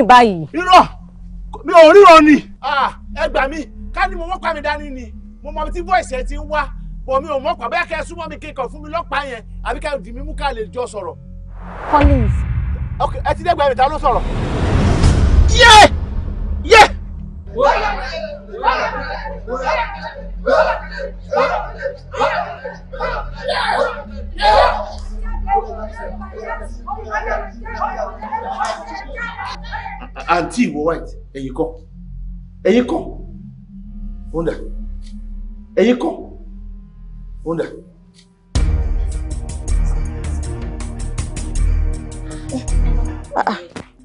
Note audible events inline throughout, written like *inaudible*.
rìn báyìí. irọ́ mi ò ríran ni. Ah, ẹ gbà mí ká ní mo wọ́pá mi dání ni mo mọ tí voice ẹ ti ń wá bọ̀ mi ò mọ̀pá bóyá kẹ́ ẹ súnmọ́ mi kéèkàn fún mi lọ́pàá yẹn àbí ká dì mí mú ká lè jọ sọ̀rọ̀. Collins. ok ẹ ti dẹ́gbẹ̀ẹ́ mi ta ló sọ̀rọ̀. yẹ́ẹ̀. àǹtí ìwọ white ẹ̀yin kọ́ ẹ̀yin kọ́ ó dà ẹ̀yin kọ́ ó dà.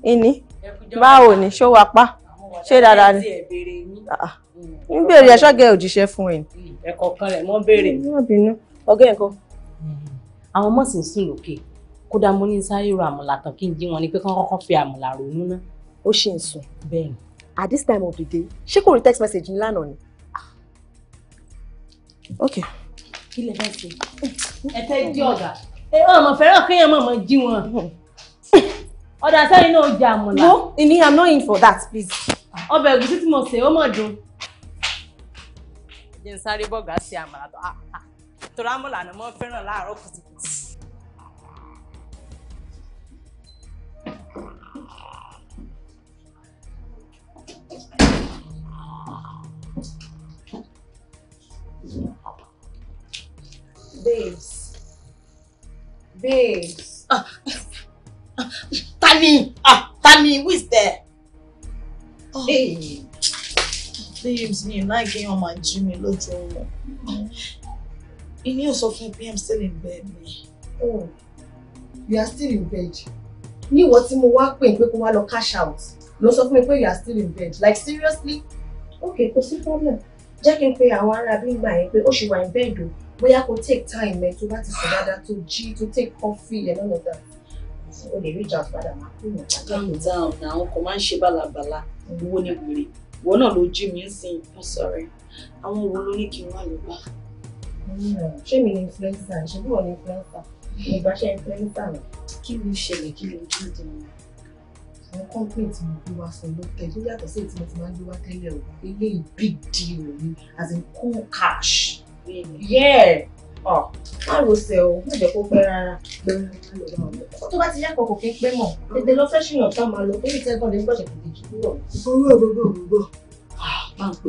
ìní ah, ah. báwo ni ṣó wa pa ṣé dáadáa ni ah, ń béèrè ẹ ṣọ́gẹ́ òjíṣẹ́ fún ẹ̀. ẹ̀kọ́ kan rẹ̀ mọ́ béèrè. ọ̀gá ẹ̀kọ́. àwọn mọ̀sí ń sùn lókè kódà mo ní sáré ro àmàlà tán kí n jí wọn ni pé kí wọ́n kọ́kọ́ fi àmàlà ronú náà ó ṣì ń sùn. bẹ́ẹ̀ni. at this time of the day ṣé kò rí text message ní lánàá ni. ok. kí lè fẹ́ ṣe. ẹ fẹ́ jí ọ̀gá. ẹ ọmọ fẹ́ràn kéèyàn mọ̀ mọ́ jí wọn. ọ̀dà sẹ́yìn náà jẹ àmọ̀là. no ini i'm not in for that please. ọbẹ̀ ẹ̀gúsí tí mo sè ó mọ̀ dùn. jẹ́ n sáré bọ́ọ̀gá sí àmàlà tó ah, ah. rámọ̀là ni mo fẹ́ràn láàárọ̀ kùtùkùtù. babes babes. Ah, ah, Tani ah Tani who is there. Oh. Hey. babes me láì kí wọn máa jí mi lójú wọn. Ìní ò sọ fún pé I'm still in bed me. Oh, you are still in bed. Ní ìwọ tí mo wá pè pé kó wá lọ cash out, ló sọ fún mi you are still in bed. Like seriously? ok kò sí problem jẹ́ kí n pe àwọn ará bí gbà yẹn pé ó ṣì wà ní bẹ́ẹ̀dù bóyá kò take time ẹ tó bá ti sùn dáadáa tó jí tó take coffee ẹ lọ́nà dà o lè rí ìjà padà máa kú ìwọ̀n. calm down na àwọn kan máa ń ṣe bálabàla owó ni wèrè ìwọ náà ló jí mi ń sin ìpín sọ̀rọ̀ àwọn wo ló ní kí n wà ló bá. Hmm, ṣé mi ni influencer ṣé bí wọ́n ni influencer ìgbà ṣe influencer rẹ̀. kí ló ṣẹlẹ̀ kí ló dúró dùn mí àwọn complaint mo gbé wá fún lókè tó yàtọ̀ sí èyí tí mo ti máa ń gbé wá tẹ́lẹ̀ o eléyìí big deal ni as in cool cash. yeah ọ ah, má ro sẹ o má jẹ́ kó pẹ́ rárá. tó bá ti yá kọkọ kí n pé mọ tètè lọ fẹ́ ṣìyàn tá máa lọ pé ìtẹ́gbọ́n lè gbọ́dọ̀ kò dé jù lọ. owó ògbógbò ògbógbò it's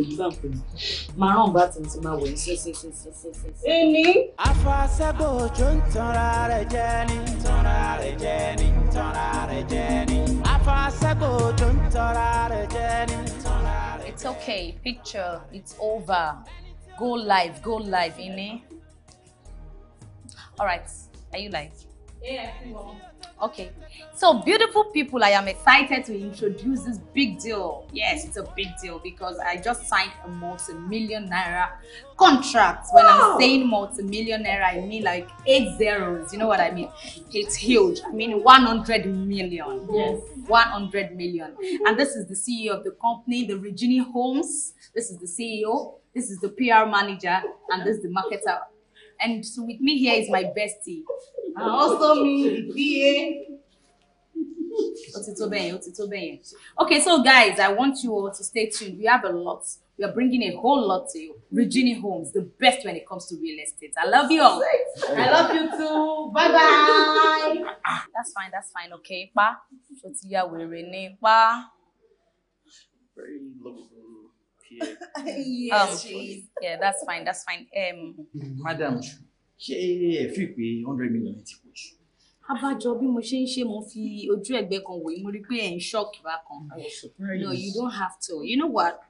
okay picture it's over go live go live ini. all right are you live. yeah, I see one. Okay, so beautiful people, I am excited to introduce this big deal. Yes, it's a big deal because I just signed a multi-million naira contract. When I'm saying multi-million naira, I mean like eight zeros. You know what I mean? It's huge. I mean 100 million. Yes. 100 million. Mm-hmm. And this is the CEO of the company, the Regina Holmes. This is the CEO. This is the PR manager, and this is the marketer and with me here is my bestie. *laughs* Ah, also me, the Okay, so guys, I want you all to stay tuned. We have a lot. We are bringing a whole lot to you. Regina Homes, the best when it comes to real estate. I love you all. I love you too. Bye bye. *laughs* That's fine. That's fine. Okay, pa. Very lovely. yes um, yeah that's fine that's fine. Um, madam ṣé ẹ fi pé hundred million ti pọ̀ jù. abájọ bí mo ṣe She ṣe mo fi ojú ẹgbẹ́ kan wòye mo rí pé ẹ ń ṣọọkì bákan no you don't have to you know what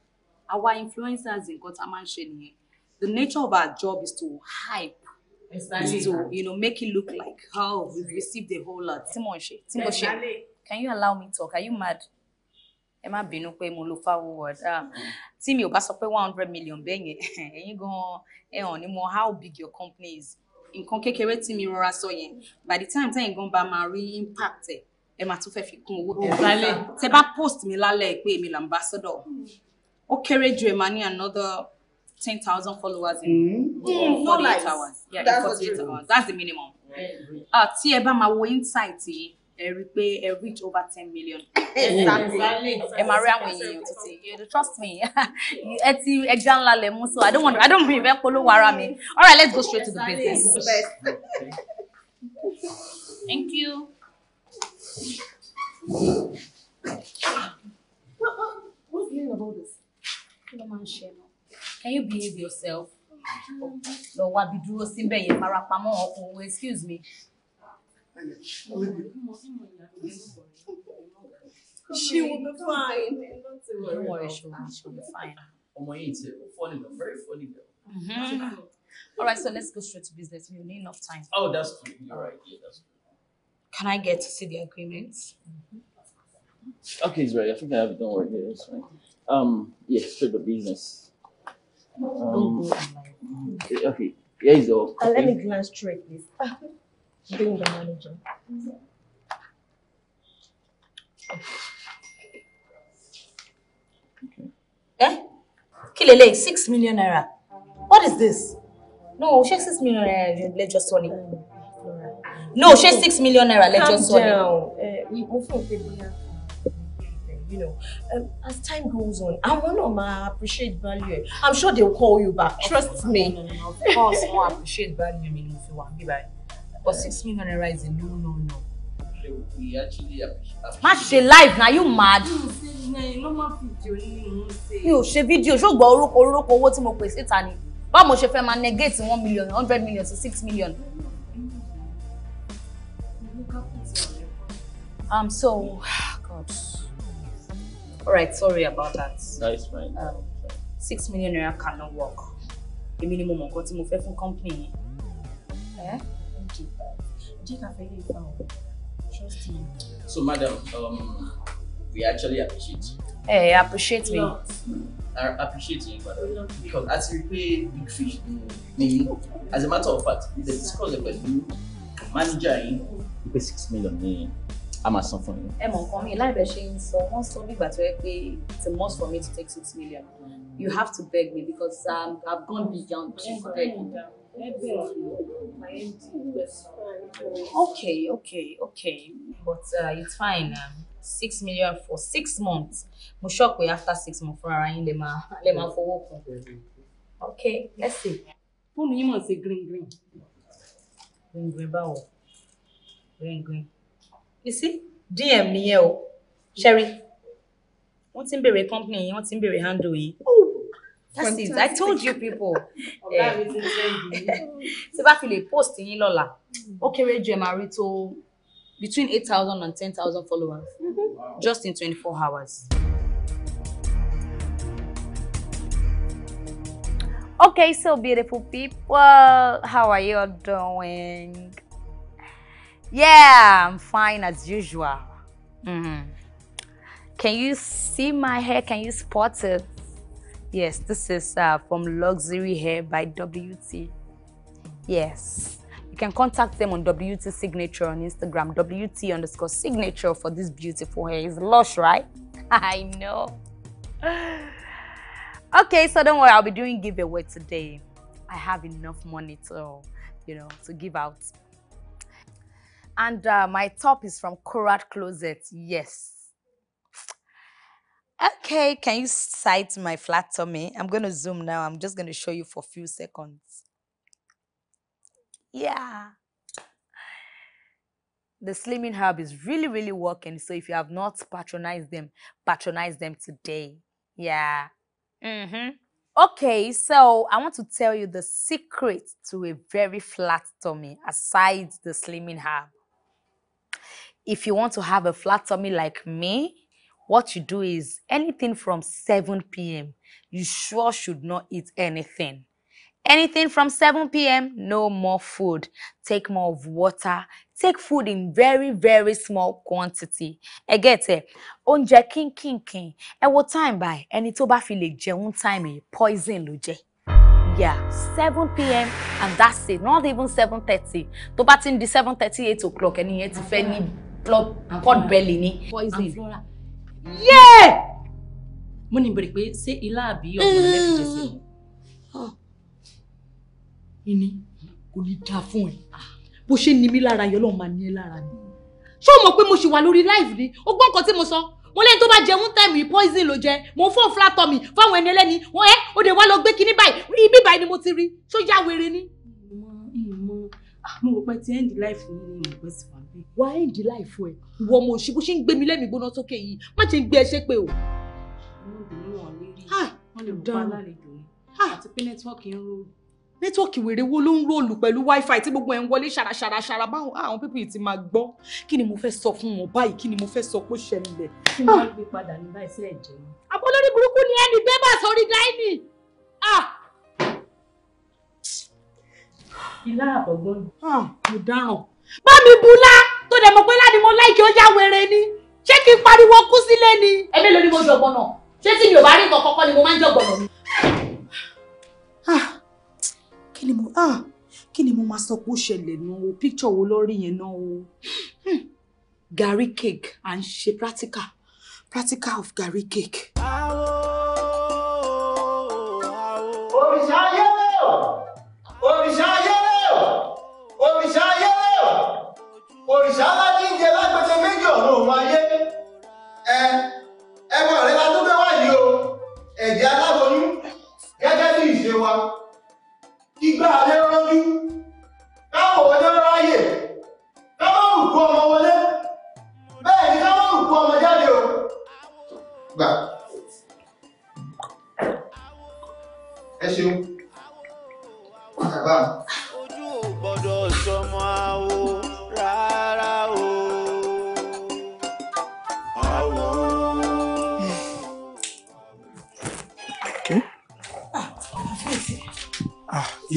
our influencers in tá a máa the nature of our job is to hype exactly. to you know make it look like how oh, we received the whole lot tí mo can you allow me talk are you mad ẹ má bínú pé mo lo fáwọn word mm. tí mi ò bá sọ pé one hundred million bẹ́ẹ̀ yẹn *laughs* ẹ̀yin gan-an ẹ hàn ní mo how big your company is nǹkan kékeré tí mi rọra sọ yẹn by the time tẹ́yìn gan-an bá máa rí impact ẹ̀ ẹ máa tún fẹ́ fi kún owó tẹ̀ lálẹ́ tẹ bá post mi lálẹ́ pé èmi là ń bá sọ́dọ̀ ó kéré ju ẹ̀ máa ní another ten thousand followers in mm, mm forty eight hours yeah in forty eight hours that's the minimum ah, tí ẹ bá máa wo insight yìí ẹ rí i pé ẹ reach over ten million. ẹ máa rí àwọn èèyàn títí you trust me *laughs* ẹ ti ẹja ńlá lẹ mú so i don't want i don't really fẹ́ polówó ara mi all right let's go straight to the business. thank you. What, what, what's the meaning of all Can you behave yourself? Lọ wá bí dúró síbẹ̀ yẹn farapamọ́ ọkùnrin excuse me. She will be fine. Don't worry, she will, she will be fine. Omoyinti, funny girl, very funny girl. Mm -hmm. All right, so let's go straight to business. We need enough time. Oh, that's true. You're right. Yeah, that's true. Can I get to see the agreements? Mm -hmm. Okay, it's I think I have it. Don't worry. Yeah, it's fine. Um, yeah, straight to business. Um, okay, Here is all. Uh, let me glance through it, please. *laughs* being the manager. Okay. Eh? Kilele, six million naira. What is this? No, she six million naira lẹ́jọ́ just ni? No, she six million naira lẹ́jọ́ just ni? Calm down. Eh, you know, um, as time goes on, I want to ma appreciate value. I'm sure they'll call you back. Trust me. No, no, no, Of course, more appreciate value. Me, if you want, Bye bye. But six million naira is a no no no. We actually appreciate. ṣe live na you mad. Mi ò ṣe fídíò ṣùgbọ́n orúkọ orúkọ owó tí mo pè síta ni. Báwo mo ṣe fẹ́ máa negate one million hundred million to six million? Um, so, *sighs* God. All right, sorry about that. That is fine. Um, six million naira cannot work. The minimum mo mọ̀ nǹkan tí mo fẹ́ fún company yìí. Eh? okay jẹ́ ká fẹ́ trust me. so madam um, we actually appreciate you. hey, eh, appreciate me. I appreciate you, madam, because as we pay big fish, me, as a matter of fact, the discourse you, manager eh? you pay six million ní eh? a máa for you. yín. ẹ for me, like the ṣe ń sọ wọ́n sọ bí ìgbà it's a must for me to take six million you have to beg me because um, I've gone beyond begging. Okay, okay, okay. But uh, it's fine. Um, six million for six months. Mo sure pé after six months fúnra yín lè Okay, let's see. Fóònù yín mọ̀ sí green green. Green green báwo? Green green. You see, DM nìyẹn o. Sherry, wọ́n ti ń béèrè company yín, wọ́n ti ń béèrè handle yín. Oh! Seeds. I told you people. Ṣé *laughs* eh. *laughs* bá fi lè post in lọ́la, Okay, mm. kéré jù ẹ máa rí between eight thousand and ten thousand followers mm -hmm. wow. just in twenty-four hours. Okay, so beautiful people, how are you doing? Yeah, I'm fine as usual. Mm -hmm. Can you see my hair? Can you spot it? Yes, this is uh, from Luxury Hair by WT. Yes. You can contact them on WT Signature on Instagram, WT underscore signature for this beautiful hair. It's lush, right? *laughs* I know. *sighs* okay, so don't worry, I'll be doing giveaway today. I have enough money to, you know, to give out. And uh, my top is from Korat Closet. Yes, Okay, can you sight my flat tummy? I'm going to zoom now. I'm just going to show you for a few seconds. Yeah. The Slimming Hub is really, really working. So if you have not patronized them, patronize them today. Yeah. Mm-hmm. Okay, so I want to tell you the secret to a very flat tummy aside the Slimming Hub. If you want to have a flat tummy like me, what you do is anything from 7 p.m. You sure should not eat anything. Anything from 7 p.m., no more food. Take more of water. Take food in very, very small quantity. I get it. oúnjẹ kínkínkín. Ẹ wo time what time, by? bá fi je jẹun time poison ló Yeah, 7 p.m. and that's it, not even 7.30. Tó bá ti di 7.30, 8 o'clock, ẹni yẹn ti fẹ́ ni blood pot belly ni. Poison yé mo ní bèrè pé ṣé ilá àbí ọmọ rẹ fi jẹ sí ọ. ìní ah. kò ní dáa fún ẹ ah. bó ṣe ní mí lára yọ lọ́ọ́ máa ní ẹ lára ni ṣé o mọ̀ pé mo ṣì wà lórí live ni o gbọ́ nǹkan tí mo sọ mo lẹ́yìn tó bá jẹun tẹ̀mí poison ló jẹ mo fọ́ flatọ mi fáwọn ẹni ẹlẹ́ni wọ́n ẹ́ o dé wá lọ gbé kinní báyìí ibi báyìí ni mo ti rí ṣó yá wèrè ni. Ah, mo rò pé ti end life mi ni mo pẹ́ sí wà á èdè láìfọ ẹ ìwọ ọmọ òṣì bó ṣe ń gbé mi lẹ́mìí gbóná sókè yìí má ṣe ń gbé ẹ ṣépè o. wọ́n lè rò pa alálejò ni àti pé nẹ́tíwọ́ọ̀kì ń rò nẹ́tíwọ́ọ̀kì wèrè wo ló ń róòlù pẹ̀lú wifi tí gbogbo ẹ̀ ń wọlé ṣaraṣaraṣara báwọn ah, àwọn pípì ti máa gbọ́ kí ni mo fẹ́ sọ fún wọn báyìí kí ni mo fẹ́ sọ pé ṣẹlẹ̀. kí ni wọ́n gbé padà ní báyìí sí ẹ̀jẹ̀ wọn. àbólórí burúkú ni ẹni bébà sórí dáínì. ìlà àbọ̀gbọ́n. mo dáràn bá mi bula tó dẹ̀ mọ̀ pé láti mo láìkí ó já wèrè ni ṣé kí n pariwo kú sílé ni. ẹbí ló ní mo jọgbọn náà ṣé tí mi ò bá rí nǹkan kọ́kọ́ ni mo máa ń jọgbọn mi. Ah, kí ni mo ah, kí ni mo máa sọ pé ó ṣẹlẹ̀ náà o picture wo lórí yẹn náà o gàrí cake à ń ṣe practical practical of gàrí cake. òrìṣà alájíǹde lágbègbè méjì ọ̀run òun ayé ẹ ẹmọ rẹ la tó fẹ́ wá yìí o ẹ̀jẹ̀ aláboyún gẹ́gẹ́ bí ìṣe wa kígbà alẹ́ rọ́jú káwọn wọlé ráyè káwọn rùkú ọmọ wọlé bẹ́ẹ̀ ni káwọn rùkú ọmọ jáde o gbà ẹ ṣeun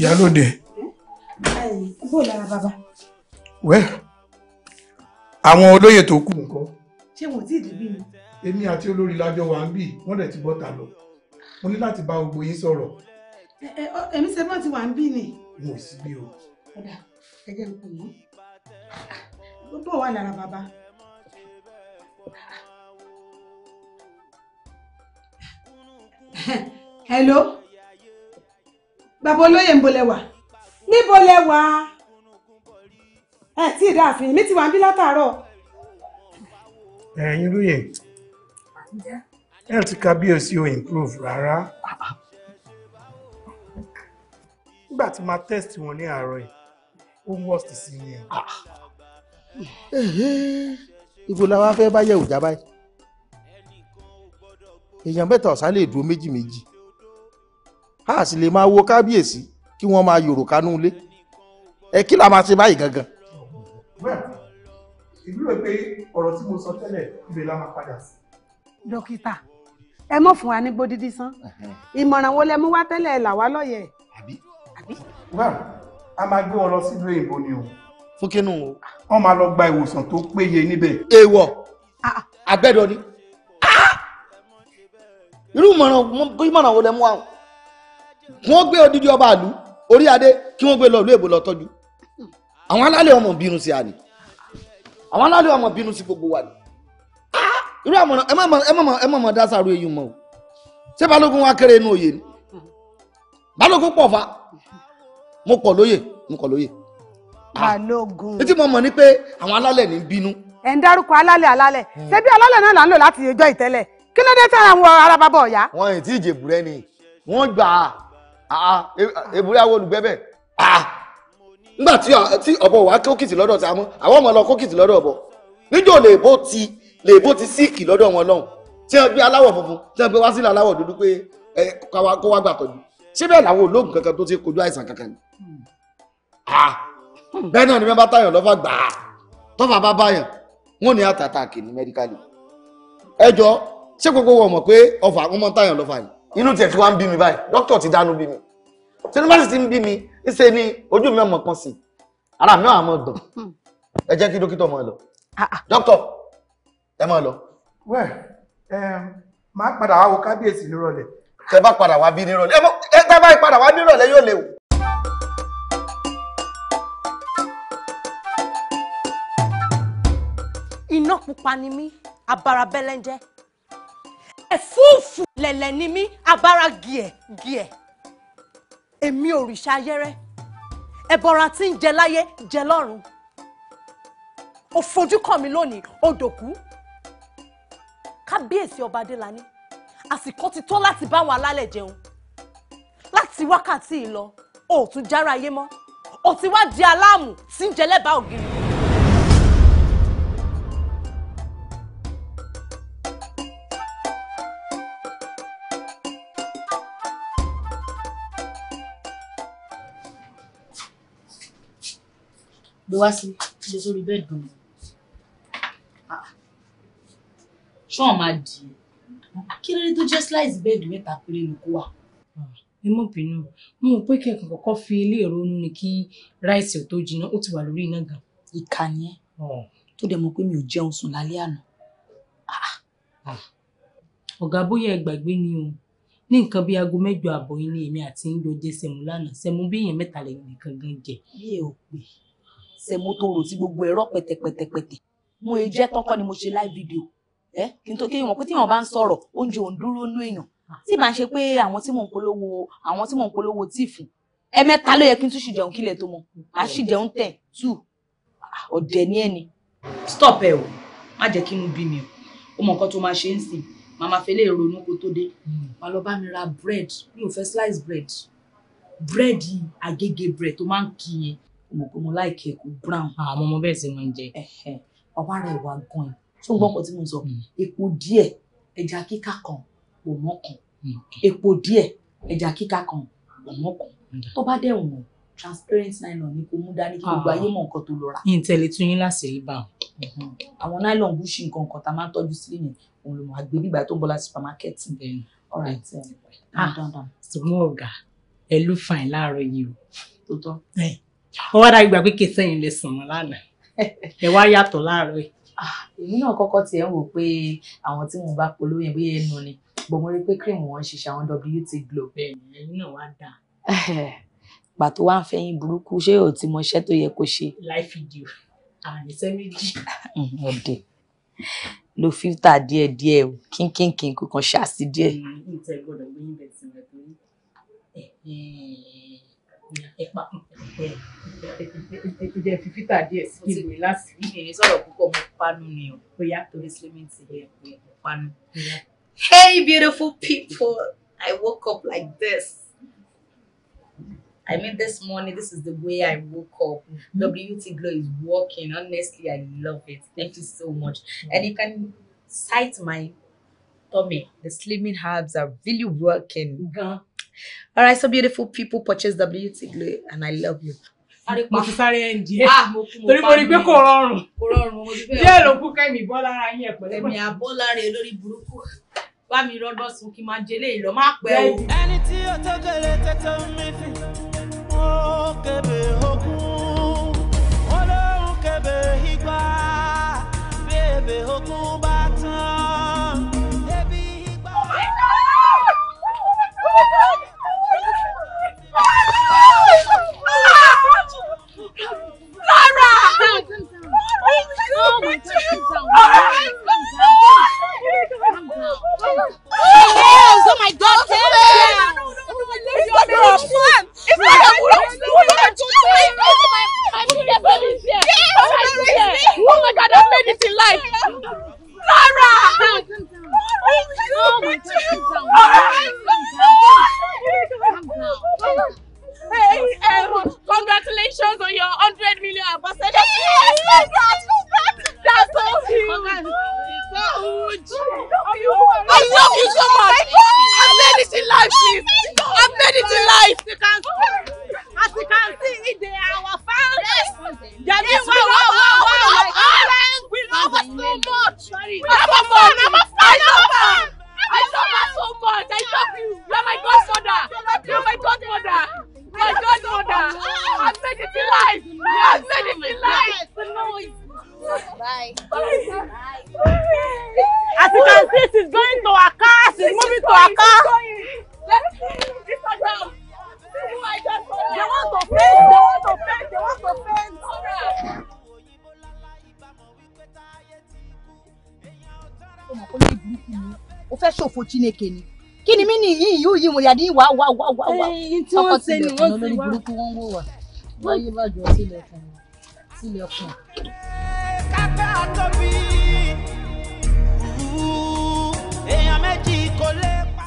ìyálòde. bó lára bàbá. wẹ́ àwọn olóyè tó kù nǹkan. ṣé wọn ò tí ì débí ni. èmi àti olórí lájọ wà ń bì wọ́n dẹ̀ ti bọ́ta lọ mo ní láti bá gbogbo yín sọ̀rọ̀. èmi ṣe bọ́ọ̀ ti wà ń bì ni. mo sì bí o. ọ̀dà ẹ̀jẹ̀ ń pè mí. Ah, bó wà lára bàbá. Ah, hello bàbá olóyè ń bolẹ̀ wà níbo lẹ ẹ tí ì dáàfin mi ti wà ń bí látàárọ̀. ẹ̀yin lóye health kábíyèsí ò improve rárá nígbà tí máa test wọn ní àárọ̀ yìí ó worst sí ni ẹ. ibo la wá fẹ́ bá yẹ̀ òjá báyìí èèyàn mẹ́ta ọ̀sán lè dúró méjì méjì a sì lè máa wo kábíyèsí kí wọ́n máa yòrò kánú ilé ẹ kí la máa ṣe báyìí gangan. ìlú rẹ̀ pé ọ̀rọ̀ tí mo sọ tẹ́lẹ̀ ibẹ̀ la máa padà sí. dókítà ẹ mọ̀ fún wa ní gbódídí sán ìmọ̀ràn wo lẹ mú wá tẹ́lẹ̀ ẹ là wá lọ́yẹ̀. àbí. àbí. a máa gbé wọn lọ sílùú èèbó ni o. fún kínú wọ́n máa lọ gba ìwòsàn tó péye níbẹ̀. èèwọ̀ àgbẹ̀dọ̀ ah, ah. ni ah! irú ìmọ̀ràn wo lẹ mú wa kí wọ́n gbé odidi ọba àlú orí adé kí wọ́n gbé lọ ìlú èbó lọ tọ́jú àwọn alálẹ̀ ọmọ bínú sí àní àwọn alálẹ̀ ọmọ bínú sí gbogbo wa ni irú àmọ̀ràn ẹ mọ̀mọ̀ ẹ mọ̀mọ̀ ẹ mọ̀mọ̀ eyín mọ́ o ṣé balógun wa kéré inú òye ni balógun pọ̀ fa mo pọ̀ lóye mo pọ̀ lóye. Ah, balógun etí mo mọ̀ ni pé àwọn alálẹ̀ ní bínú. ẹ̀ ń dárúkọ alálẹ̀ alálẹ̀ hmm. ṣé bí alálẹ̀ náà là ń lò láti ẹjọ́ ìtẹ́lẹ̀ kí ló dé tí àwọn ará bàbá ọ̀yá. wọn ì tí ì jèbùrẹ́ ni wọ́n gbà á èbúrẹ́ ah, ah, e, ah, àwọn olùgbẹ́bẹ̀ nígbà tí ọ̀bọ wà kókìtì lọ́dọ̀ ta mọ́ àwọn ọmọ lọ kókìtì lọ́dọ̀ ọ̀bọ níjọ́ lèbó ti lèbó ti síìkì lọ́dọ̀ wọn lọ́hùn tí wọ́n gbé aláwọ̀ funfun tí wọ́n gbé wá sílẹ̀ aláwọ̀ dúdú pé kó wá gbà tọ́jú ṣé bẹ́ẹ̀ làwọn olóògùn kankan tó ti kojú àìsàn kankan ni bẹ́ẹ̀ náà ni mẹ́bà táyàn lọ́fà gbà á tọ́fà bá báyàn wọn ni àtàtà kì ní mẹ́díkálì ẹjọ́ ṣé gbogbo wọn mọ̀ pé ọfà wọn mọ táyàn lọ́fà yìí inú tiẹ̀ ti wá ń bí mi báyìí dókítà ti dánú bí mi sinimásì ti ń bí mi ṣe ni ojú mi ọmọ kan sí ara mi àwọn ọmọ dùn ẹ jẹ́ kí dókítà máa lọ ah, ah. dókítà ẹ máa lọ. wẹ́ ẹ máa padà wá wo kábíyèsí nírọ̀lẹ́. tẹ bá padà wá bí nírọ̀lẹ́ ẹ tẹ bá padà wá nírọ̀lẹ́ yóò léwu. iná pupa ni mí abarabẹ́lẹ́ńjẹ́ ẹ̀fúùfù lẹ̀lẹ̀ ni mí abara gìẹ̀ gìẹ̀ èmi òrìṣà ayẹ́rẹ́ ẹ̀bọ̀ra tí ń jẹ láyé jẹ lọ́run ò fojú kàn mí lónìí ó dòkú kábíyèsí ọba adélani àsìkò ti tó láti bá àwọn alálẹ̀ jẹun láti wákàtí yìí lọ jára ayé mọ́ ó wá di aláàmù tí ń jẹ lẹ́bàá ògiri. gbé wá sí ilé sórí bẹ́ẹ̀dì ọ̀hún ah. ṣọ́ọ̀ máa dì í kí lóde tó jẹ́ slice bẹ́ẹ̀dì mẹ́ta péré ló kó wà. Ah, ẹ mọ̀ bínú mo rò pé kẹ́kọ̀ọ́ kọ́kọ́ fi ilé ìrònú ni kí ráìsì ò tó jinná ó ti wà lórí iná gan. ìkà ni ẹ oh. tó dẹ̀ mọ̀ pé mi ò jẹun sùn lálẹ́ àná. Ah. ọ̀gá bóyá ẹ gbàgbé ni o ní nǹkan bíi aago mẹ́jọ àbọ̀ yìí ni èmi àti ń jọ jẹ sẹ̀mú lánàá sẹ̀mú bí èèyàn mẹ́ta lè nìkan gan jẹ. bí èèyàn ò pè é sẹ̀mó tó rò sí gbogbo ẹ̀rọ pẹ̀tẹ̀pẹ̀tẹ̀pẹ̀tẹ̀ mo e jẹ́ tọ́kọ́ ni mo ṣe live video ẹ kí n tó kéwọn pé tí wọn bá ń sọ̀rọ̀ oúnjẹ ò ń dúró nú èèyàn tí màá ṣe pé àwọn tí mò ń polówó àwọn tí mò ń polówó tí fún ẹ mẹ́ta ló yẹ kí n tún ṣì jẹun tó mọ a ṣì jẹun tù ah, ọ̀dẹ̀ ní ẹni. stop ẹ o má jẹ́ kí inú bí mi o ó mọ nǹkan tó máa ṣe ń sìn màá máa fẹ́lẹ́ ronú kó tó dé màá lọ bá mi ra bread mi ò fẹ́ slice bread bread yìí agége bread tó máa ń kí yẹn mo pé mo láìkí epo brown. àwọn ah, ọmọ bẹ́ẹ̀ sì máa ń jẹ. ọwọ́ ara ìwà gan-an tó ń gbọ́kàn tí mo sọ hmm. epo díẹ̀ ẹja kíkà kan òmọ́ kan hmm. epo díẹ̀ ẹja kíkà kan òmọ́ kan hmm. tó bá dẹ̀ wọ̀n transparent nylon ni kò mú dání kí gbogbo ah. ayé mọ̀ nǹkan tó lọ rà. ìǹtẹ̀lẹ̀ tún yín láti rí bá wọn. àwọn nylon gúúsì nǹkan kan tá a máa ń tọ́jú sílé yẹn òun ló máa gbé bígbà tó ń bọ́ láti supermarket. ọ̀rẹ́ tí mo ọ̀gá ẹ ló fàìn láàárọ̀ yìí o. tó tọ́ ó wá dàgbà pé kìí sẹ́yìn lè sùn mọ́ lánàá *laughs* ẹ wá yàtọ̀ láàárọ̀ yìí. èmi náà kọ́kọ́ tiẹ̀ ń wò pé àwọn tí mo bá polówó yẹn bóyá ẹnu ni bó mo rí pé cream wọn ṣiṣẹ́ àwọn wt glo. ẹ̀yin náà wá dà. pàtó wá ń fẹ́yìn burúkú ṣé o ti mọ iṣẹ́ tó yẹ kó ṣe. life video àníṣe méjì. ọ̀dẹ̀ *laughs* lo fíltà díẹ̀díẹ̀ o kínkínkín kò kàn ṣáàṣì díẹ̀. Mm, ìtẹ̀ gbọ́dọ̀ gbóyún bẹ̀rẹ̀ sí i hey beautiful people i woke up like this. I mean, this morning, this is the way I woke up. Mm-hmm. WT Glow is working. Honestly, I love it. Thank you so much. Mm-hmm. And you can cite my tummy. The slimming herbs are really working. Mm-hmm. All right, so beautiful people, purchase WT glue, and I love you. Mo ti sáré ẹ̀ǹdí ẹ̀. Ah, Torí mo rí pé kò rọrùn. Kò ló kú kẹ́mi bọ́ lára yín ẹ̀ pẹ̀lú. Ẹ̀mí àbọ̀ lára ẹ̀ lórí burúkú. Bá mi rọ́dọ̀ sùn kí n máa jẹlé ìlọ, má pẹ́ o. Ẹni tí ó tó gèlè tètè mi fi, ó kébè ogún, ó lóun igba, bébè ogún bá. Oh my God! Calm down. Calm down. Yes! Oh my God! Calm oh, down. It's not your plan. It's not your plan. What am I doing? I wouldn't have done this here. What am I doing? Oh my God! I've made it in life. Sarah. Calm down. Oh my God! Calm down. Oh Calm down. Calm down. Hey, um, congratulations on your 100 million ambassador. Yes, congrats. That's so huge. So huge. I love you so much. I made it in life, please. I made it in life. afọ chineke ni kí ni mí ni yìí yóò yí mo wà wà wà wà wà. ẹyin tí wọ́n ṣe ni wọ́n ti wá. burúkú wọn wò wá wáyé bá jọ sílẹ̀ kan sílẹ̀ kan.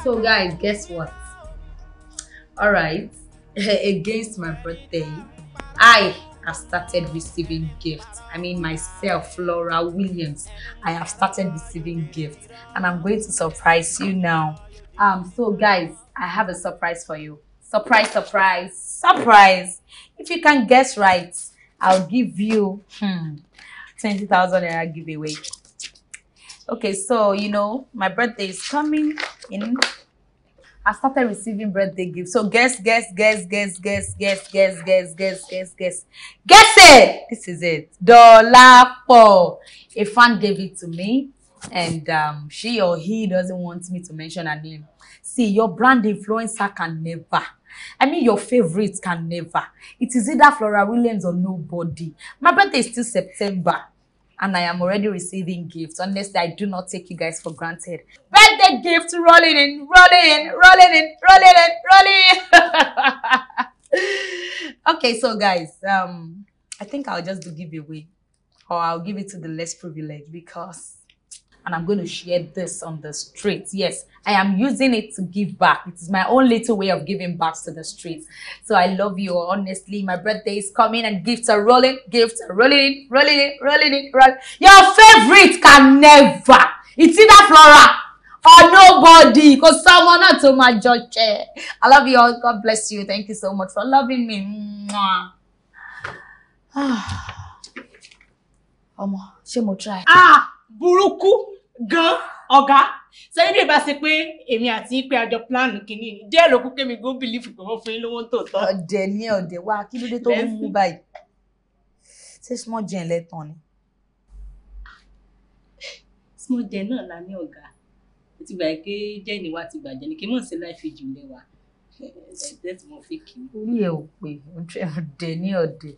So guys, guess what? All right, *laughs* against my birthday. have started receiving gifts. I mean, myself, Laura Williams, I have started receiving gifts, and I'm going to surprise you now. Um, so guys, I have a surprise for you. Surprise, surprise, surprise! If you can guess right, I'll give you hmm, 20,000 naira giveaway. Okay, so you know, my birthday is coming in I started receiving birthday gifts. So guess, guess, guess, guess, guess, guess, guess, guess, guess, guess, guess. Guess it! This is it. Dollar for A fan gave it to me and um, she or he doesn't want me to mention her name. See, your brand influencer can never. I mean, your favorite can never. It is either Flora Williams or nobody. My birthday is still September. and I am already receiving gifts. Honestly, I do not take you guys for granted. Birthday gift rolling in, rolling in, rolling in, rolling in, rolling in. *laughs* okay, so guys, um, I think I'll just do giveaway or I'll give it to the less privileged because and I'm going to share this on the streets. Yes, I am using it to give back. It's my own little way of giving back to the streets. So I love you all. honestly. My birthday is coming and gifts are rolling, gifts are rolling, rolling in, rolling in, rolling. Your favorite can never. It's either Flora or nobody because someone not to my judge. I love you all. God bless you. Thank you so much for loving me. Mwah. Ah. *sighs* she ṣé try? Ah! burúkú gan ọ̀gá sẹ́yìn lè bá ṣe pé èmi àti pé àjọ plan kìíní ni díẹ̀ ló kú kémi go believe pé wọ́n fún yín lówó tòótọ́. ọ̀dẹ̀ ni ọ̀dẹ̀ wá kí ló dé tó ń mú báyìí ṣé small jẹun lẹ́tàn ni. small jẹun náà la ní ọ̀gá ó ti gbà yìí pé jẹ́ni wa ti gbàjẹ́ ni kí mọ̀ sí láì fi jù lẹ́wà ẹ̀ẹ́dẹ́ tí mo fi kì í. orí ẹ̀ ò pé ọ̀dẹ̀ ní ọ̀dẹ̀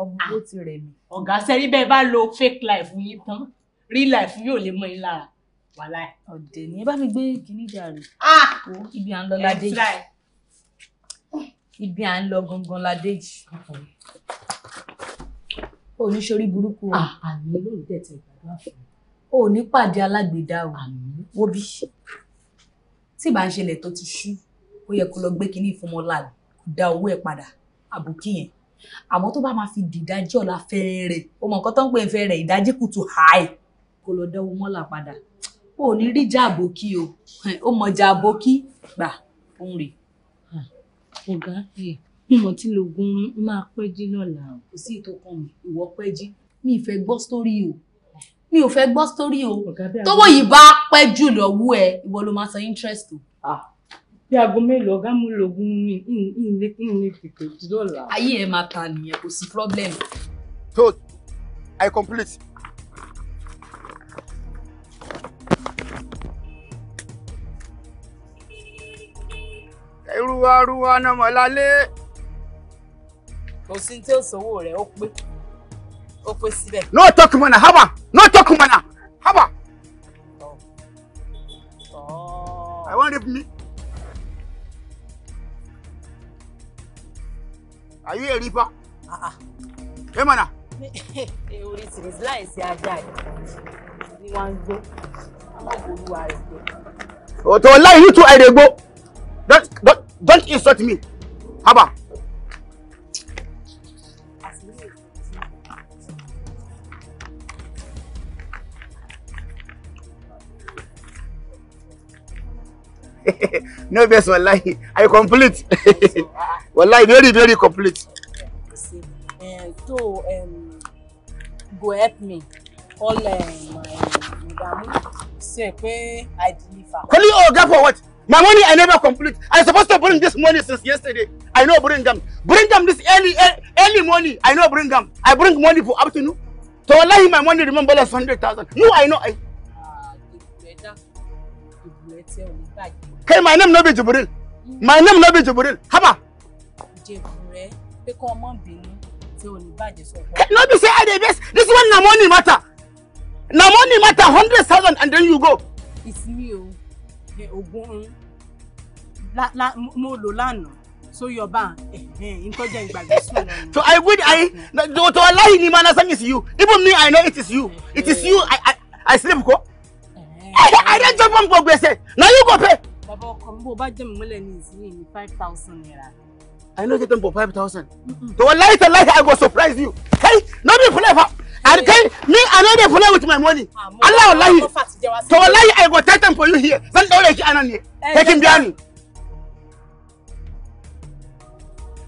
ọmọ ah. ó ti rẹ̀ mí. ọ̀gá sẹ́rí bẹ́ẹ̀ bá lo fake life yín tán real life yóò lè mọ yín lára wàhálà ẹ. ọ̀dẹ̀ ni ẹ bá mi gbé kínní jàre. Ah! ibi à ń lọ ládé yìí ibi à ń lọ gangan ládé yìí. o ní sori burúkú o. Ah, àmì olóòrùn dẹ̀ tẹ ìgbàdúrà fún mi. o ní pàdé alágbèédá o. àmì wo bí. tí ìbá ń ṣẹlẹ̀ tó ti ṣú ó yẹ kó lọ gbé kínní ìfúnmọ́lá kó dá owó ẹ̀ padà àbùkí yẹn àmọ́ tó bá máa fi dìdájọ́ la fẹ́ rẹ̀ o mọ̀ nǹkan tó ń pè ń fẹ́ rẹ̀ ìdájí kùtù hàì kó lọ dánwó mọ́là padà o ò ní rí jáàbò kí o ó mọ jáàbò kí gbà òun rè. ọ̀gá mo ti lo oògùn máa pẹ́ jí lọ́la o. kò sí ètò kan mi ìwọ pẹ́ jí mi ì fẹ́ gbọ́ sórí o mi ò fẹ́ gbọ́ sórí o tówó yìí bá pẹ́ jù lọ́wọ́ ẹ ìwọ ló máa san interest o. bí aago mélòó ọ̀gá mo lo oògùn mi ìlé kí n lè tètè jí lọ́la. ayé ẹ máa ta nìyẹn kò sí problem. toast i complete. ruwa ruwa nọmọlálé. kò sí tí ó sọ rẹ̀ ó pé ó pé síbẹ̀. no talk mana haba no talk mana haba. Oh. Oh. I wan rape me. Are you a reaper? Ah ah. Hey, mana. Ẹ *laughs* orí tìrìsì láìsí ajá ẹ̀ ni wọ́n ń gbé. Àwọn òbí olúwa rẹ̀ gbé. Òtò láì ní tu àìrègbò. Don't insult me. Haba. *laughs* no best wallahi i complete *laughs* wallahi very very complete uh, so um go help me call uh, my madam say pe i deliver call you oga for what My money I never complete. I supposed to bring this money since yesterday. I know bring them. Bring them this early early money. I know bring them. I bring money for afternoon. So wallahi my money remember less hundred thousand. No, I know I. Okay, my name no be Jibril. My name no be Jibril. Haba. Jibril, pe ko No be say I the best. This one na money matter. Na money matter hundred thousand and then you go. It's me o. Oh mo lò lánàá so your ban eh, eh, nkọjá so i would i to to lie ni man asam is you even me i know it is you it is you i i, I sleep ko. Eh, i don jump on gbogbo ẹsẹ na you go pay. bàbá ọkọ mi bó o bá jẹ́ mi ní ìsinyìí ní five thousand naira. i know get them for five thousand. to lie to lie i go surprise you. kai no be forever. for. I tell me I know they follow with my money. Ah, Allah wallahi. To wallahi I go take them for you here. Then daure ki anan ne. Take him behind. ni.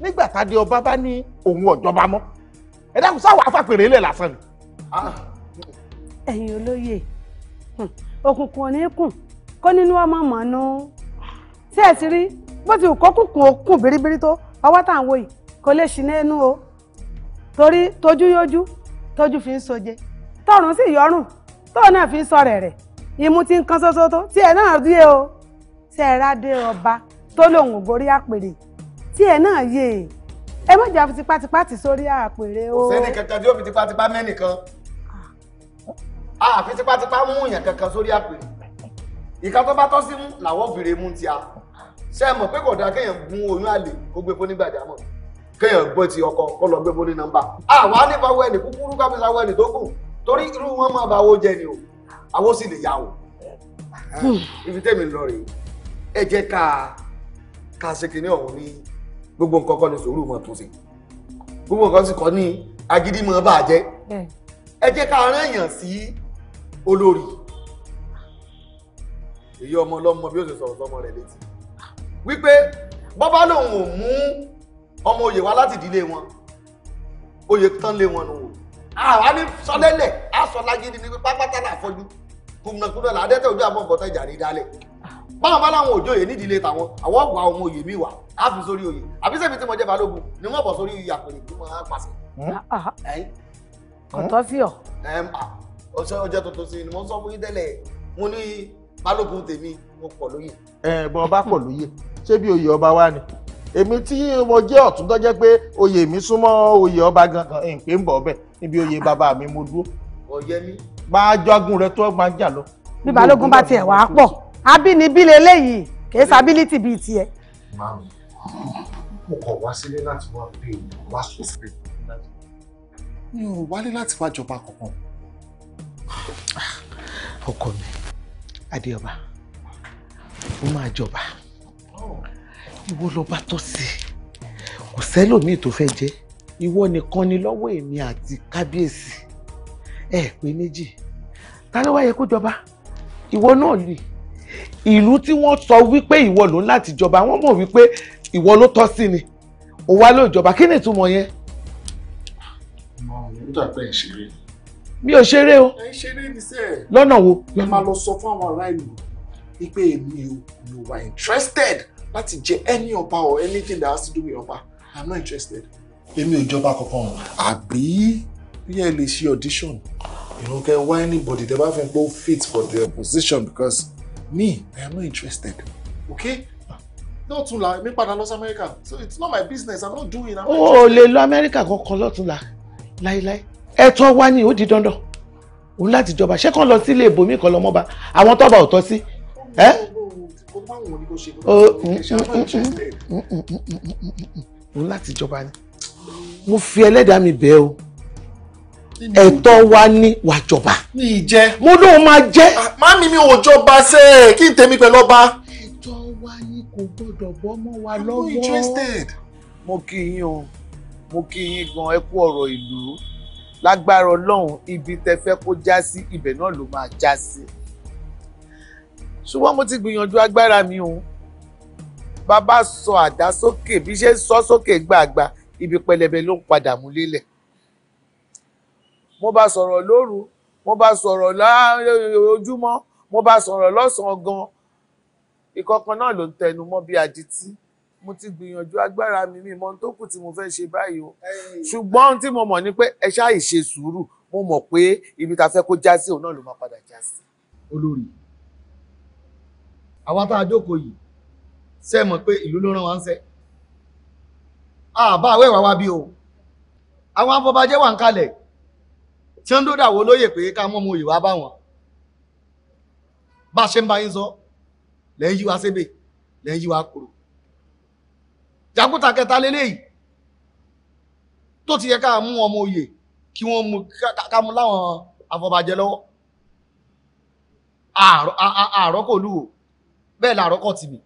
nígbà tádé ọba bá ní òun ọjọba mọ́ ẹ dákun sáwọ́ afápèrè lẹ̀ lásán ni. Ah. ẹ̀yin olóye òkùnkùn ò ní kùn kó nínú ọmọ mọ tí ẹ̀ ti rí bó ti kó kùnkùn ó kùn biribiri tó ọwọ́ tá à ń wò yìí kò lè ṣì nínú o torí tójú yójú tójú fi ń soje tọrùn sì yọrùn tóun náà fi ń sọ rẹ̀ rẹ̀ imú ti ń kan ṣoṣo tó tí ẹ̀ náà rí o tí ẹ̀ rá ọba tó lòun ò gorí àpèrè tí ẹ náà yé ẹ má jẹ́ àfi tipátipá tì sórí àpèrè o. kò sẹ́ni kankan tí ó fi tipátipá mẹ́nìkan àfi tipátipá mú yàn kankan sórí àpèrè ìka tó bá tọ́ sí mú làwọn òbèrè mú ti a ṣé ẹ mọ̀ pé kò dáa kéèyàn gun oyún àlè kó gbé fún nígbàjámọ̀ kéèyàn gbọ́ ti ọkọ kó lọ gbé fún ní nọ́mbà àwa nípa wẹ́ẹ̀nì kúkúrú káfíńsà wẹ́ẹ̀nì tó kù torí irú wọn máa bá owó jẹ ni o àwọn sì lè yà o hmm. ibi tẹ́mi lọ rèé ẹ jẹ́ ká ká ṣe kìnìún ọ̀hún ní gbogbo nǹkan kọ́ ni sùúrù mọ̀ tó ṣe gbogbo nǹkan sì kọ́ ni agídí mọ̀ bá jẹ́ ẹ jẹ́ ká rán èèyàn sí olórí èyí ọmọ ọlọ́mọ bí ó ṣe sọ̀rọ̀ sọmọ rẹ̀ létí wípé bàbá lòun ò mú ọmọ oyè wá láti ìdílé wọn oyè tán lé wọn nù wò àwa ní sọlẹ́lẹ̀ àsọlágídí ní pápátá náà fọjú kùnàkùnà làádẹ́tẹ̀ ojú àbọ̀ bọ́tẹ́ ìjà ní dálẹ̀ báwọn bá láwọn òjòyè nídìílé tàwọn àwọn ọgbà ọmọ òye mi wà á fi sórí oyè àbí sẹ́mi tí mo jẹ́ balógun ni wọ́n bọ̀ sórí oyè àpèrè tí wọ́n á pàṣẹ. ọ̀tọ́ fíọ̀. ọ̀sẹ̀ ọjọ́ tuntun sí ni mo sọ fún yín tẹ́lẹ̀ mo ní balógun tèmi mo pọ̀ lóye. ẹ bọ́n bá pọ̀ lóye ṣé bí oyè ọba wa ni èmi tí mo jẹ́ ọ̀tún tó jẹ́ pé oyè mi súnmọ́ oyè ọba gangan ẹ̀ ń bọ̀ ọbẹ̀ níbi oyè bàbá mi mo dúró. ọ̀yẹ́mi. máa jagun rẹ tó máa jà lọ. bí balógun bá tiẹ̀ wàá pọ̀ abínibí leléyìí kì í sability bíi tiẹ̀. màmí mo kàn wá sílé láti wá pé mo wá sọ sílé mi ò wálé láti wá jọba kankan. ọkọ mi adéọba ó máa jọba ìwọ lọba tó sí kò sẹ́lòmíì tó fẹ́ jẹ́ ìwọ nìkan ni lọ́wọ́ èmi àti kábíyèsí ẹ pé méjì ta ló wá yẹ kó jọba ìwọ náà ni ìlú tí wọ́n sọ wípé ìwọ ló ń láti jọba wọ́n mọ̀ wípé ìwọ ló tọ́ sí ni ò wá ló jọba kí ni ìtumọ̀ yẹn. nígbà pé ẹ ṣeré. mi ò ṣeré o. ẹ ṣeré ní sẹ́ẹ̀. lọ́nà wo. ẹ máa lọ sọ fún àwọn ará wípé èmi ò mi ò interested láti jẹ any ọba or anything that has to do with ọba i'm not interested. èmi ò jọba kankan àbí bí ẹ lè ṣe audition you know kẹ wá anybody tẹ bá fẹ́ pé fit for the position because me i am not interested okay lọ́túnla mi padà lọ sí America, so it's not my business i'm not doing Oh, America got color i'm not interested. o lè lọ amẹ́ríkà kankan lọ́túnla láíláí ẹ̀tọ́ wa ni ó di dandan òun láti jọba ṣé kàn lọ sílé ìbomi kan lọ́mọba àwọn tọ́ba ò tọ́ sí. òun láti jọba ni mo fi ẹlẹ́dàá mi bẹ́ẹ̀ o ẹ̀tọ́ wa ní wàjọba. mi ì mo lóun máa jẹ́. Ah, màámi mi ò jọba ṣe é kí n tèmi pẹ̀lú ọba. ẹ̀tọ́ wa ní kò gbọ́dọ̀ bọ́ mọ́ wa lọ́wọ́. I'm not interested. mo kí yín o mo kí yín gan ẹ kú ọ̀rọ̀ ìlú lágbára ọlọ́run ibi tẹ fẹ́ kó já sí ibẹ̀ náà ló máa já sí. ṣùgbọ́n mo ti gbìyànjú agbára mi o bàbá sọ àdá sókè bí ṣe ń sọ sókè gbàgbà ibi pẹlẹbẹ ló ń padà mú lélẹ̀ mo bá sọ̀rọ̀ lóru mo bá sọ̀rọ̀ lójúmọ́ mo bá sọ̀rọ̀ lọ́sàn-án gan ìkọ̀kan náà ló ń tẹnu mọ́ bí adití mo ti gbìyànjú agbára mi mi mọ tó kù tí mo fẹ́ ṣe báyìí o ṣùgbọ́n tí mo mọ̀ ni pé ẹ ṣáà ṣe sùúrù mo mọ̀ pé ibi tá a fẹ́ kó já sí òun náà ló máa padà já sí. olórí àwa tá a jókòó yìí ṣe mọ̀ pé ìlú ló rán wa ń ṣe àbá àwẹ̀wà wa bí o àwọn afọbajẹ́ wà ń kalẹ̀ tí ó ń dódà wọ lóyè pé ká mọ́ mu ìwà báwọn bá ṣe ń bá yín sọ lẹ́ ń yí wa sébè lẹ́ ń yí wa kúrò jàkúta kẹta lélẹ́yìí tó ti yẹ ká mú ọmọ oyè kí wọ́n mú ká mú láwọn afọbajẹ lọ́wọ́ àárọ̀ kò lù bẹ́ẹ̀ làárọ̀ kọ̀ tì mí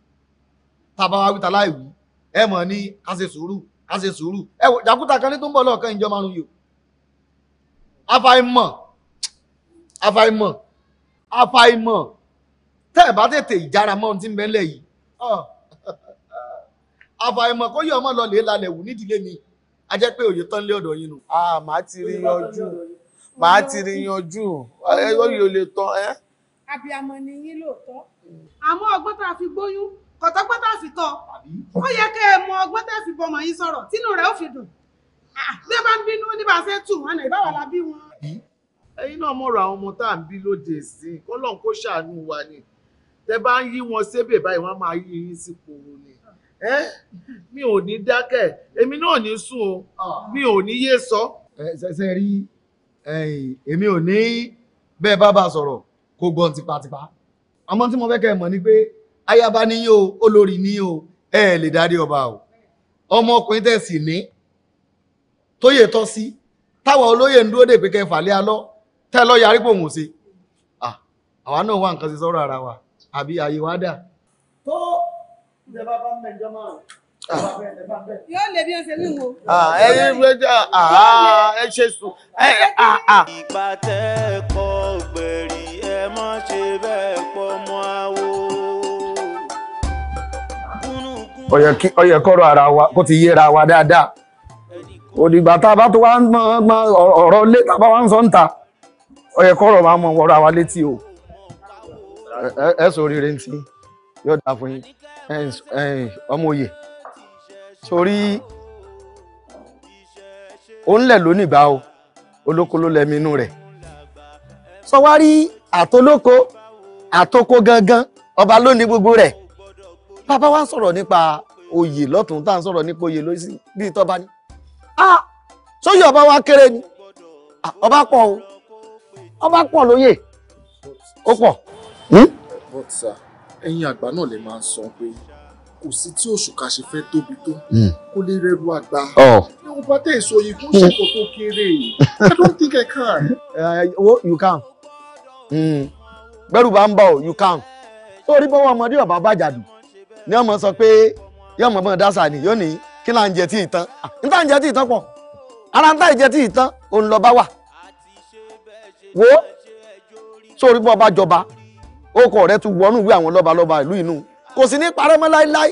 tàbá wa wíta láì wí ẹ mọ̀ ní ká sùúrù ká sùúrù ẹ jàkúta kan ní tó ń bọ̀ lọ́ọ̀kan ìjọ márùn-ún yìí àfàìmọ̀ àfàìmọ̀ àfàìmọ̀ tẹ́ ẹ̀ bá tètè ìjára mọ́ ohun tí ń bẹ lẹ̀ yìí àfàìmọ̀ kó yẹ ọmọ lọlẹ̀ lálẹ́ wù nídìílé mi a jẹ́ pé òye tán lé ọ̀dọ̀ yín nù. màá ti rí yanjú màá ti rí yanjú oyè ò lè tán ẹ́. abiyamọ ni yín lóòótọ́ àmọ́ ọgbọ́n tá a fi gbóyún kọ̀tọ́gbọ́n tá a fi tọ́ ó yẹ kẹ́ ẹ mọ ọgbọ́n tá a fi bọ́mọ yín sọ̀rọ̀ tínú rẹ̀ ó fi dùn. Ah, bí ẹ bá ń bínú ní bá a ṣe tù wọn náà ìbáwọ̀ la bí wọn. ẹ̀yin náà mọ̀rọ̀ àwọn ọmọ tá à ń bí lóde sí i kọ́lọ́n kó ṣàánú wa ni tẹ bá ń yí wọn sébè báyìí wọn máa yí yín sí koro ni mi ò ní dákẹ́ èmi náà ní sùn o ah. mi ò ní yé sọ. ṣẹṣẹ rí èmi ò ní bẹ́ẹ̀ bá bá sọ̀rọ̀ kó gbọ́n tipátipá àmọ́ tí mo fẹ́ kẹ́ ẹ mọ̀ ni pé ayaba ni yín o olórí ni yín o ẹ lè darí ọba o ọmọkùnrin tẹ̀sí ní tóyè tọ́ sí táwọn olóyè ń dúró dè pé kẹfà lé alọ́ tẹ́ lọ́ yarí pòun ṣe àwa náà wà nǹkan sí sọ́rọ̀ ara wa àbí àyè wa dà. tó ǹjẹ́ bá bá mẹ́jọ máa yóò lè bí ọ̀sẹ̀ wíwo. ẹ yé wẹ́jà ẹ ṣe sùn. ìgbà tẹ́ ẹ kọ́ gbèrè ẹ má ṣe bẹ́ẹ̀ pọ̀ mọ́ àwo. ó yẹ ara wa kó ti yéra wa dáadáa òdìgbà tá a bá tó wá ń gbọ́n ọ̀rọ̀ lé tá a bá wá ń sọ ń ta ọ̀yẹ̀ kọ́rọ̀ máa mọ wọ́rọ̀ àwa létí o ẹ sọ oríire ń tí yóò dáa fún yín ọmọ òye sórí òǹlẹ̀ lónìí o olóko ló lẹ́mi inú rẹ̀ sọ wá rí àtolóko àtoko gangan ọba ló ní gbogbo rẹ̀ bàbá wa ń sọ̀rọ̀ nípa oyè lọ́tún tá à ń sọ̀rọ̀ nípa oyè lọ́sí bí tọ́ba ni. Ah, sóyè ọba wa kéré ni ah, ọba pọ̀ o ọba pọ̀ lóyè ó pọ̀. Hmm? but sir ẹ̀yin àgbà náà lè máa ń sọ pé kò sí tí òṣùkà ṣe fẹ́ tóbi tó hmm. kó lè rẹ́rù àgbà ní oh. ọba tẹ̀ sọ yìí kó ṣe kó tó kéré I don't think I can. Uh, you can. Hmm. gbẹ́rù bá ń bọ̀ o you can. sórí bọ́wọ́ ọmọdé ọba bàjàdù ni ọmọ sọ pé yọmọ bọ́n dásà ni yóò ní kí là ń jẹ tí ìtàn ah, níta ń jẹ tí ìtàn pọ̀ ara ń tà ìjẹ tí ìtàn òun lọ bá wà wo sórí bọ́ ọba jọba ọkọ rẹ ti wọnú ìwé àwọn lọ́balọ́ba ìlú inú kò sì ní parẹ́ mọ́ láéláé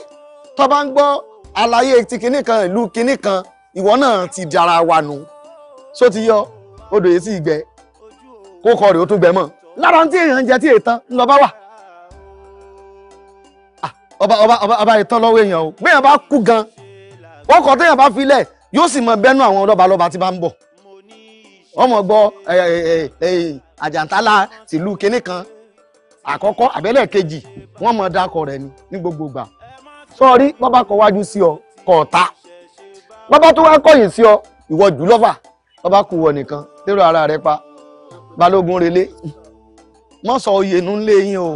tó bá ń gbọ́ àlàyé ti kinní kan ìlú kinní kan ìwọ náà ti dára wa nù só ti yọ odò yìí sì gbẹ kó kọ rè ó tún gbẹ mọ́ lára tí èèyàn ń jẹ tí èètàn ń lọ bá wà ah, ọba ọba ọba ìtàn lọ́wọ́ èèyàn o bẹ́ẹ̀ bá kú gan wọ́n kọ́ téèyàn bá filẹ̀ yóò sì mọ bẹ́nu àwọn lọ́balọ́ba tí bá ń bọ̀ wọ́n mọ̀ gbọ́ àjàntálá tìlú kinní kan àkọ́kọ́ àbẹ́lẹ̀ kejì wọ́n mọ̀ dákọ̀ rẹ̀ ni ní gbogbo gbà sọ́ọ́rí bàbá kọ wájú sí ọ kọ ọ̀tá bàbá tó wá kọ̀yìn sí ọ ìwọ jùlọ́fà bàbá kù wọ nìkan lérò ara rẹ pa balógun relé mọ́sọ̀ oyè nù ń lé yín o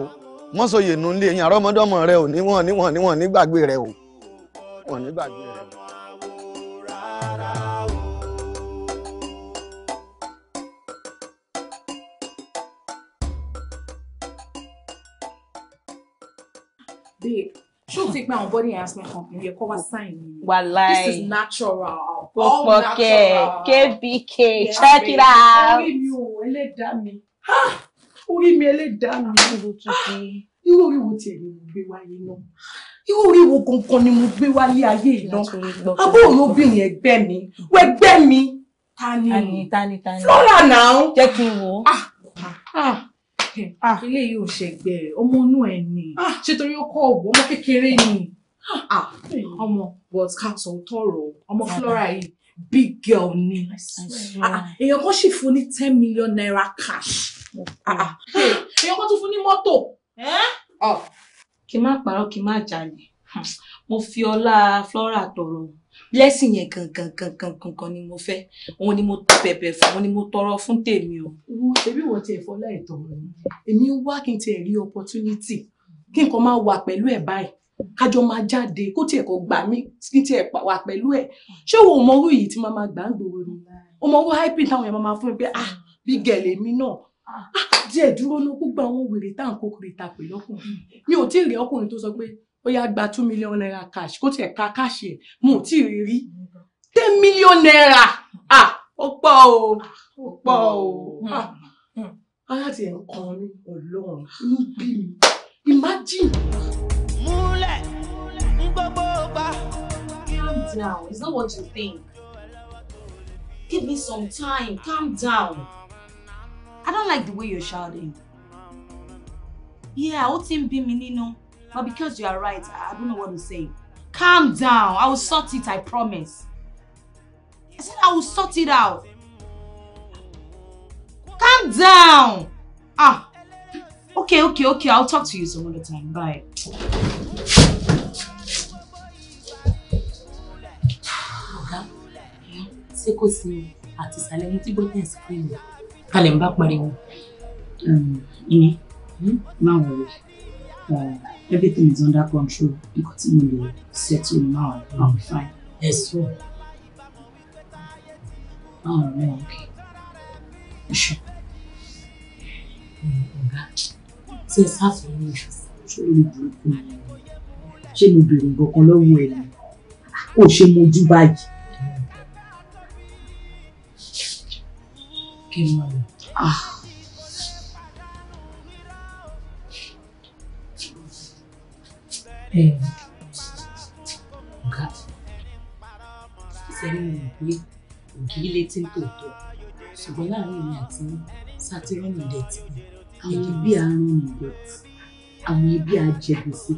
mọ́sọ̀ oyè nù ń lé yín àrọ́mọdọ́mọ rẹ ò níwọ̀n níwọ̀n níwọ̀n nígbàgbé rẹ o wọ́n nígbàgbé rẹ o ṣó ti pé àwọn body enhancement company yẹ kó wá sign this is natural. pọpọkẹ kbk check it out. orí mi ò ẹlẹ́dàá mi irú orí wo gangan ni mo gbé wálé ayé iná abóò lóbìnrin ẹgbẹ́ mi wẹgbẹ́ mi tani tani tani flora now jẹ́ kí n wò ó ah, ah. Ah. ilé yìí ò ṣẹgbẹ́ ọmọ inú ẹ̀ ni ṣé torí ó kọ́ ọ̀wọ́ ọmọ kékeré ni ọmọ but ká tọrọ ọmọ flora yìí big girl ni èèyàn kan sì fún ní ten million naira cash èèyàn kan tún fún ní mọ́tò kí n má parọ́ kí n má jalè *laughs* mo fi ọlá flora tọrọ blessing yẹn gangan gangan gangan ni mo fẹ́ òun ni mo bẹ̀bẹ̀ fún òun ni mo tọrọ fún tèmi o. wo ṣebí ìwọ tiẹ̀ fọlá ìtọrọ ni èmi ń wá kí n tiẹ̀ rí opportunity kí n kàn máa wà pẹ̀lú ẹ̀ báyìí kájọ máa jáde kó tiẹ̀ kó gbà mí kí tiẹ̀ wà pẹ̀lú ẹ̀ ṣé wo mọrú yìí tí máa máa gbà ń gbòòrò ni o mọrú hype táwọn yẹn máa máa fún mi pé ah bí gẹ̀lẹ́ mi náà díẹ̀ dúró ní gbogbo àwọn wèrè tá à ń kókòrè ta pè lọ́kùnrin mi ò tí ì rí ọkùnrin tó sọ pé ó yá gba two million naira cash kó tiẹ̀ ka cash ẹ̀ mo ò tí ì rí ten million naira ah ó pọ̀ o ó pọ̀ o ara ẹ̀ ń kan mi ọlọ́run inú bí mi imagine. múlẹ̀ ń gbogbo ọba. calm down it's not what you think give me some time calm down. I don't like the way you're shouting. Yeah, ó ti ń bí mi nínú. But because you are right, I don't know what to say. Calm down. I will sort it, I promise. I said I will sort it out. Calm down. Ah. Okay, okay, okay. I'll talk to you some other time. Bye. Ọ̀gá, ṣé kò sí àtìsàlẹ̀ mo ti gbọ́ tẹ̀ sí kalẹ̀ ń bá pariwo. ìní máa wọ̀ rẹ̀ everything is under control nǹkan tí mo lè settle now i'm fine. ẹ sọ àwọn ọ̀rẹ́ òkè ṣọ ọ̀gá tí ẹ sáfù ní oṣù ṣé ló lè burúkú ṣé mo bèrè nǹkan kan lọ́wọ́ ẹ̀ ni kò ṣe mojú báyìí. kí n máa lọ. Ah. ọ̀gá sẹ́yìn mọ̀ pé ògì ilé tí ń tòótọ́ ṣùgbọ́n láàrin èmi àti sátírọ́nì dẹ̀ ti àwọn ibi àrùn ìgbẹ́ àwọn ibi àjẹgbèsè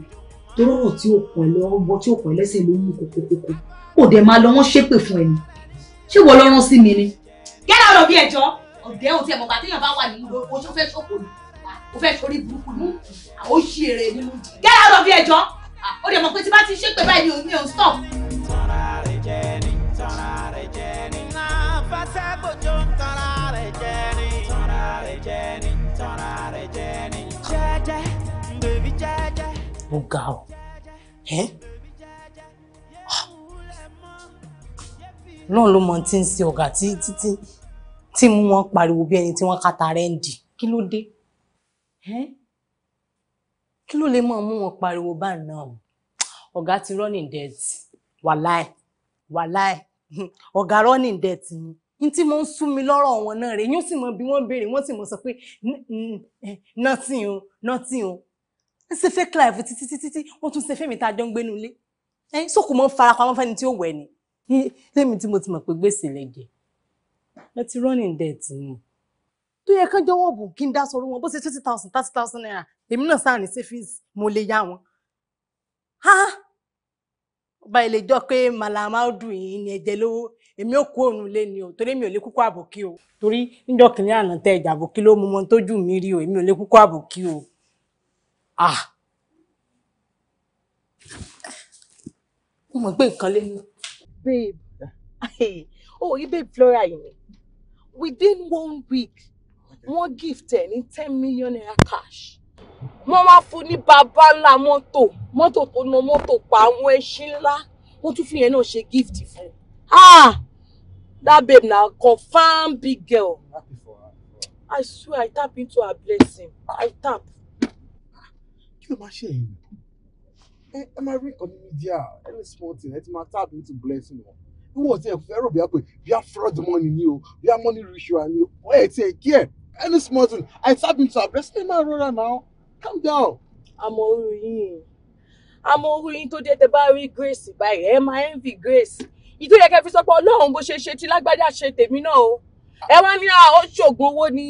tó rọrọ tí ó pọ̀ lọ́wọ́ tí ó pọ̀ lẹ́sẹ̀ ló mú kókókókó kò dẹ̀ máa lọ wọ́n ṣépè fún ẹni ṣé wọ́n lọ́rán sí mi ni. get out of here jọ ọ̀dẹ́ òtí ẹ̀ mọ̀gbà téèyàn bá wà nínú o fẹ́ ṣòkò ni o fẹ́ sori burúkú mú àwọn oṣù èrè nínú get out of here jọ ó dẹ̀ mọ̀ pé tí bá ti ṣépè báyìí mi ò stop. tọ́ra rẹ̀ jẹ́ ni tọ́ra rẹ̀ jẹ́ ni. náà tọ́ra rẹ̀ jẹ́ ni tọ́ra rẹ̀ jẹ́ ni tọ́ra rẹ̀ jẹ́ ni. jẹ́jẹ́ bèbí jẹ́jẹ́. mo ga ah. ọ náà ló mọ tí ń ṣe ọ̀gá títí tí mú wọn pariwo bí ẹni tí wọ́n kàtà rẹ̀ ń dì kí ló dé kí ló lè máa mú wọn pariwo bá náà ọ̀gá ti running debt wàláì wàláì ọ̀gá running debt ni n tí mo ń sú mi lọ́rọ̀ wọn náà rèé yóò sì mọ bí wọ́n béèrè wọ́n sì mọ sọ pé nothing o nothing o ń ṣe fake life títí títí tí wọ́n tún ṣe fẹ́mi tá a jọ ń gbénu ilé ẹ̀yìn sókùmọ́ farapamọ́ fẹ́ni tí ó wẹ̀ ni lẹ́mi tí mo ti mọ̀ pé gbèsè lẹ́gẹ̀ẹ́ ẹ ti running debt ni. tó yẹ kán jọ̀wọ́ bù kí n dá sọ̀rọ̀ wọn bó ṣe twenty thousand thirty thousand naira èmi náà sáà ní savings mo lè yá wọn. ọba ilé jọ pé malamaudu yìí ni ẹ̀jẹ̀ lówó èmi ò kú òrùn lé ni o torí èmi ò lè kúkú àbòkí o torí níjọ́ kìnìún àná tẹ ẹjà àbòkí ló mú mọ tójú mi rí o èmi ò lè kúkú àbòkí o. mo mọ̀ pé nǹkan lé ní. babe o ò rí babe flora yìí ni within one week wọ́n gift ẹ̀ ní ten million naira cash wọ́n wá fún ní bàbá ńlá mọ́tò mọ́tò tó na mọ́tò pa àwọn ẹṣin ńlá wọ́n tún fi yẹn náà ṣe gift fún ah that babe na confam big girl i swear i tap into her blessing i tap. kí ló máa ṣe èyí ẹ máa rí nǹkan ní mídíà any small thing ẹ ti máa tap into blessing wọn. Who was there? fẹ́ràn bí a pè fraud money new. We bí money ritual ni o wọ́n ẹ̀ tí any small thing I tap into a breast ẹ̀ máa rọra now calm down. I'm all in. I'm all in tó dé tẹ bá grace báyìí ẹ máa envy grace ìtò yẹ kẹ́ every support pé Ọlọ́run bó ṣe ṣe tí lágbájá ṣe tèmi náà o ẹ wá ní go ah, ṣoògùn owó ni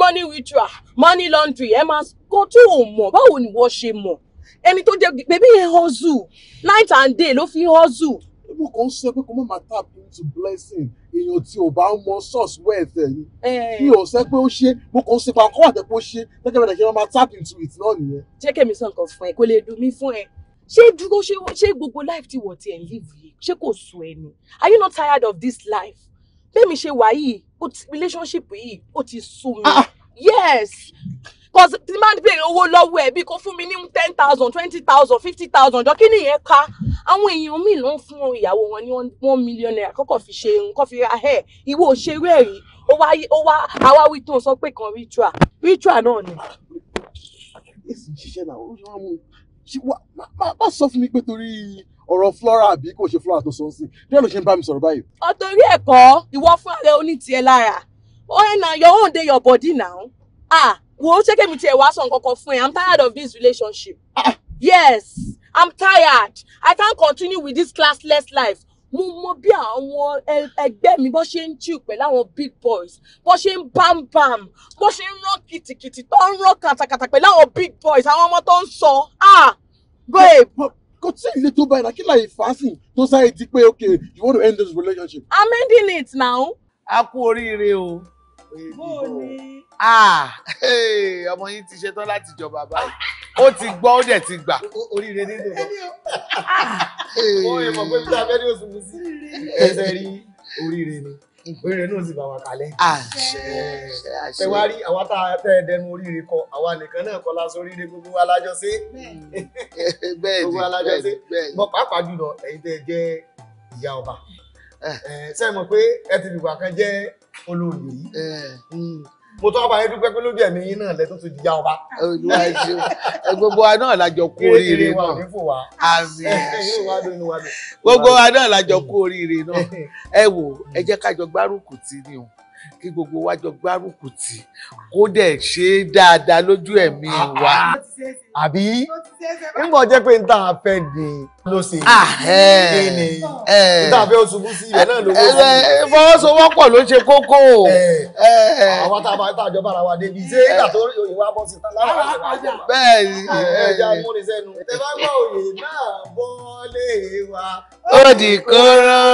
money with you. money laundry ẹ máa kó more? o mọ̀ báwo ni wọ́n ṣe mọ̀ ẹni tó jẹ bèbí yẹn hustle night and day ló fi hustle mo kàn ń ṣe pé kó má máa tap into blessing èèyàn tí ò bá ń mọ source wealth ẹ̀ ni eh. mi ò sẹ́ pé ó ṣe mo kàn ń ṣe pàkọ́ àtẹ pé ó ṣe gẹ́gẹ́ bẹ̀rẹ̀ kí máa tap into it náà nìyẹn. jẹ́ kẹ́mi sọ nǹkan fún ẹ kó lè dùn mí fún ẹ ṣé dúró ṣé gbogbo life ti wọ̀ tí ẹ̀ live yìí ṣé kò sùn ẹ ni are you not tired of this life bẹ́ẹ̀ mi ṣe wà yìí relationship yìí ó ti sú mi ah, ah. yes cause the man ń béèrè owó lọ́wọ́ ẹ̀ bí kò fún mi ní ten thousand twenty thousand fifty thousand jọ kí nìyẹn ká àwọn èèyàn míì ló ń fún ìyàwó wọn ní one million naira kọ́kọ́ fi ṣe nǹkan fi ra hair ìwọ òṣèré ẹ̀rí ó wá ó wá àwa wí tó ń sọ pé kan ritual ritual náà ni. èsì ṣiṣẹ́ náà ó ṣe wá mú má sọ fún mi pé torí ọ̀rọ̀ flora àbí kò ṣe flora tó sọ sí díẹ̀ ló ṣe ń bá mi sọ̀rọ̀ báyìí. ọ̀tọ̀rí ẹ̀kọ́ ìwọ fúnra rẹ̀ ó lára ó ẹ̀ na your own dey your body now. ah wo ṣé kémi tiẹ̀ wá sọ nǹkan kan fún ẹ i'm tired of this relationship ah, ah. yes i'm tired i can't continue with this classless life mo mo bí àwọn ẹgbẹ́ mi bó ṣe ń chill pẹ̀lú àwọn big boys bó ṣe ń bam bam bó ṣe ń rán kìtìkìtì tó ń rán kàtàkàtà pẹ̀lú àwọn big boys àwọn ọmọ tó ń so? ah babe. kò tí ì le tó báyìí kí láyé fàásì tó sáré di pé okay you want to end this relationship. i'm ending it now. a kú oríire o. Ah, hey, ọmọ yín ti ṣetán láti jọba báyìí ó ti gbọ́ ó dẹ̀ ti gbà. oríire nínú ọ ó yẹ mọ̀ pé bí abẹ́rẹ́ oṣù mi sí ẹsẹ̀ rí oríire ni oríire náà sì bá wa kalẹ̀. ẹ wá rí àwa tá a tẹ ẹdẹnu oríire kọ àwa nìkan náà kọ́ lásán oríire gbogbo wa lájọ sí. bẹ́ẹ̀ ni bẹ́ẹ̀ ni bẹ́ẹ̀ ni. pàápàá jùlọ ẹ̀yin tẹ́ jẹ́ ìyá ọba. Eh. Eh, ṣé ẹ mọ̀ pé ẹ ti dùgbà kan jẹ́ olóòlù yìí hmm. mo tọ́ bá yẹn dúpẹ́ pé lójú ẹ̀mí yín náà lẹ́tọ́ tó jíjá ọba. olúwa ṣe *laughs* gbogbo wa náà la jọ kú oríire náà àmín gbogbo wa náà la jọ kú oríire náà ẹ wò ẹ jẹ́ ká jọ gbárùkù tì ni o kí gbogbo wa jọ gbárùkù tì kó dẹ̀ ṣe é dáadáa lójú ẹ̀mí wa. Ah, ah àbí ńgbọ̀ jẹ́ pé nta fẹ́ di ló ṣe ah, kí ni eh, nta eh. fẹ́ ṣubú sí ibẹ̀ náà ló wọ́n ṣe. Eh, ìfọwọ́sowọ́pọ̀ ló ṣe kókó. àwọn tá a bá tàjọ bára wa débi ṣé ìgbà tó ìwà bọ́ sí tálá wà lájà. bẹ́ẹ̀ ni ah, ẹja múnisẹ́nu. ìtẹ̀fẹ́ gbọ́ òye náà bọ́ lé wa. ó di kóró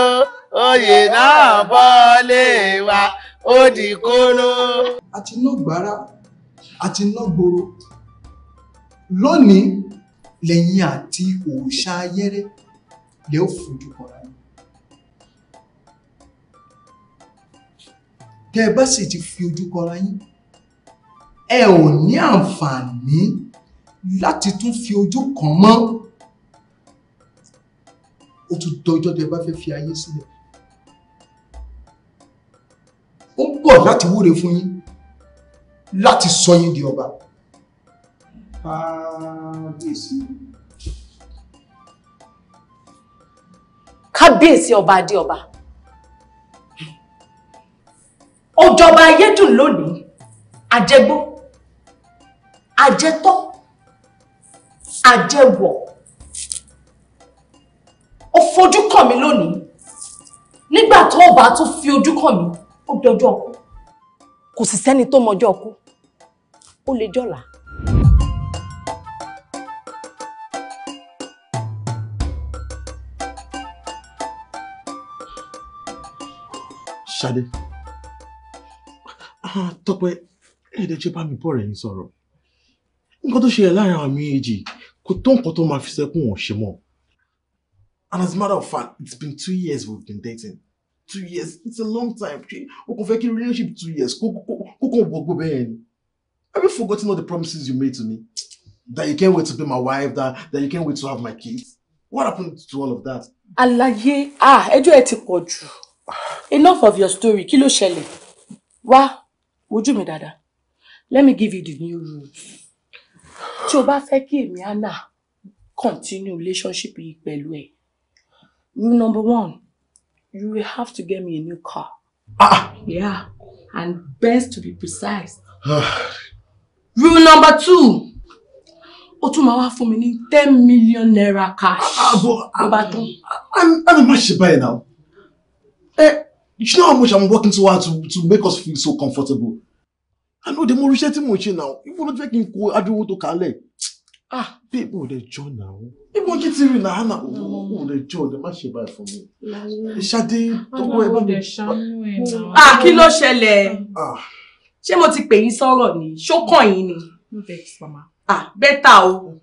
oyè náà bọ́ wa ó di kóró. àti náà gbára àti náà gbòòrò lónìí lẹ́yìn àti òòṣà ayẹ́rẹ́ lẹ́ ò fojú kọra yín. tẹ́ ẹ bá sì ti fi ojú kọra yín ẹ ò ní àǹfààní láti tún fi ojú kàn mọ́ ó tún dọjọ́ tẹ́ ẹ bá fẹ́ fi ayé sílẹ̀ ó ń bọ̀ láti wúre fún yín láti sọ yín di ọba kábíyèsí. kábíyèsí ọba adéọba ọjọba ayédùn lónìí àjẹgbó àjẹtọ́ àjẹwọ̀ ó fojú kàn mí lónìí nígbà tó o bá tún fi ojú kàn mí ó dọjọ́ ọkú kò sì sẹ́ni tó mọjọ́ ọkú ó lè jọ̀la. Ṣadé. Ah, Tọ́pẹ́ ẹ̀ẹ́dẹ̀ ṣe bá mi bọ̀ rẹ̀ ń sọ̀rọ̀. Nǹkan tó ṣe ẹ̀ láàrin àwọn méjèèjì kò tó nǹkan tó máa fi sẹ́kùn wọn ṣe mọ́. And as a matter of fact, it's been two years we've been dating. Two years, it's a long time. Ṣé o kò fẹ́ kí relationship two years kó kàn gbogbo bẹ́ẹ̀ ni? Have you forgotten all the promises you made to me? That you can't wait to be my wife, that, that you can't wait to have my kids? What happened to all of that? Àlàyé, ah, ẹjọ́ ẹ ti pọ̀ jù enough of your story Kilo ló ṣẹlẹ̀ wá wojú mi dada? let me give you the new rule tí o bá fẹ́ kí èmi anna continue relationship yìí pẹ̀lú ẹ rule number one you will have to get me a new car ah yeah and best to be precise ah. rule number two ó tún máa wá fún mi ní ten million naira cash. àbọ̀ ah, I'm I'm not sure by now you know how much i'm working so hard to to make us feel so comfortable i know the mo ríṣẹ́ tí mo ṣe now even though jẹ́ kí n kó adúrówó tó kalẹ̀ ah people babe o lè jọ náà ibo kí ti rí náà hannah Oh, lè jọ o lè má ṣe báyìí fún mi ṣadé tó kọ ẹ bá mi. ah kilo ah, kí Ah, she ṣé mo ti pè yín sọ̀rọ̀ ni ṣókàn yín ni ah better. o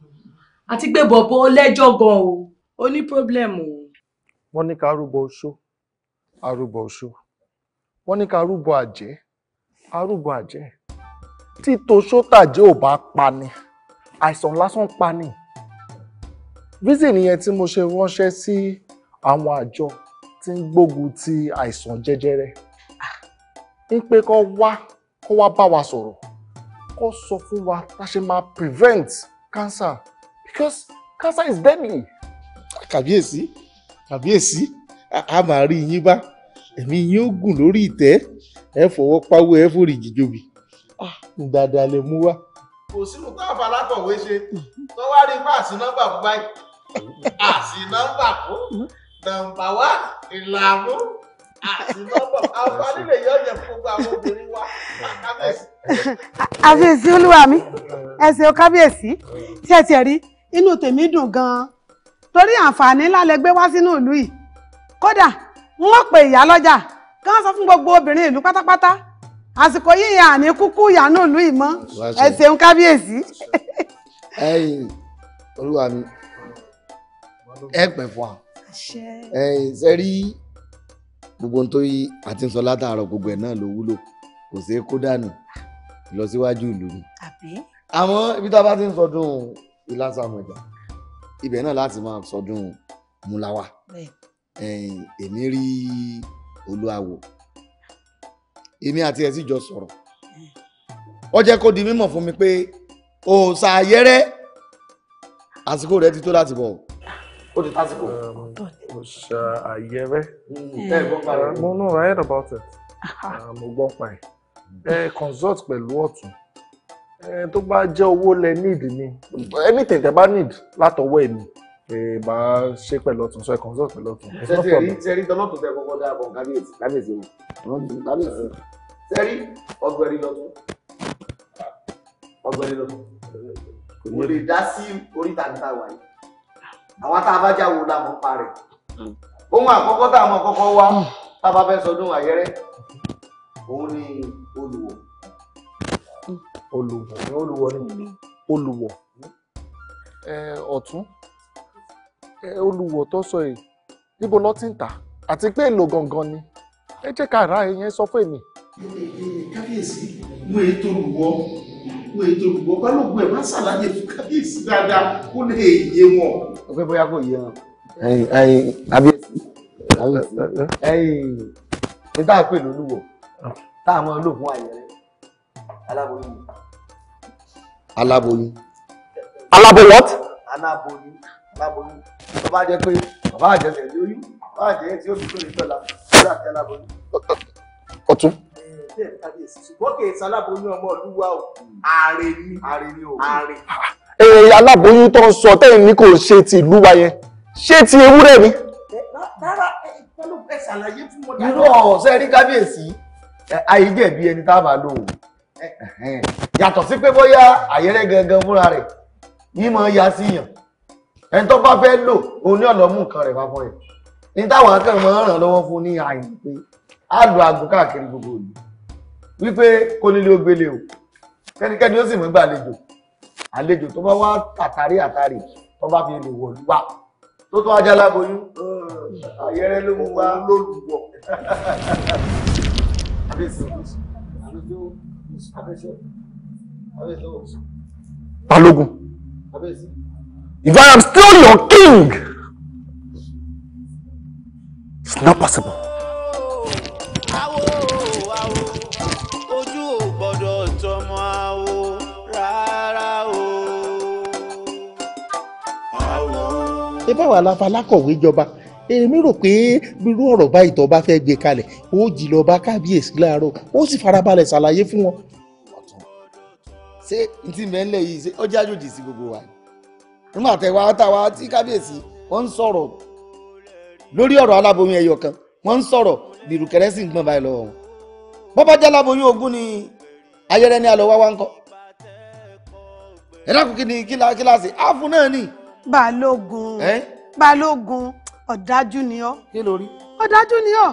àti pé bọ̀bọ̀ lẹ́jọ́ gan o ó ní pírọ́blẹ̀mù o. wọ́n ní ká rúbọ oṣó arúbọ oṣó wọ́n ní ká rúbọ àjẹ́ arúbọ àjẹ́ tí toṣó tàjẹ́ ò bá pa ni àìsàn lásán pa ni visa nìyẹn tí mo ṣe ránṣẹ́ sí àwọn àjọ tí ń gbógun ti àìsàn jẹjẹrẹ ń pé kó wá kó wá bá wa sọ̀rọ̀ kó sọ fún wa tá ṣe máa prevent cancer because cancer is deadly. kàbíyèsí kàbíyèsí a máa rí yín bá ẹ̀mí yín ó gùn lórí ìtẹ́ ẹ fọwọ́ pawó ẹ fòrì jìjòbì dáadáa lè mú wá. kò sínú tá a fa alákọ̀wé ṣe tó wá rí bá àsì nọ́mbà fún báyìí àsì nọ́mbà fún nọ́mbà wá ìlàmú àsì nọ́mbà àǹfààní lè yọ ọ̀yẹ̀ fún gbogbo àwọn obìnrin wa kábíyèsí. àfẹ́sí olúwa mi ẹ̀sìn kábíyèsí tí ẹ ti rí inú tèmi dùn gan-an torí àǹfààní ńlá lẹ gbé wá sínú ìlú yìí kódà wọ́n pè ìyá lọ́jà kí wọ́n sọ fún gbogbo obìnrin ìlú pátápátá àsìkò yíyan àní kúkú ìyànú ìlú ìmọ̀ ẹ ṣeun kábíyèsí. ẹ̀yin olúwa mi ẹ pẹ́ fún wa ẹ̀yin ṣe rí gbogbo ohun tó yí àti ń sọ látàárọ̀ gbogbo ẹ̀ náà ló wúlò kò ṣeé kó dànù ìlọsíwájú ìlú ni. àmọ́ ibi tá a bá ti ń sọdún ìlàsàmọ̀jà ibẹ̀ náà láti máa sọdún múláwá èmi rí olúawo èmi àti ẹ̀ sì jọ sọ̀rọ̀ ó jẹ́ kó di mímọ̀ fún mi pé òòsà ayẹ́rẹ́ àsìkò rẹ ti tó láti bọ̀ ó ti tásìkò. òòsà ayẹ́rẹ́ mo know I heard about it *laughs* ah, mo gbọ́ pa ẹ̀ consult pẹ̀lú ọ̀tún tó bá jẹ́ owó lẹ need ni anything tẹ bá need látọwọ́ èmi màá ṣe pẹ̀lú ọ̀tún sọ ẹ̀ consult pẹ̀lú ọ̀tún. sẹ́rí sẹ́rí tọ́lọ́tún tẹ kọ́kọ́ dáàbọ̀ kábíyèsí kábíyèsí o kábíyèsí sẹ́rí ọgbẹ̀rì lọ́tún ọgbẹ̀rì lọ́tún kò lè dá sí oríta níta wáyé àwọn tá a bá jáwó la mọ̀ pa rẹ̀ ohun àkọ́kọ́ tá a mọ̀ kọ́kọ́ wá tá a bá fẹ́ sọdún àyẹ́rẹ́ òun ni olùwọ̀ olùwọ̀ olùwọ̀ ni olùwọ̀ ọ̀tún olùwọ̀ tó sọ èyí níbo ló ti ń tà àti pé èlò gangan ni ẹ jẹ́ ká ra ẹyẹn sọ fún èmi. kábíyèsí wo ètò olùwọ wo ètò olùwọ balógun ẹ má ṣàlàyé fún kábíyèsí dáadáa kó lè yé wọn. ọgbẹ́ bóyá kò yé wọn. ẹyin ẹyin kábíyèsí ẹyin ní tá a pè lólùwọ̀ tá a mọ olóògùn àyẹrẹ aláboyún. aláboyún. aláboyún aláboyún aláboyún bàbá jẹ pé bàbá àjẹsẹ̀ lóyún bàbá àjẹyẹ tí ó fi lórí tọ́lá lórí àti aláboyún. ọtún. ṣùgbọ́n kì í ṣe aláboyún ọmọ olúwa o ààrẹ ni ààrẹ ni o ààrẹ. ẹ aláboyún tó ń sọ tẹ́yìn ní kò ṣe ti ìlú wa yẹn ṣé ti ewúrẹ́ ni. rárá ẹ ló fẹ́ ṣàlàyé fún wọn. irú ọ̀sẹ̀ rí kábíyèsí àìjẹ̀bi ẹni tá a máa lò ó yàtọ̀ sí pé bóyá àyẹ̀rẹ̀ gangan fúnra rẹ̀ yìí máa ya síyàn ẹni tó bá fẹ́ lò òun ní ọ̀nà mú nǹkan rẹ̀ wá fún yẹn ní táwọn akẹ́kọ̀ọ́ máa ń ràn lọ́wọ́ fún ní àyìn pé á lo aago káàkiri gbogbo ìlú wípé kó nílé ogbélé o kẹ́nikẹ́ni ó sì mú gbàlejò àlejò tó bá wá àtàrí àtàrí tó bá fi lè wọ̀lú wá tó tó ajá láboyún àyẹrẹ ló mú wá lórúkọ. balógun. If I am still your king, it's not possible. ẹ bá wà láfa lákọ̀wé jọba èmi rò pé irú ọ̀rọ̀ báyìí tó bá fẹ́ gbé kalẹ̀ ó jì lọ bá kábíyèsí láàárọ̀ ó sì farabalẹ̀ ṣàlàyé fún wọn. ṣé ntí mẹ́lẹ̀ yìí ṣe ọjà àjòjì sí gbogbo wa ni. nígbà tẹwàá táwa tí kábíyèsí wọ́n ń sọ̀rọ̀ lórí ọ̀rọ̀ aláboyún ẹyọ kan wọ́n ń sọ̀rọ̀ bìrùkẹ̀rẹ́ sì ń gbọ̀n báyìí lọ́wọ́ wọn bọ́bá aláboyún ogún ni ayẹrẹ ní alọ́ wá wá ń kọ́ ẹ dákun kí ni kíláàsì áàfù náà nì. balógun balógun ọ̀dájú ni ọ́ kí ló rí. ọ̀dájú ni ọ́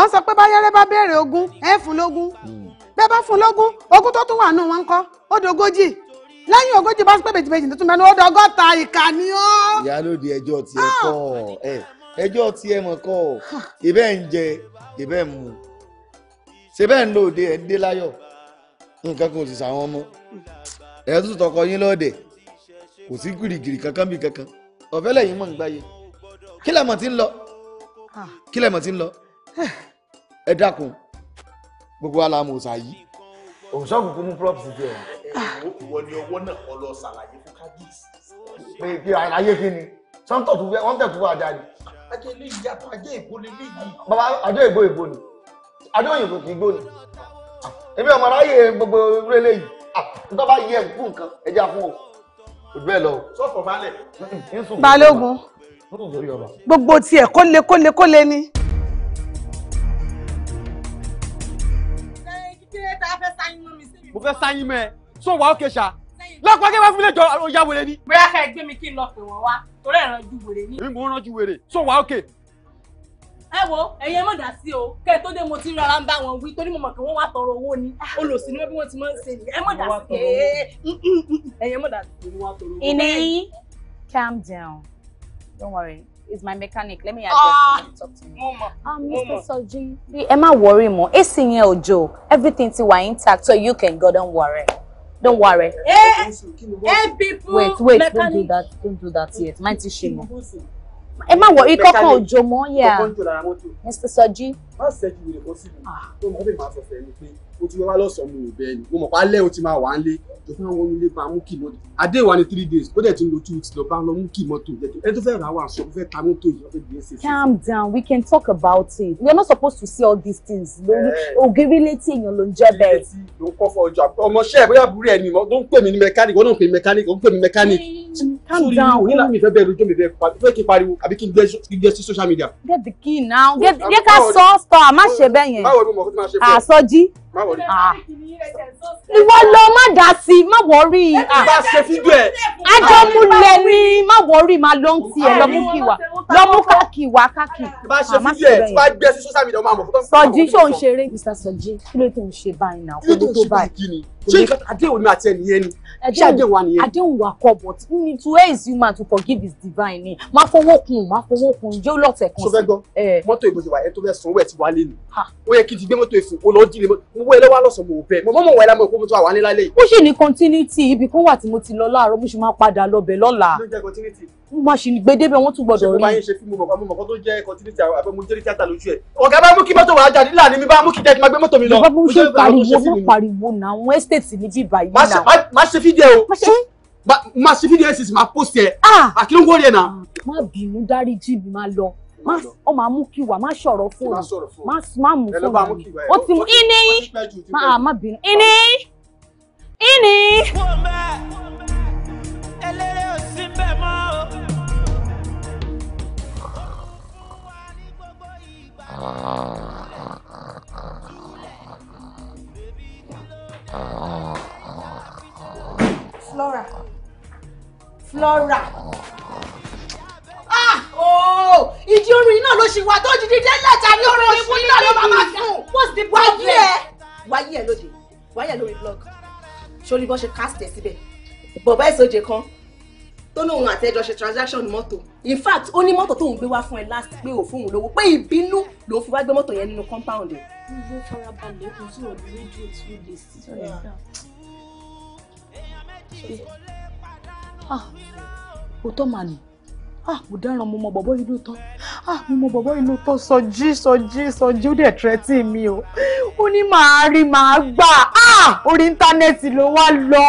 ọ̀ sọ pé báyẹrẹ bá béèrè ogún ẹ̀ fún lógún hmm. bẹ́ẹ̀ bá fún lógún ogún tó tún wà nù wọn ń kọ́ ó dogójì. lẹ́yìn ogójì bá pẹ́ méjìméjì tó tún mẹ́nu ọdọ ọgọ́ta ìka ni ọ́. ìyálòdì ẹjọ́ tiẹ̀ ah! kọ́ ẹ ẹjọ́ tiẹ̀ mọ̀ kọ́ ìbẹ́ ń jẹ ìbẹ́ ń mu ṣe bẹ́ẹ̀ ń lò dé ẹ̀ ń dé láyọ̀ nǹkan kan ò sì sàwọn ọmọ ẹ̀ tún tọkọ yín lọ́ọ̀dẹ̀ kò sí gìrìgìrì kankan bí kankan ọ̀fẹ́ lẹ́yìn mọ̀ ń gbáyé kí lẹ́mọ̀ ti ń lọ ah! kí lẹ́mọ̀ ti ń lọ ẹ dákun gbogbo alamọ̀ òsà yìí òsà òkùnkùn mú prọ́pù sí jẹ́ ẹ̀ ìwọ ni ọwọ́ náà kọ́ lọ ṣàlàyé fún kábíyèsí. pé kí àlàyé kí ni sọ́ńtọ̀ tó fẹ́ wọ́n tẹ̀ tó wà jáde. ajé ilé ìyàtọ̀ ajé ìbò lè lè yìí. bàbá ajé ìbò ìbò ni ajé òyìnbó kì í gbó ni. èmi ọmọ aráyè gbogbo irú eléyìí nígbà bá yẹ kú nǹkan ẹja fún o kò bẹ́ẹ̀ lọ. sọ́fọ̀ balẹ̀. balógun gbogbo tiẹ̀ kólé kólé kólé ni. mo fẹ́ sáyín mọ́ mi sí mi. mo fẹ́ sáyín mọ́ ẹ so wà ókè ṣá lọ́pàá kí wọ́n fún mi lè jọ ọ̀yà wèrè ni. bóyá ká ẹ gbé mi kí n lọ pè wọ́n wá torí ẹ̀ràn ju wèrè ni. èmi mò ń rànjú wèrè so wà ókè. ẹ wo ẹ̀yin mọ̀ dá sí o kẹ́ ẹ tó dé mo ti rárá ń bá wọn wí torí mo mọ̀ pé wọ́n wá tọrọ owó ni ah, olùsìn ni wọ́n bí wọ́n ti máa ń ṣe ni ẹ mọ̀ dá sí ẹ̀yin mọ̀ dá sí wọ́n tọrọ owó. ìní eh, eh, eh, calm down don't worry is my mechanic let me adjust. ah, and talk to me. Mama, um, Mama. Mr. Soji, ẹ má worry mọ́, AC yẹn ò everything ti wà intact so you can go don't worry. Don't worry. Hey, eh, eh, hey people, wait, wait, mechanic. don't do that. Don't do that yet. Might you shame me? Ẹ má wọ ikọ́ kan òjò mọ́ yà. Mr. Soji. Má sẹ́jú rẹ̀ bọ́ síbi. Tó mọ́ bí màá sọ o ti wá lọ́sàn-án mu ìbẹ́ ni mo mọ̀ pé alẹ́ o ti máa wà á lé tó fún àwọn onílé bá mú kì mọ́tò adé wa ni three days ó dẹ̀ ti ń lo two weeks lọ bá lọ mú kì mọ́tò jẹ́tọ́ ẹni tó fẹ́ ra wa sọ fẹ́ ta mọ́tò yìí wọ́n fẹ́ gbé e ṣe. calm down we can talk about it we are not supposed to see all these things lórí eh. ògiri létí èèyàn ló ń jẹ́ bẹ́ẹ̀. ló ń kọ́ fọ ọjọ́ ọmọọṣẹ́ bóyá àbúrò ẹni mọ́ ló ń pè mí ní mechanic wọ́n náà pè mí mechanic ó ń pè mí mechanic. calm down o nílò mi fẹ́ bẹ́ẹ̀ lójú mi fẹ́ kí pariwo àbí kí n gbé sí social media. get the key now. yẹ ká sọ ọ́ sọ àmáṣe bẹ́ẹ̀ yẹn àsọjí má wọrí. Ah. ìwọ lọ má dá sí má wọrí. bá a ṣe fídíò ẹ. ajọ mú lẹ ní má wọrí má ló ń tiẹ̀ lọ mú kí wa lọ mú káàkì wa káàkì. bá a ṣe fídíò ẹ tí bá gbé sí sọ́sà mi lọ́mọ àmọ̀ fún. sọjí ṣó ń ṣeré. mr sọjí kí ló tó ń ṣe báyìí náà kó ló tó báyìí. ṣé ìkàtà àdéhùn àti ẹnìyẹn ni àdéhùn wà kọ but to where is human to forgive is divine ni má fọwọ́ kun má fọwọ́ kun jẹ́ ó lọ́tẹ̀ kan sí. sọfẹ́ gbọ́ eh. mọ́tò ìbòjì wà ẹ tó fẹ́ sanwó ẹ̀ ti wálé ni ó yẹ kí n ti gbé mọ́tò ìfún o lọ jí lè mọ́ wọ́n ẹlẹ́wà lọ́sàn-án mo bẹ̀ mo mọ̀ wọ́n ẹlẹ́wà mo tó wà nílá lẹ́yìn. ó ṣì ní continuity ibì kan wà tí mo ti lọ láàárọ̀ mo ṣì máa padà lọ bẹ̀ lọ́la. ló jẹ́ continuity má ṣe gbé débẹ̀ wọ́n tún gbọ́dọ̀ rí. ṣé mo máa ń ṣe fíìmù mọ̀kọ́ mọ̀kọ́ tó jẹ́ continuity àwọn àbẹ̀mú jẹ́rí tíátà lójú ẹ̀. ọ̀gá bá mú kí mọ́tò wàá jáde láàrin mi bá mú kí jẹ́ máa gbé mọ́tò mi lọ. bàbá mo ṣe pariwo mo pariwo na àwọn estate ní bí báyìí na. má ṣe fídíò o má ṣe fídíò ẹ̀sìn bínú dárí jíìbì máa lọ ó máa mú kí wà má sọ̀rọ̀ fóònù má mú fóònù ó ti mú ìní má bínú ìní ìní. eléré Flora. Flora. Ah! Oh! Ìdí orin náà ló ṣì wà tó jìdí dé lẹ́ta ní orin oṣù náà ló máa máa sùn. What's the problem? Wáyé ẹ̀ wáyé ẹ̀ lóde wáyé ẹ̀ lórí blog. Ṣorí bọ́ ṣe cast ẹ̀ síbẹ̀. Bọ̀bá ìsojè kan tó lóun àti ẹjọ ṣe transaction mọ́tò in fact ó ní mọ́tò tóun gbé wá fún ẹ last pé ò fóun lówó pé ìbínú lòun fi wá gbé mọ́tò yẹn nínú compound ẹ. ìwọ farabalẹ̀ kò sí ọ̀dọ̀ rédíò tí ó lè sí. Ah, òótọ́ mà ní ah, mo dáràn mo mọ bọ̀bọ́ yìí ló tán ah, mo mọ bọ̀bọ́ yìí ló tán sọjí sọjí sọjí ó dẹ̀ tẹ́tí mi o ó ní màá rí màá gbà orí íńtánẹ́ẹ̀tì ló wá lọ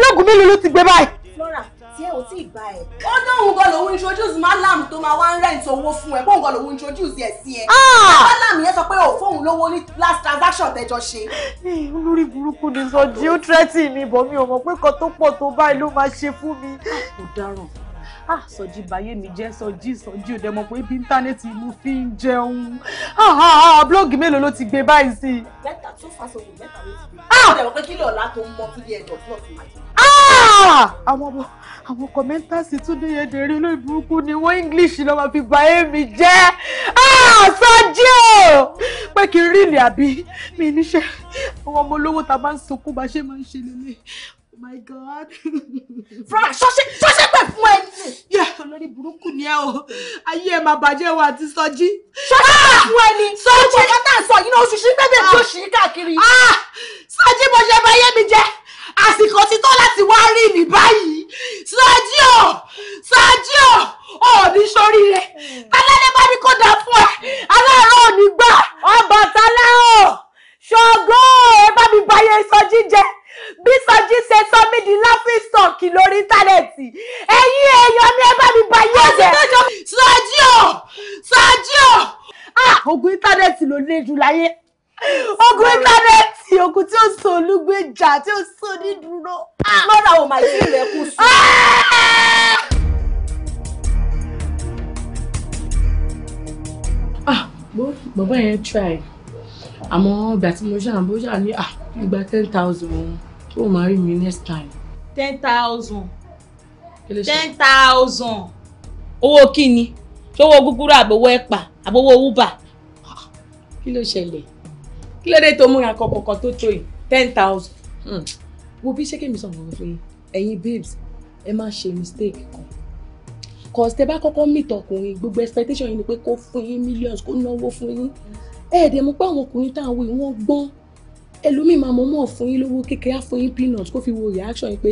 lóògùn mélòó ló ti gbé báyìí. Flora àǹtí ẹ̀ ò tí ẹ̀. ó dóhùn gan lòun introduce malam tó máa wá ń rent owó fún ẹ bóun gan lòun introduce ẹ sí ẹ. Ah! malam yẹn sọ pé ò fóun lówó ní last transaction tẹjọ ṣe. olórí burúkú ni Sọjí ó tírẹ́tì mi bọ̀ mi ò mọ̀ pé kan tó pọ̀ tó báyìí ló máa ṣe fún mi. Ah, kò dáràn ah Sọjí báyé mi jẹ́ Sọjí Sọjí ò dẹ̀ pé bí íńtánẹ́ẹ̀tì mo fi ń jẹun ah, blọọgì mélòó ló ti gbé báyìí sí. mẹ́ta tó fa sọ̀rọ̀ mẹ́ta ló ti gbé. ó dẹ̀ mọ̀ pé kílò ọ̀la tó ń mọ kílé ẹ̀dọ̀ fún ọ̀sùn màjẹ̀ àwọn ọmọ àwọn kọ̀mẹ́ntàsì túnde yẹdẹrí olóyìn burúkú ni wọ́n english ló máa fi bà èmi jẹ́ sọ́jí o pé kí n rí ilé àbí mi níṣẹ́ àwọn ọmọ olówó ta bá ń sunkún bá ṣe máa ń ṣe lélẹ̀ oh my god. Frank, ṣọ́ṣẹ́ ṣọ́ṣẹ́ pẹ̀ fún ẹ yẹ olórí burúkú ni ẹ o ayé ẹ máa bàjẹ́ wa àti sọ́jí. ṣọ́ṣẹ́ pẹ̀ fún ẹ ni sọ́jí ọ̀pọ̀ tá à ń sọ yìí náà oṣù sí pẹ́ẹ́bẹ́ẹ́ tí ṣì í káàkiri. sọ́jí bó ṣe bá yé mi jẹ́ àsìkò ti tó láti wá rí mi báyìí Sadio Sadio ò ní sórí rẹ tálálẹ́ bá ní kó dà fún ẹ aláàárọ̀ ò ní gbà. Ọbàtálá o ṣọgọ́ ẹ bá mi báyé sọ jíjẹ bí sọjí ṣe sọ mí di laughing stock lórí íńtánẹ́ẹ̀tì ẹ̀yin èèyàn mi ẹ bá mi báyé jẹ. Sadio ah, Sadio. ogun íńtánẹ́ẹ̀tì ló le jù láyé ogun íńtánẹ́ẹ̀tì tí ó sọ olúgbèjà tí ó sọ onídùúró lọ́dọ̀ ah! àwọn màlúù rẹ̀ kù sùn. Ah! Ah, bàbá yẹn try àmọ́ ìgbà tí mo ṣàn bó ṣàn ní ìgbà ten thousand ó máa rí mi next time. ten thousand ten thousand owó kí ni ṣé owó gúgúrú àbówó ẹ̀pà àbówó uber kí ló ṣẹlẹ̀ kí ló dé tó múra kọkọkọ tó tó yìí ten thousand hmm. wo bí ṣé kèmí sọ̀rọ̀ fún yín ẹ̀yin babes ẹ má ṣe mistake kan cause tẹ bá kọ́kọ́ meet ọkùnrin gbogbo expectation yín ni pé kó fún yín millions kó náwó fún yín ẹ̀ẹ́dẹ̀ mo pé àwọn ọkùnrin tá à ń wo ìwọ̀n gbọ́n ẹlòmíì máa mọ̀ mọ́ fún yín lówó kékeré á fún yín peanuts kó fi wo reaction yín pé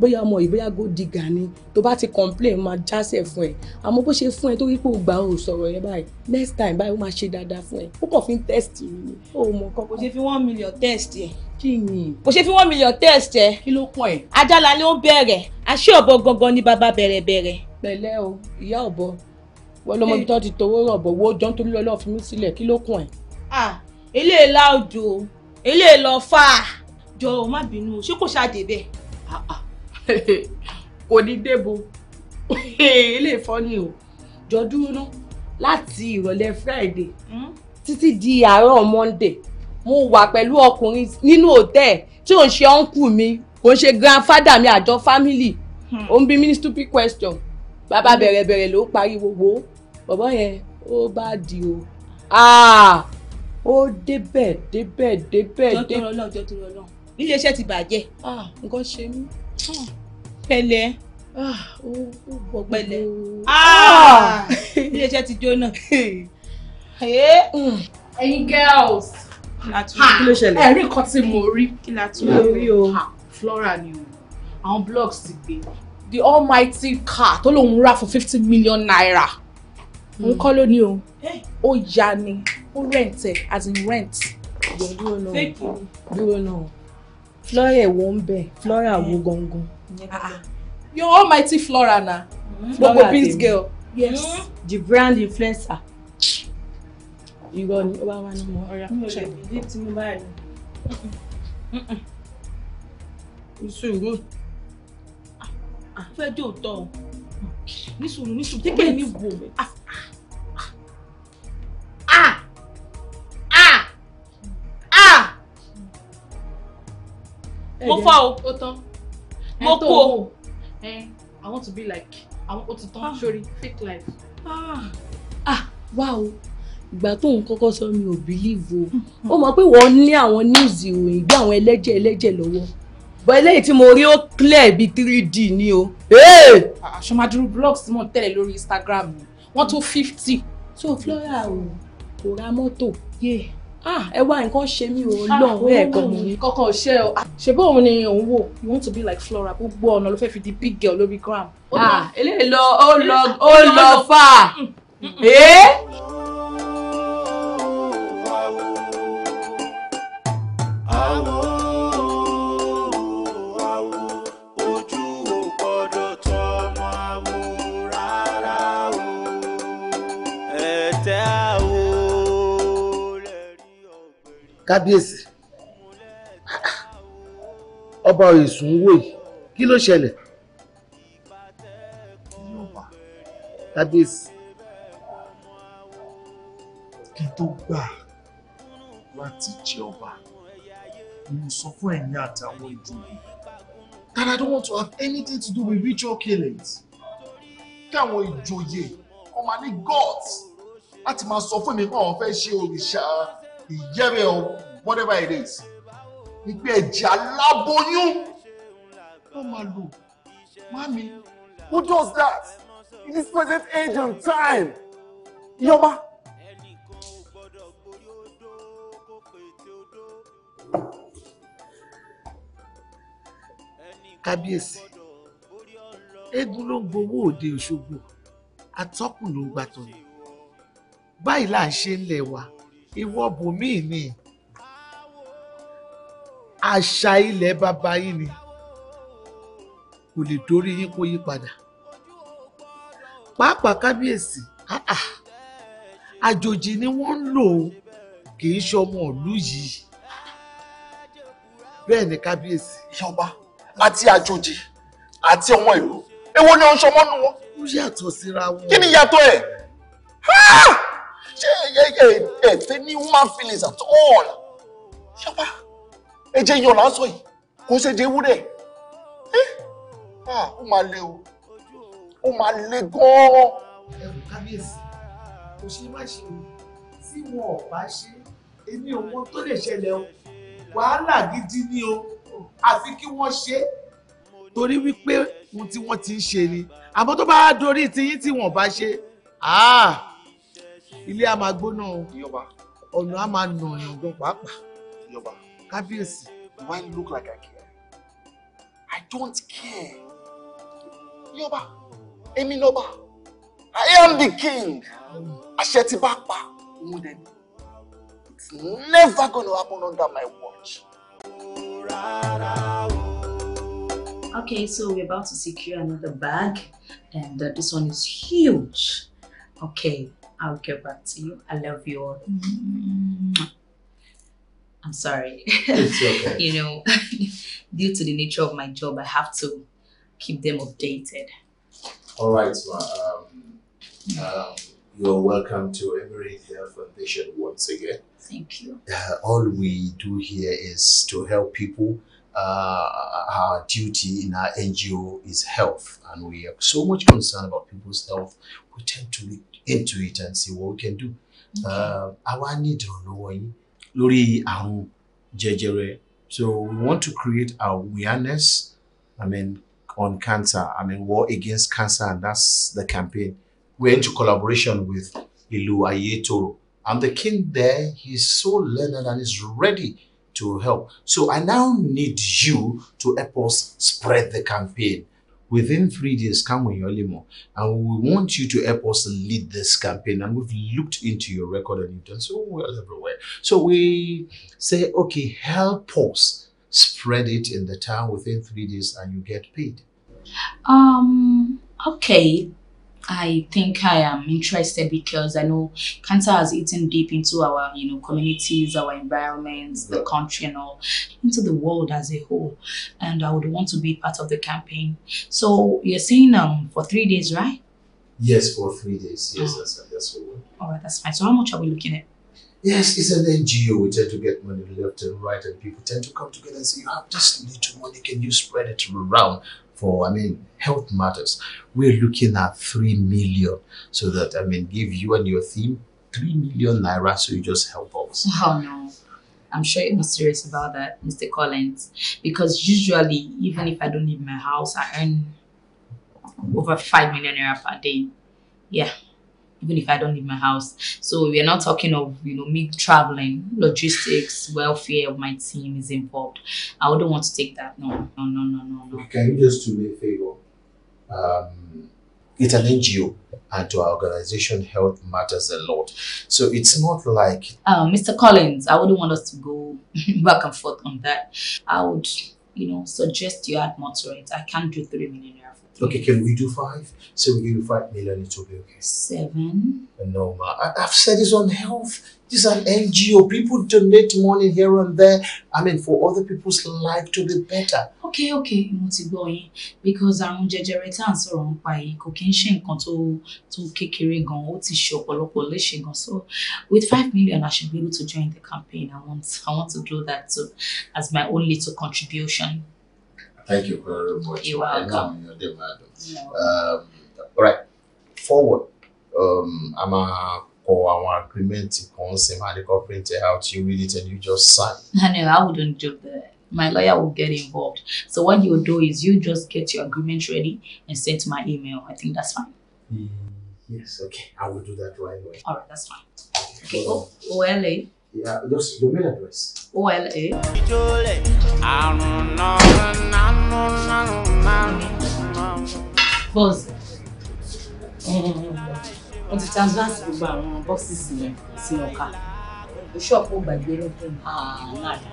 bóyá ọmọ yìí bóyá gold digger ni tó bá ti complain máa jásẹ̀ fún ẹ àmọ́ bó ṣe fún ẹ tó rí pé o gbà o sọ̀rọ̀ yẹn báyìí next time báyìí ó máa ṣe dáadáa fún ẹ ó kàn fi ń test mi ni ó mọ kọ́kọ́. kò ṣe fi one million test yẹn. kí ni. kò ṣe fi one million test yẹn. kí ló pọ̀ ẹ̀. ajala ni ó bẹ̀rẹ̀ àṣé ọ̀bọ gangan ni bàbá bẹ̀rẹ̀ bẹ̀rẹ̀. pẹ̀lẹ́ o ìyá ọ̀bọ wọ́n lọ́mọ ibi tó ti towó rọ̀bọ̀ wo jọ́ nítorí lọ́lọ́ fi mí sílẹ̀ kí ló kún ẹ̀. ah eléyìí láòjò eléyìí lọ fà á jọ má bínú ṣé kò ṣáà Ah ah kò ní débo ilé ìfọ́ni o jọ dúró ná láti ìrọ̀lẹ́ Friday hmm? títí di àárọ̀ Monday mo wà pẹ̀lú ọkùnrin nínú hòtẹ́ẹ̀ tí ò ń ṣe ọ́nkù mi kò ń ṣe grandfather mi àjọ family hmm. ó ń bí mi ní stupid question bàbá hmm. bẹ̀rẹ̀bẹ̀rẹ̀ ló pariwo wo bọ̀bọ̀ yẹn ó bá di o ah! ó débẹ̀ débẹ̀ débẹ̀ débẹ̀. jọ́tọ̀rọ̀ náà jọ́tọ̀rọ̀ náà nílé iṣẹ́ ti bàjẹ́. Ah, nǹkan ṣe mí pẹ̀lẹ́ ah, ó pẹ̀lẹ́ ah! ah! iléeṣẹ́ ti jóná. Mm. ẹ̀yin girls kí ló ṣẹlẹ̀ ẹ̀rí kan tí mo rí kí la tún rí o Flora ni o àwọn blogs ti gbé the almighty car tó lóun rà for fifty million naira òun hmm. kọ́ ló ní o eh. ó yá ni ó rẹ̀ǹtẹ̀ as in rent. dúró náà dúró náà flora ẹ̀wọ̀ ń bẹ̀ flora wo eh, gangan. your almighty flora na mm-hmm. gbogbo beans girl. yes mm-hmm. the brand influencer. irọ́ ni ó bá wà nínú ọ̀rá. mi ò lè bìlí tí mo bá rí. ìṣòro ah, ah, fẹ́ dé òótọ́ o nísòro nísòro jẹ́ kí èmi wò ó. mo fọ o ó tán mo kú o i want to be like àwọn ó ti tán ah. sórí fake life. Ah. ah wá o ìgbà tó ń kọ́kọ́ sọ mi ò bílíìvù o hmm. ó mọ̀ pé wọ́n ní àwọn news ìròyìn bí àwọn ẹlẹ́jẹ̀ ẹlẹ́jẹ̀ lọ́wọ́ bọ́ eléyìí tí mo rí ó clear bíi three d ni o. àṣọmadúró ah, blogs tí mò ń tẹ̀lé lórí Instagram wọ́n tó fifty. so Flora o kò ra mọ́tò Yeah Ah, ẹ wá nǹkan ṣe mí o lọ́hùn ẹ̀ gan mi. kọ́kọ́ ṣe ọ ah, ṣe bó òun ni òun wò you want to be like Flora gbogbo ọ̀nà ló fẹ́ fi di big girl lórí gram. Ah, eléyìí lọ ó lọ ó lọ fà. àwọn kábíyèsí ọba Ọ̀yẹ̀sùn wò yìí kí ló ṣẹlẹ̀ kábíyèsí. kí n tó gbà láti jẹ ọba mo sọ fún ẹ̀yin àtàwọn ìjòyè that I don't want to have anything to do with ritual killings. Kí àwọn ìjòyè ọmọ ní gods láti máa sọ fún mi kí wọ́n fẹ́ ṣe òrìṣà ìjẹ́rẹ̀ or whatever it is ìgbẹ́ ẹ̀jẹ̀ aláboyún ló máa lò mami who does that in this present age and time yọba. kábíyèsí eégún ló ń gbowó òde Òṣogbo atọ́kùn ló ń gbàtọ̀nà báyìí là ń ṣe ń lẹ̀ wá ìwọ bòmíì ni àṣà ilẹ̀ bàbá yín ni kò lè dorí yín kó yí padà pàápàá kábíyèsí àjòjì ni wọ́n ń lò ó kì í ṣọmọ ìlú yìí bẹ́ẹ̀ ni kábíyèsí. ìyọba àti àjòjì àti ọmọ ìlú èwo ni ó ń wọn. ó yàtọ̀ síra wọn. kí ni yàtọ̀ ẹ̀? Ah! eh, ṣé ẹ fẹ́ any human feelings at all ṣọpa ẹ̀jẹ̀ yọ̀ lásọ yìí kò ṣe jẹ́ ewúrẹ́ ó máa le o ó máa le gan-an. ẹ̀rù kábíyèsí kò ṣe má ṣe o tí wọn ò bá ṣe èmi ò mọ tó lè ṣẹlẹ̀ o wàhálà gidi ni o àfi kí wọ́n ṣe torí wípé ohun tí wọ́n ti ń ṣe ni àmọ́ tó bá dorí tiyín tí wọ́n bá ṣe áà ilé a máa gbóná o ọ̀nà a máa nà ọ̀yàn gan pàápàá kábíyèsí. do I look like I care? I don't care. Yọba, èmi lọ́ba, I am the king. Àṣẹ tí bá pa, òun dẹ̀ ni. It's never gonna happen under my watch. Okay, so we're about to secure another bag, and uh, this one is huge. Okay, I'll get back to you. I love you all. Mm. I'm sorry. It's okay. *laughs* you know, *laughs* due to the nature of my job, I have to keep them updated. All right, Ma. Um, um, you're welcome to Every Health Foundation once again. Thank you. Uh, all we do here is to help people. Uh, our duty in our NGO is health, and we are so much concerned about people's health. We tend to into it and see what we can do. Àwa ní ìdìrànlọ́wọ́ yín lórí jẹjẹrẹ. So we want to create awareness, I mean, on cancer, I mean, war against cancer, and that's the campaign. We're into collaboration with Ilu Ayetoro. And the king there, he's so learned and is ready to help. So I now need you to help us spread the campaign within three days, come on your limo. And we want you to help us lead this campaign. And we've looked into your record and you've done so well everywhere. So we say, okay, help us spread it in the town within three days and you get paid. Um, okay. I think I am interested because I know cancer has eaten deep into our, you know, communities, our environments, the country and all, into the world as a whole. And I would want to be part of the campaign. So you're saying um for three days, right? Yes, for three days. Yes, oh. that's, that's what All right, that's fine. So how much are we looking at? Yes, it's an NGO. We tend to get money left and right, and people tend to come together and say, You have this little money, can you spread it around? for, I mean, health matters. We're looking at 3 million so that, I mean, give you and your team 3 million naira so you just help us. *laughs* Oh, no. I'm sure you're not serious about that, Mr. Collins. Because usually, even if I don't leave my house, I earn over 5 million naira per day. Yeah, even if I don't leave my house. So we're not talking of, you know, me traveling, logistics, welfare of my team is involved. I wouldn't want to take that. No, no, no, no, no. no. Can you just do me a favor? Um, it's an NGO and to our organization, health matters a lot. So it's not like... Uh, Mr. Collins, I wouldn't want us to go *laughs* back and forth on that. I would, you know, suggest you add more to it. I can't do 3 million Okay, can we do five? Say we give you five million, it will be okay. Seven. No, ma. I, have said this on health. This is an NGO. People donate money here and there. I mean, for other people's life to be better. Okay, okay, mo ti gbọ́ yín. Because I'm jẹjẹrẹ tá à ń sọ̀rọ̀ nípa yìí kò kí ń ṣe nǹkan tó tó kékeré So with five million, I should be able to join the campaign. I want I want to do that too as my own little contribution. Thank you very much. You're welcome. You're Um, all right, forward. Um, I'm a or our agreement to say my legal print it out you read it and you just sign *laughs* i know i wouldn't do that my lawyer will get involved so what you do is you just get your agreement ready and send my email i think that's fine mm, yes okay i will do that right away all right that's fine okay well, oh, oh yeah just your mail address OLA. E. Bọ́ọ̀sì, mo ti transfer sí gbogbo àwọn bọ́ọ̀sì yẹn sínú ọ̀ka. Bishop ó gbàgbé lókun. Àlàdà,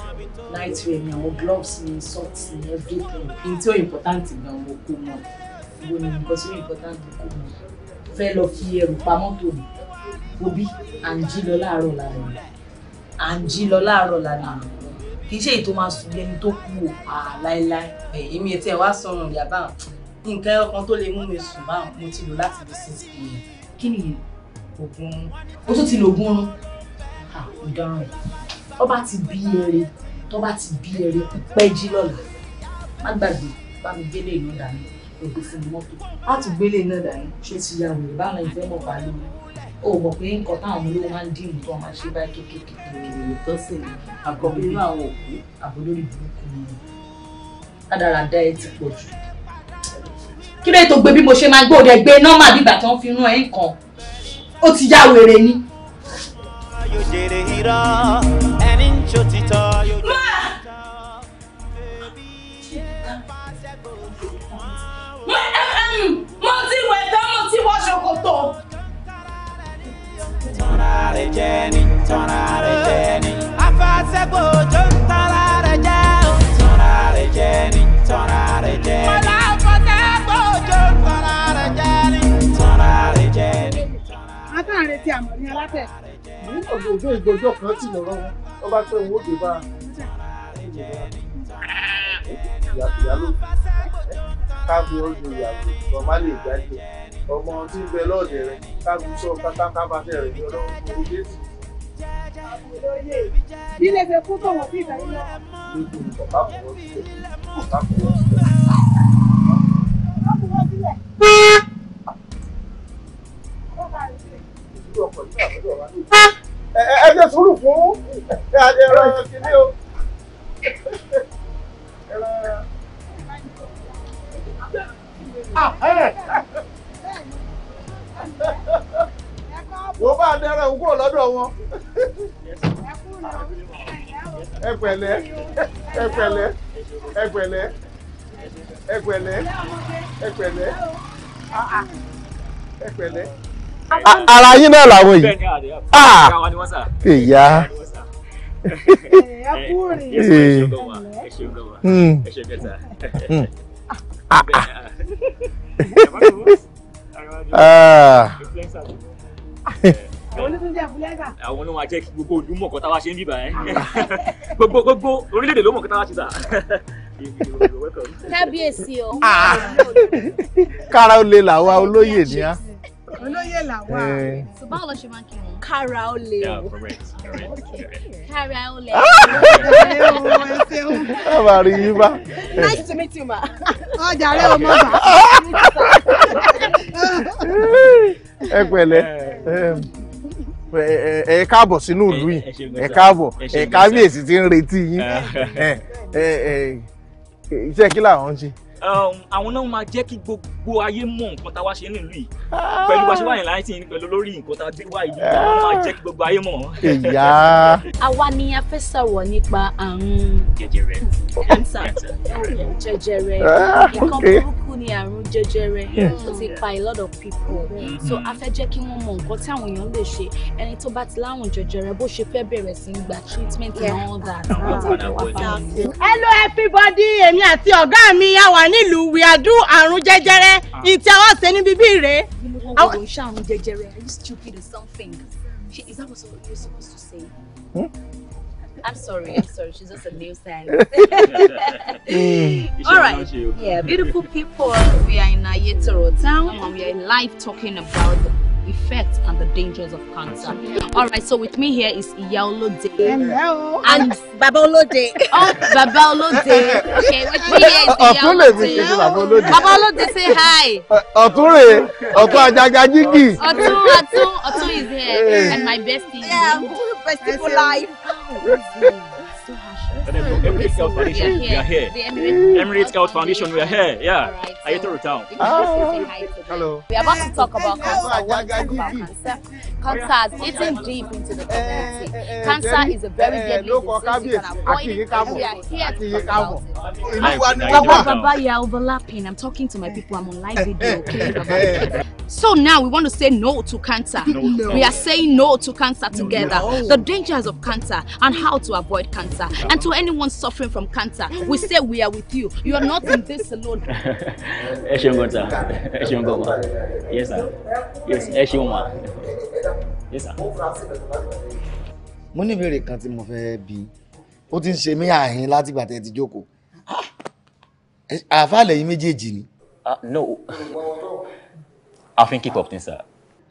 ah, night wear mi, àwọn gloves mi, socks mi, everything. Ní tí ó important gan mo kó mọ́. Gbogbo ni nǹkan tí ó important kó mọ́. Fẹ́ lọ fi ẹrù pamọ́ tòun. Obi, à ń jí lọ láàárọ̀ láàárọ̀ à ń jí lọ láàárọ̀ lánàá kì í ṣe èyí tó máa sùn lẹ́ni tó kú o láéláé èmi ẹ̀ tí ẹ wá sọ̀rọ̀ yàbá nǹkan ọkàn tó lè mú mi sùn báwọn mo ti lò láti di six pm kí nìyẹn oògùn oorun ó tún ti lo oògùn oorun ìdánrùn ẹ̀ tó bá ti bí ẹrẹ tó bá ti bí ẹrẹ pẹ́ jí lọ́la má gbàgbé bá mi gbélé ìlú dání ògbé fún mi mọ́tò láti gbélé iná dání ṣé ti ya wèrè báwọn ìfẹ́ mọ̀ pàlẹ́ mi o mọ̀ pé nǹkan táwọn ọmọ olówó máa ń dín nǹkan máa ṣe báyìí kékeré. èèyàn tó sì ní àkọ́bí inú àwọn òkú àbólórí burúkú ni kádàrádá ẹ ti pọ̀ jù. kí ló tó gbé bí mo ṣe máa gbé òde gbé nọ́mà bíbà tó ń fi rán ẹ nǹkan ó ti já wèrè ni. máa mo ti wẹ̀ tán mo ti wọ ṣòkòtò tanare jẹ ni tanare jẹ ni. afasẹ́gbò òjò ń tanare jẹ́ o. tanare jẹ ni tanare jẹ ni. ọ̀la afasẹ́gbò òjò ń tanare jẹ ni. tanare jẹ ni. atáàrẹ ti àmọ̀ ní alátẹ̀. ní òjòjò ìgbòjò kan ti lọ́rọ́ wọn wọ́n bá pẹ́ owó dé bá a. ìyá ìyá ló kábi ọdún ìyàwó ọmọ lè jáde ọmọ tí ń bẹ lọ́ọ̀dẹ̀ rẹ kábi sọ pátákábá bẹ̀rẹ̀ ní ọlọ́run tó ń déètì. ilé ṣe kú tọ̀wọ̀ bí ìgbà yìí lọ. bàbá kò wọ́n sílẹ̀ bàbá kò wọ́n sílẹ̀. bàbá kò wọ́n sílẹ̀. ẹ jẹ́ sùúrù fún ẹ̀rọ ẹ̀rọ kìíní o wò bá dẹ́rẹ̀ ń kúrò lọ́dọ̀ wọn. ẹ pẹ̀lẹ́ ẹ pẹ̀lẹ́ ẹ pẹ̀lẹ́ ara yín náà làwọn yìí ah! ìyá. ẹ kúrò ní. Eh. ẹ ṣe gbọ́n wa ẹ ṣe gbọ́n wa ẹ ṣe kẹta àwọn ló máa jẹ́ kí gbogbo ìlú mọ̀ kọ́tà wá ṣe ń bíbà ẹ́ gbogbo gbogbo orílẹ̀-èdè ló mọ̀ kọ́tà wá ṣe tà kábíyèsí o. Ah. kára ó lè làwa olóyè ni á olóyè làwa eh. so báwo lọ ṣe máa kí wọn. kára ó lè o kára ó lè o. Ah! ẹ máa rí yín bá. nice to meet you ma. ọjà rẹ o bá. ẹ pẹ̀lẹ́ ẹ káàbọ̀ sínú ìlú yìí ẹ káàbọ̀ ẹ kábíyèsí ti ń retí yín *laughs* iṣẹ́ kí làwọn ń ṣe. Um, àwọn náà máa jẹ́ kí gbogbo ayé mọ̀ nǹkan tá a wá ṣe nílùú yìí ah. pẹ̀lú bá ṣe wáyìn láyé tì pẹ̀lú lórí nǹkan tá a gbé wáyé yìí máa jẹ́ kí gbogbo ayé mọ̀. ìyá. àwa ni a fẹ́ sọ̀rọ̀ nípa àrùn jẹjẹrẹ jẹjẹrẹ ah, nǹkan burúkú ni àrùn jẹjẹrẹ tó ti pa a lot of people mm-hmm. so a fẹ́ jẹ́ kí wọ́n mọ̀ nǹkan tí àwọn èèyàn lè ṣe ẹni tó bá ti láwùn jẹjẹrẹ bó ṣe fẹ́ bẹ̀rẹ̀ sí gba treatment and all that. hello everybody èmi àti ọ̀gá mi yá wà ní nílùú we are do àrùn jẹjẹrẹ ah. ìtì àwọn ṣe níbi bí rèé. wọ́n kò ń àrùn jẹjẹrẹ are you stupid or something is that what you're supposed to say. Hmm? I'm sorry, I'm sorry. She's just a new sign. *laughs* *laughs* Mm. All right. Yeah, beautiful people. We are in Ayetoro town and we are live talking about the effects and the dangers of cancer. All right, so with me here is Iya Hello. And Baba *laughs* Oh, Baba Olode. Okay, with me here is *laughs* Iya Olode. Baba Olode, say hi. Ọ̀túnrè, Ọ̀tún Ajagajigi. Ọ̀tún, Ọ̀tún, Ọ̀tún is here. And my bestie. Yeah, bestie for life. *laughs* so happy. Emirates Scout Foundation, we are here. Emirates Scout Foundation, we are here. Yeah. Right, so Ayatura Town. Oh. Hello. We are about to talk about cancer. I want to talk about cancer. is getting deep into the community. Eh, eh, eh, cancer is a very deadly disease We are here Baba, Baba, you are overlapping. I'm talking to my people. I'm on live video. Okay, Baba. So now we want to say no to cancer. No. We are saying no to cancer together. The dangers of cancer and how to avoid cancer. And to anyone suffering from cancer, we say we are with you. You are not in this alone. *laughs* Yes sir. Yes Mo ní ìbéèrè kan tí mo fẹ́ bi. Ó ti ń ṣe mí àhín látìgbà tẹ́ ti jókòó. Àáfàá lẹ́yìn méjèèjì ni. Ah, no. I fin keep up things sir.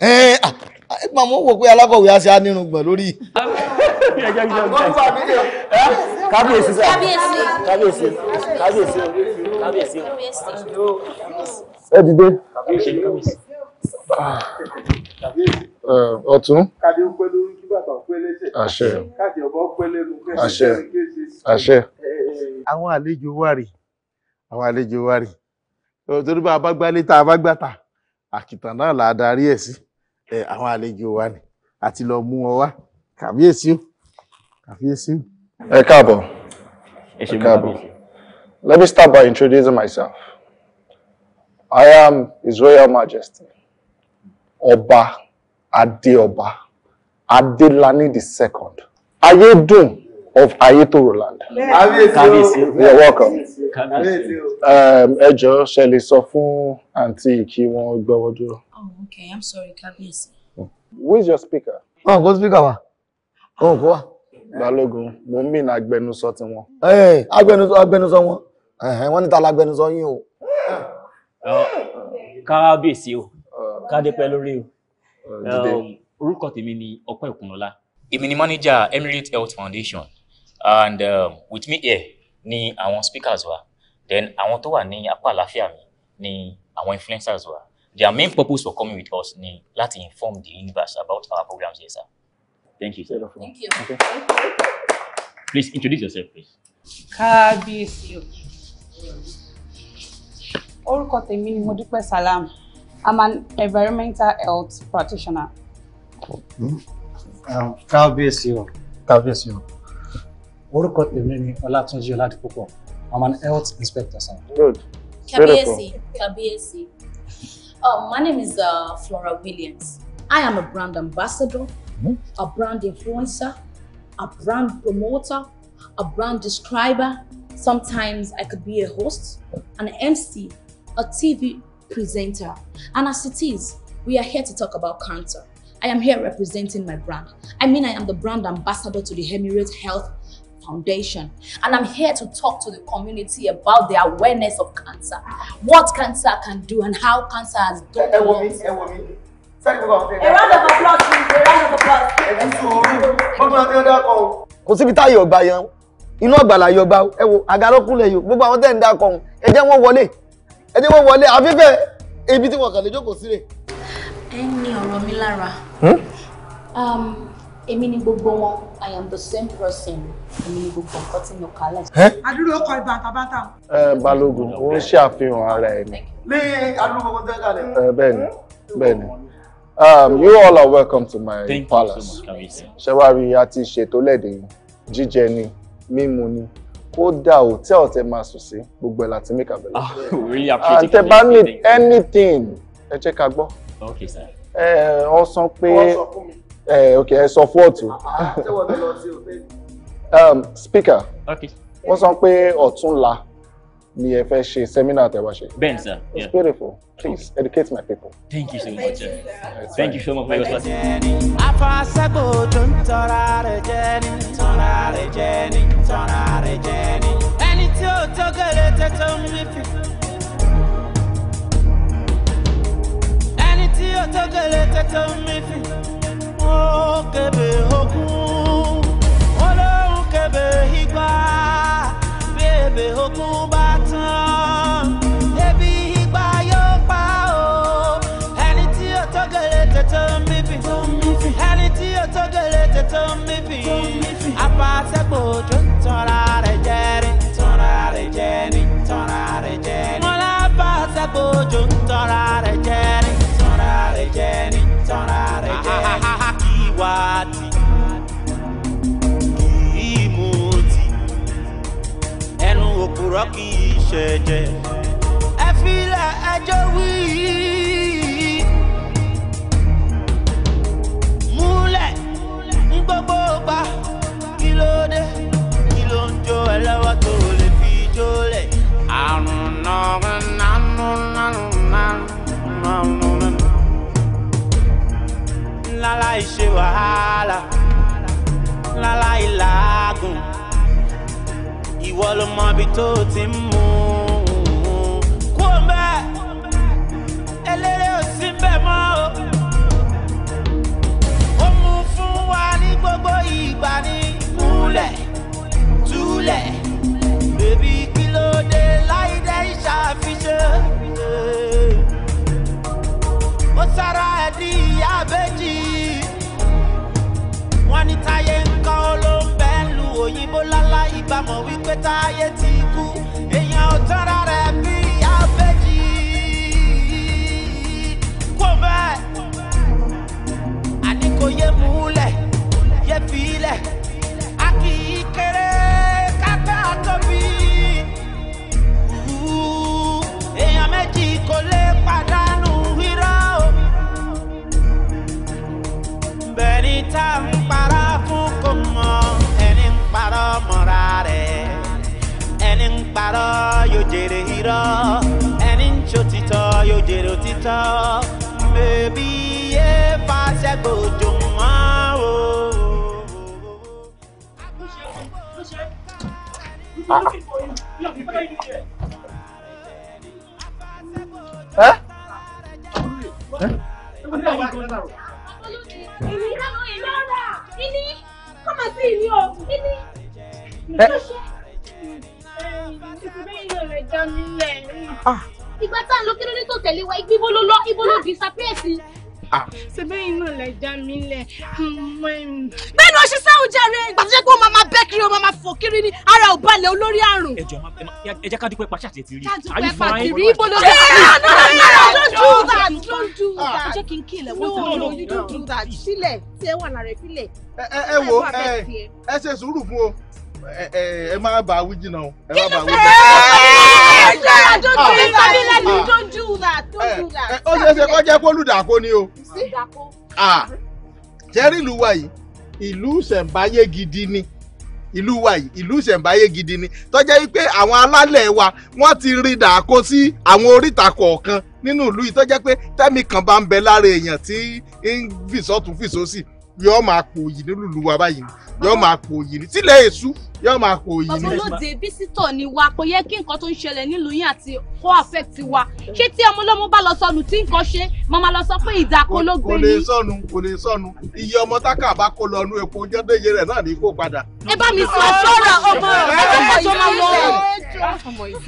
Eh, ah, ah, ẹ ẹ gbàmọ́ wò pé alákọ̀wé aṣáá nírun gbọ̀n lórí kábíyèsí sá kábíyèsí kábíyèsí kábíyèsí ẹ dìde ọ̀tún àṣẹ àṣẹ àṣẹ. àwọn àlejò wà rè àwọn àlejò wà rè torí bá a bá gbálé tá a bá gbàtà àkìtàn náà là á darí ẹ̀ sí àwọn àlejò wa ni àti lọ mú ọ wá kàbíyèsí o. Kàfíyèsí. Ẹ káàbọ̀. Ẹ ṣe Let me start by introducing myself. I am His Royal Majesty, Ọba Adéọba Adélani the second, Ayédùn of Ayétòrò land. You're welcome. Kàbíyèsí. Um, ẹ jọ̀ọ́ ṣe lè sọ fún àǹtí kí wọ́n gbọ́wọ́ dúró. Oh, okay. I'm sorry, Kàbíyèsí. Who is your speaker? Oh, go speaker wa. Oh, go wa balógun mo ń mìíràn agbẹnusọ ti wọn. agbẹnusọ agbẹnusọ wọn wọn níta lágbẹnusọ yín o. kábíyèsí o kádépẹ́ lórí o orúkọ tèmi ni ọpẹ́ ìkùnlọ́lá èmi ni manager Emirate Health Foundation and um, with me here ni àwọn speakers wa then àwọn tó wà ní apá àlàáfíà mi ni àwọn influencers wa their main purpose for coming with us ni láti inform the universe about our programs here sir. Thank you, sir. Thank you. Okay. Please introduce yourself, please. Kábíyèsí o. Orúkọ tèmi ni Modúpẹ́ Salam. I'm an environmental health practitioner. Mm-hmm. Um, Kábíyèsí o. Kábíyèsí o. Orúkọ tèmi ni Ọlátúnjí Ọládìpúpọ̀. I'm an health inspector, sir. Good. Kábíyèsí. Kábíyèsí. Uh, my name is uh, Flora Williams. I am a brand ambassador -hmm. a brand influencer, a brand promoter, a brand describer. Sometimes I could be a host, an MC, a TV presenter. And as it is, we are here to talk about cancer. I am here representing my brand. I mean, I am the brand ambassador to the Emirates Health Foundation. And I'm here to talk to the community about the awareness of cancer, what cancer can do and how cancer has done. Hey, hey, woman, hey, woman. sẹ́ni gbogbo àwọn fẹ́ẹ́. a round of applause please kò síbi táyọ̀ ọgbà yẹn inú ọ̀gbàlà yọba ẹ wo àgàrọ́kùnlẹ̀ gbogbo àwọn tẹ̀ ń dákọ̀ ọ̀hún wọ́n wọlé ẹ wọ́n wọlé afẹ́fẹ́ ibi tí wọ́n kàn lè jókòó sílẹ̀. ẹ ní ọ̀rọ̀ mi lára hmm? um, èmi ni gbogbo wọn i am the same person èmi ni gbogbo nǹkan tí mo kà lẹ. adúlọ ọkọ ibà àtàbátà. ẹ balógun ó ń ṣàfihàn ara ẹ ni. ní adúlọ gbogbo tẹ́lẹ̀. bẹ́ẹ̀ ni bẹ́ẹ̀ ni um, you all are welcome to my Thank palace ṣẹwárí a ti ṣètò lẹ́dẹ̀ yìí jíjẹ ni mímu ni kódà hòtẹ́ẹ̀lì tẹ máa sùn sí gbogbo ẹ̀ láti mí kàbẹ̀lẹ̀ àtẹ bá need anything ẹ jẹ́ ká gbọ́ ẹ ọ sọ pé ẹ ok ẹ sọ fún ọ̀tún ah, ah, um, speaker wọ́n sọ pé ọ̀tún la ni ẹ fẹ́ ṣe seminar tẹ́ wá ṣe. bẹ́ẹ̀ sir. it's beautiful please okay. educate my people. thank you so much sir. Right. thank you so much for your service. afasagbo tó ń tọ́ra rẹ̀ jẹ́ ni tọ́ra rẹ̀ jẹ́ ni tọ́ra rẹ̀ jẹ́ ni ẹni tí ó tó gèlè tẹ́ tó ń rí fi. tí ó tó gèlè tẹ́ tó fi. ó kébé ogún olóhùn kébé igba bébè ogún bá. sẹ́gbọ̀n ojú ń tanra rẹ̀ jẹ́ rí ń tanra rẹ̀ jẹ́ rí ń tanra rẹ̀ jẹ́ rí. wọ́n lá bá sẹ́gbọ̀n ojú ń tanra rẹ̀ jẹ́ rí ń tanra rẹ̀ jẹ́ rí ń tanra ló dé kí ló ń jó ẹlẹ́wà tó lè fi jólẹ̀. àrùn náà nánú nánú nánú nánú lálá ìṣe wàhálà lálá ìlàágùn ìwọ ló mọ ibi tó ti ń mú un. ńláńlá ìgbà mọ̀ wípé táyé ti kú èèyàn ò tọ́ra rẹ̀ bí abẹ́jì kò bẹ́ẹ̀ àní kò yé mu. dára yóò jèrè irọ́ ẹni ń ṣo títọ́ yóò jèrè òtítọ́ bèbí yé fàṣẹ gbòjò wọn o. Huh? Ini kamu ini Ini, kau masih ini oh, Ini dánú rẹ̀ ni. ìgbà ah. tá à ń lọ kí ló dé tó tẹ̀lé wa igbó ló lọ ibo ló di sàpẹ́ẹ̀sì. Ah. ṣe bẹ́ẹ̀ iná lẹ̀ já mi lẹ̀. bẹ́ẹ̀ ni o ṣe sáwọn jàre ìgbà tó jẹ́ pé o máa máa bẹ́ kiri o máa máa fò kiri ni ara ò balẹ̀ olórí àrùn. ẹ jọ ẹ jẹ ká dúpẹ́ pàṣẹ àti ètí rí. ká dúpẹ́ pàkiri ibo ló dé. don't do that don't do that. Ah. jẹ́ kí n kí ilẹ̀ wọ́n tán. no no you don't do that sílẹ̀ tí ẹ wà lára ẹ sílẹ̀. ẹ ẹ wo ẹ ẹ ṣe sùúrù fún o ẹ má bá wí jìnnà o ẹ má bá wí jìnnà. don't do that don't do that. ó ṣeé ṣe kó jẹ́ kó lùdàkó ni o. jẹ́rìí ìlú wa yìí ìlú ṣẹ̀ǹbáyé gidi ni ìlú wa yìí ìlú ṣẹ̀ǹbáyé gidi ni tó jẹ́ wípé àwọn alálẹ̀ wa wọ́n ti rí dàkó sí àwọn oríta kọ̀ọ̀kan nínú ìlú yìí tó jẹ́ pé tẹ́mi kan bá ń bẹ lára èèyàn tí ń fìsọ́tún fìsọ́sì yóò máa pò yìí ní lùlù wa báyìí yóò máa pò yìí ní tílẹ̀ èṣù yóò máa pò yìí ní. ọ̀sán lóde bísítọ̀ ni wa kò yẹ kí nǹkan tó ń ṣẹlẹ̀ nílùú yín àti kó affect wa ṣé tí ọmọlọ́mọ bá lọ sọnù tí nǹkan ṣe mo máa lọ sọ pé ìdá kó ló gbé ni. kò lè sọnù kò lè sọnù iye ọmọ tákà bá kó lọ nú epo jọ́dọ̀ iye rẹ̀ náà ní kó padà. ẹ bá mi sọ sọ́ra ọmọ ẹ ọmọ wọn.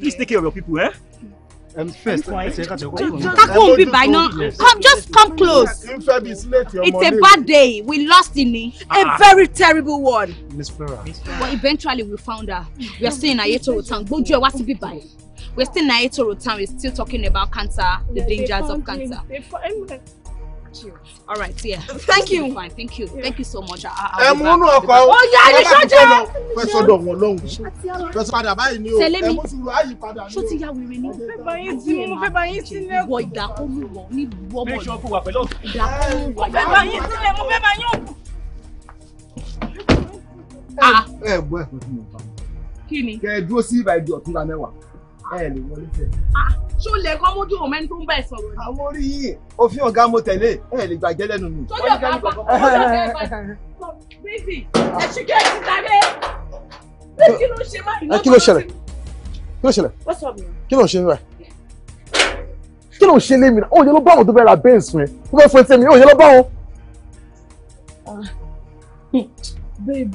please take care of your people. Eh? um, first kakun bi by now come just come close it's a bad day we lost ini a ah. very terrible one Miss Flora. but eventually we found her we are still in Ayetoro town gbójú what to be by? we are still in Ayetoro town we are still talking about cancer the dangers of cancer. All right, yeah. Thank you. Fine, thank you. Yeah. Thank you so much. Ẹ mú inú ọkọ̀ o. Ó yá ní sọ́jà. Fẹ́ sọ́dọ̀ wọn lọ́hùn. Fẹ́ sọ́dọ̀ báyìí ni o. Tẹ̀lé mi. Ṣó ti yá wèrè ni? Mo fẹ́ bá yín sí mo fẹ́ bá yín sílẹ̀. Wọ ìdákọ́mú wọ ní wọ́mọ̀. Make sure kó wà pẹ̀lú òkú. Ìdákọ́mú wọ. Mo fẹ́ bá yín sílẹ̀ mo fẹ́ bá yín òkú. Ẹ gbọ́ ẹ̀ pé kí ni. Kẹ́ ẹ dúró sí ìbàdí ọ̀túnra mẹ́wàá ẹ lè wọlé tẹ. Ah, ṣó lè kọ́ mójú òun mẹ́ni tó ń bẹ̀ sọ̀rọ̀ ni. àwọn orí yìí òfin ọ̀gá mo tẹ̀lé ẹ lè gbàjẹ́ lẹ́nu mi. tó lè bá bá bíbí ẹ ṣì kẹ́ ẹ ti tàbí ẹ kí ló ṣe máa ìnáwó. kí ló ṣẹlẹ̀ kí ló ṣẹlẹ̀ kí ló ṣe ń rà kí ló ṣe lémi mi òye ló ah, babe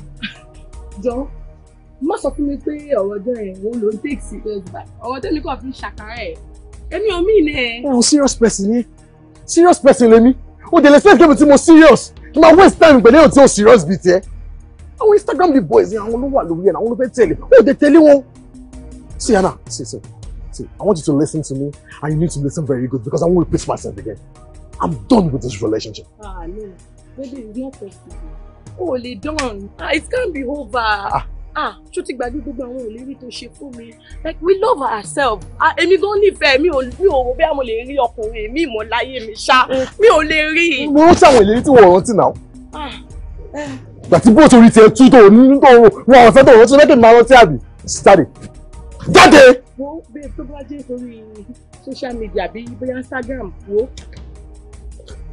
jọ má sọ fún mi pé ọ̀rọ̀ ọjọ́ yẹn òun ló ń take serious by ọ̀rọ̀ tẹ́mi kàn fi ṣàkárà ẹ̀ èmi ò ilẹ̀. ọ̀hún serious person ni serious person lèmi o dey expect kébù tí mo serious kí n waste time pẹ̀lú èèyàn tí o serious bíi tiẹ̀ àwọn Instagram big boys ni àwọn ló wà lórí ẹ̀ àwọn ló fẹ́ tẹ̀lé o dey tẹ̀lé wọn. see Anna see see see I want you to listen to me and you need to listen very good because I wan repeat myself again I'm done with this relationship. ah no baby it's not possible. o le done ah it can't be over. ah ah tó ti gbàgbé gbogbo àwọn òlérí tó ṣe fún mi like we love ourselves ah èmi gan nífẹ̀ẹ́ mi ò mi ò rò bí àwọn lè rí ọkùnrin mi ìmọ̀ láyé mi ṣá mm. mi ò lè rí. mo rántí àwọn ìlérí tí wọ́n rántí náà ah. gbàtí bó torí tiẹ̀ tú tó ní tó wọn ọ̀sẹ̀ tó rántí lẹ́kìn máa rántí àbí jáde jáde. wo bẹ́ẹ̀ tó bá jẹ́ torí social media bíi bóyá Instagram wo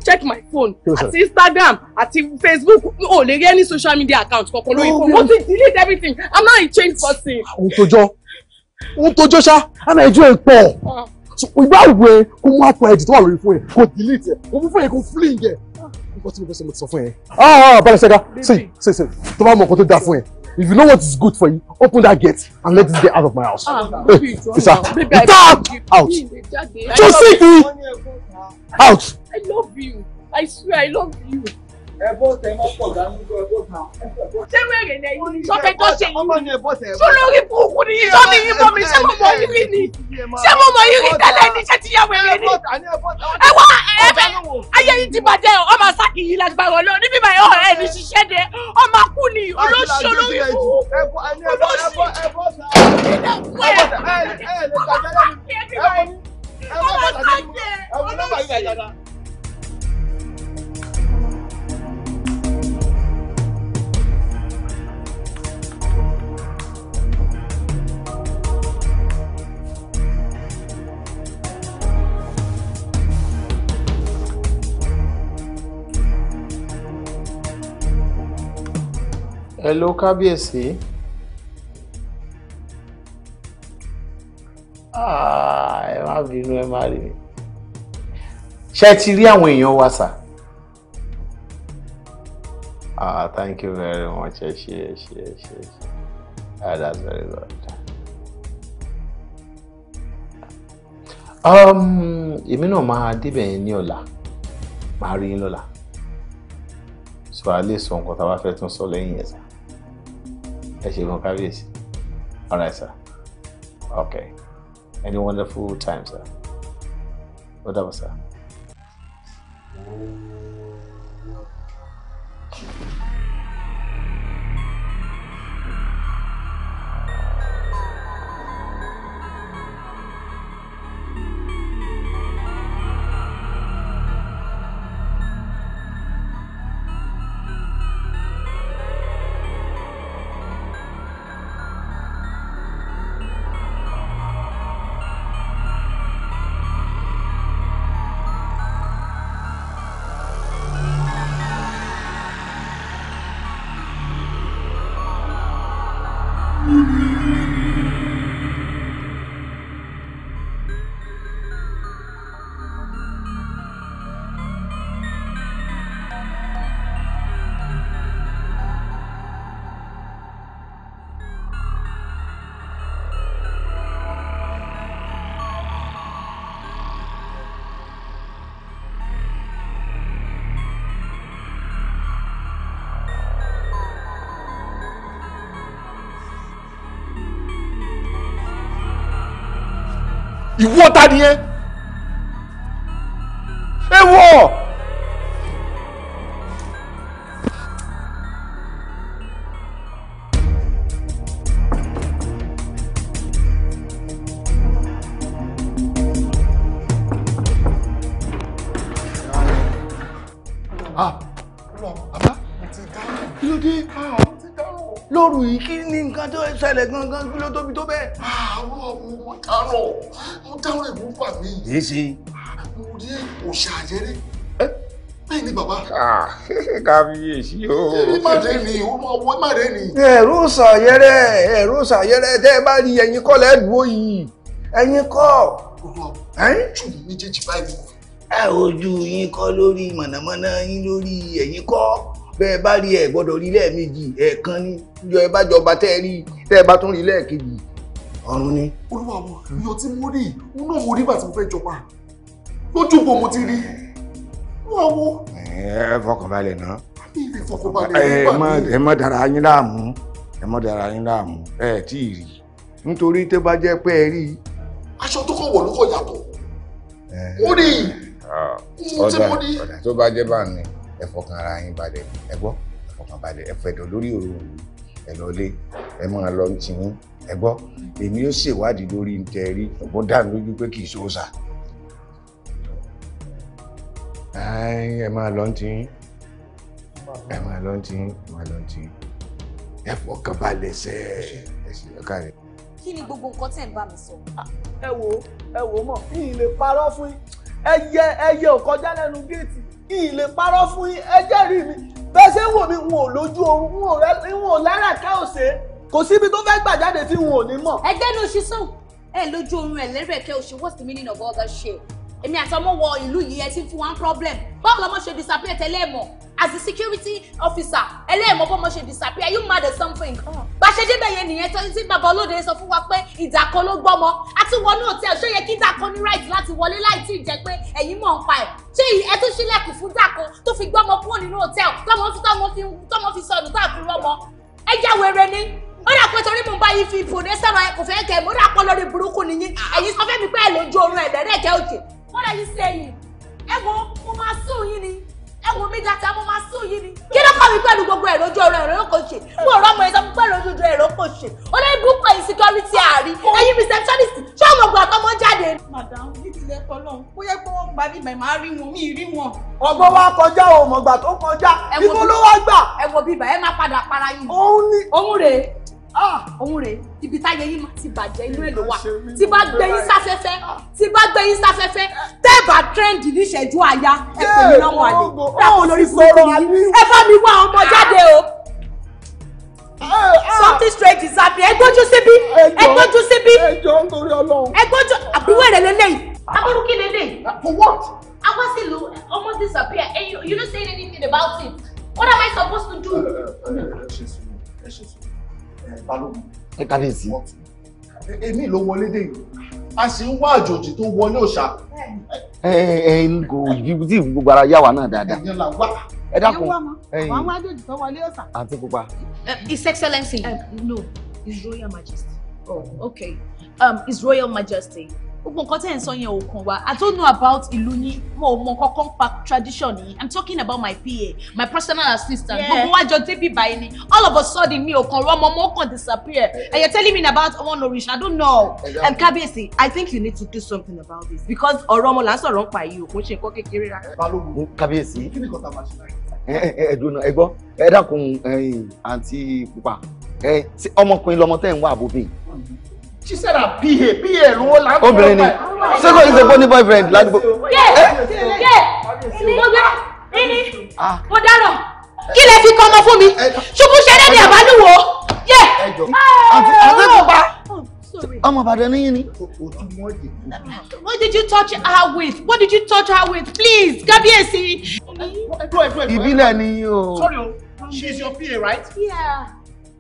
check my phone àti instagram àti facebook o lè rí any social media account kankan lórí phone mo ti delete everything i'm not a change person. àwọn tó jọ àwọn tó jọ ṣá àná ẹjọ́ ẹ̀ pọ̀ ah. ìgbà òwe kó mú àpò ẹ̀jẹ̀ tó wà lórí fún ẹ delete ẹ kó mú fún ẹ fling ẹ nǹkan tí mo fẹ́ sọ mo ti sọ fún ẹ. balẹ̀ ṣẹ́gá sí sí sí tó bá mọ nǹkan tó dáa fún ẹ if you know what is good for you open that gate and let this get out of my house. Ah, isa isa out out josie out. I love you. I swear I love you. Ẹ̀bọ́ tẹ máa pọ̀ dání lọ náà. Ṣé wẹ̀rẹ̀ náà yìí? Sọ fẹ́ tó ṣe yìí. Sọ lórí burúkú ni yìí. Sọ yìí mọ̀ mi. Ṣé mo mọ̀ yìí rí ni? Ṣé mo mọ̀ yìí rí tẹ́lẹ̀ ní? Ṣé ti yá ni? Ẹ ẹ̀fẹ̀ ayé yìí ti bàjẹ́ Ọmọ sáàkì yìí lágbára ọlọ́run. Níbi báyìí ọ̀rẹ́ ẹni ṣiṣẹ́ dẹ. Ọmọ kú ni olóṣù olórí burúkú. Olóṣù. Hello, ló kábíyèsí. Ah, ẹ má bínú ẹ má rí mi ṣé ẹ ti rí àwọn èèyàn wa sà. Ah, thank you very much. Ẹ ṣé, ẹ ṣé, ẹ ṣé, ẹ ṣé. Ah, that's very good. Um, èmi náà máa débẹ̀ yẹn ní ọ̀la máa rí yín lọ́la so a lè sọ nǹkan tá a bá fẹ́ tún sọ lẹ́yìn yẹn sá. ẹ ṣe gan this. all right sir okay any wonderful time sir Whatever, sir. Thank you. ìwọ ta ni ẹ ẹ wọ. Ah, kí ló dé? Ah, lóru yìí kí ni nǹkan tó ṣẹlẹ̀ gangan kí ló tóbi tó bẹ́ẹ̀. àárọ̀ ah, mo dárò dáwọ́ ẹ̀bùn gbà mí. kì í ṣe. mo rí òṣà àjẹrí. bẹ́ẹ̀ ni bàbá. *laughs* kábíyèsí o. èmi má rè ni owó má rè ni. ẹ̀rú sàyẹ́rẹ́ ẹ̀rú sàyẹ́rẹ́ tẹ́ ẹ bá rí ẹ̀yin kọ́ lẹ́ẹ̀dúró yìí ẹ̀yin kọ́. olùwàbù jù mí méjèèjì báyìí. ẹ ojú yín kọ́ lórí mọ̀nàmọ́ná yín lórí ẹ̀yin kọ́ bẹ́ẹ̀ bá rí ẹ̀ gbọ́dọ̀ rí lẹ́ẹ̀mejì ẹ̀ẹ̀kan ní ìjọ ẹ bá jọba tẹ́ rí tẹ́ ẹ bá tún rí lẹ́ẹ̀kejì ọ̀run ni. olúwa wo iyọ̀ tí mo rí òun náà mo rí bàtí mo fẹ́ jọba lójú bò mo ti rí olúwa wo. ẹ fọkànbalẹ̀ náà. àmì ìlè fọkànbalẹ̀ ló wà ní. ẹ má dara yín láàmú ẹ má dara yín láàmú ẹ tí ì rí nítorí tó bá jẹ́ pé ẹ rí. aṣọ tó kọ̀ wọ̀ ló kọ̀ yàtọ̀ ó rí ohun tí mo rí. tó bá jẹ́ báà ni ẹ fọkàn ara yín balẹ̀ ẹ gbọ́ ẹ fọkàn balẹ̀ ẹ fẹ̀dọ̀ lórí òru ẹ lọ lé ẹ máa lọ tì yín ẹ gbọ́ èmi ó ṣèwádìí lórí ń tẹ rí ọ̀bọ̀ dà lójú pé kì í ṣòwò sà. ẹ máa lọ ti yín ẹ máa lọ ti yín ẹ máa lọ ti yín ẹ fọkàn balẹ̀ sẹ́ ẹ sì lọ́kà rẹ̀. kí ni gbogbo nǹkan tẹ̀ ń bá mi sọ. Ah, ẹ wo ẹ wo mọ kí n lè parọ́ fún yín ẹyẹ ẹyẹ ò kọjá lẹ́nu géètì kí n lè parọ́ fún yín ẹ jẹ́rìí mi bẹ́ẹ̀ ṣé wò mí n ò lójú oorun n ò lára ká ò kò síbi tó fẹ́ gbà jáde tí wọn ò ní mọ̀. ẹgbẹ́ ní oṣù sàn ẹ lójú oorun ẹ lẹ́rẹ̀kẹ́ oṣù what's the meaning of all that shit èmi àtọmọ wọ ìlú yìí ẹ ti ń fún wa problem báwo lọmọ ṣe disappear tẹlẹ́mọ̀ as a security officer ẹlẹ́mọ̀ bọ́mọ ṣe disappear you mad at something. bàṣẹ débẹ̀ yẹn nìyẹn tó tí bàbá olóde sọ fún wa pé ìdàkọ ló gbọ́mọ àti wọnú hòtẹ́ẹ̀lì ṣó yẹ kí dàkọ ní right láti wọlé láì tí ì jẹ́ pé ẹ̀yin mọ̀ ń pa ẹ̀ ṣé ẹ tún ṣílẹ̀kùn fún dàkọ tó fi gbọ́mọ kúrò nínú hòtẹ́ẹ̀lì tọmọ fi sọnù tó àfi rọmọ ẹ jáwèrè ni ó dà pé torí mo bá yín fi ìfòdé sábà kò fẹ́ kẹ́ mo dà pọ̀ lórí burúkú nìyí ẹ̀yin sọ fẹ́ mi pẹ́ lójú oorun ẹ̀dẹ̀rẹ̀ kẹ́ òkè wọ́n lè yí sẹ́yìn ẹ wo mo máa sùn yín ni ẹ mi dàtà mo máa sùn yín ni kí ló kọ́ mi pẹ̀lú gbogbo ẹ̀ lójú oorun ẹ̀rọ kò ṣe mo rọ́ ọmọ yẹn sọ pé oorun ẹ̀rọ kò ṣe ó lè bú pẹ̀ insecurity àárín ẹ̀yin receptionist ṣé ọmọ ọgbà tọmọ jáde. madam ní tilẹ̀ kọ́ náà kó yẹ kó wọ́n gbà bíbẹ̀ máa rí wọn mí rí Ah, òun rèé ibi táyé yín ti bàjẹ́ inú ẹ̀ ló wà tí bá gbé yín sáfẹ́fẹ́ tí bá gbé yín sáfẹ́fẹ́ tẹ́ẹ̀bà trend níṣẹ́jú àyà ẹ pè mí lọ́wọ́ àlè táwọn olórí burúkú yìí ẹ bá mi wá ọmọ jáde o ah, ah. something strange is happening ẹ gbójú síbí ẹ gbójú síbí ẹ gbójú àbúrò rẹ lélẹ́yìí. akọ́rù kí for what. awa sì lu almost disappear and eh, you, you no say anything about it what am I supposed to do. Eh, eh, ẹ ṣe sùn ẹ ṣe sùn balógun. ẹ èmi ló wọlé dé yìí a sì ń wá àjòjì tó wọlé òòṣà. ẹ ẹ ẹ kò ibi tí gbogbo ara yà wá náà dáadáa. ẹ̀yin là wá. ẹ dákun ẹ̀yin àwọn àjòjì tó wọlé òòṣà. àti pupa. Uh, his excellency. Uh, no his royal majesty. oh okay um, his royal majesty gbogbo nǹkan tẹ́ ẹ̀ ń sọ yẹn ò kàn wá i don't know about ìlú yín mo ò mọ kankan pa tradition yìí i'm talking about my pa my personal assistant gbogbo wa jọ débi báyìí ni all of a sudden mi ò kàn rọ ọmọ ọmọ kan disappear and you're telling me about ọmọ norish i don't know. Um, kábíyèsí i think you need to do something about this because ọ̀rọ̀ ọmọ là ń sọ̀rọ̀ ń pa yìí òkun ṣe nǹkan kékeré rà. balógun kábíyèsí ẹ̀ẹ́dùn náà ẹ gbọ́ ẹ dákun àǹtí pupa ọmọkùnrin lọmọ tẹ́ ń wá àbóbí she said her pa pa lówó láńkó. obìnrin ni ṣé kò ní ṣe funny boyfriend ládùúgbò. Ini. yé gbogbo ẹni mo dárò kí lè fi kọ́ ọmọ fún mi eh, ṣubú ṣẹlẹ̀ ní àbálùwò yé. àti pupa ọmọ Ìbàdàn ní yín ni. what did you touch her with what did you touch her with please kábíyèsí. ìbílẹ̀ ni yín o. sorry o she is your pa right. Yeah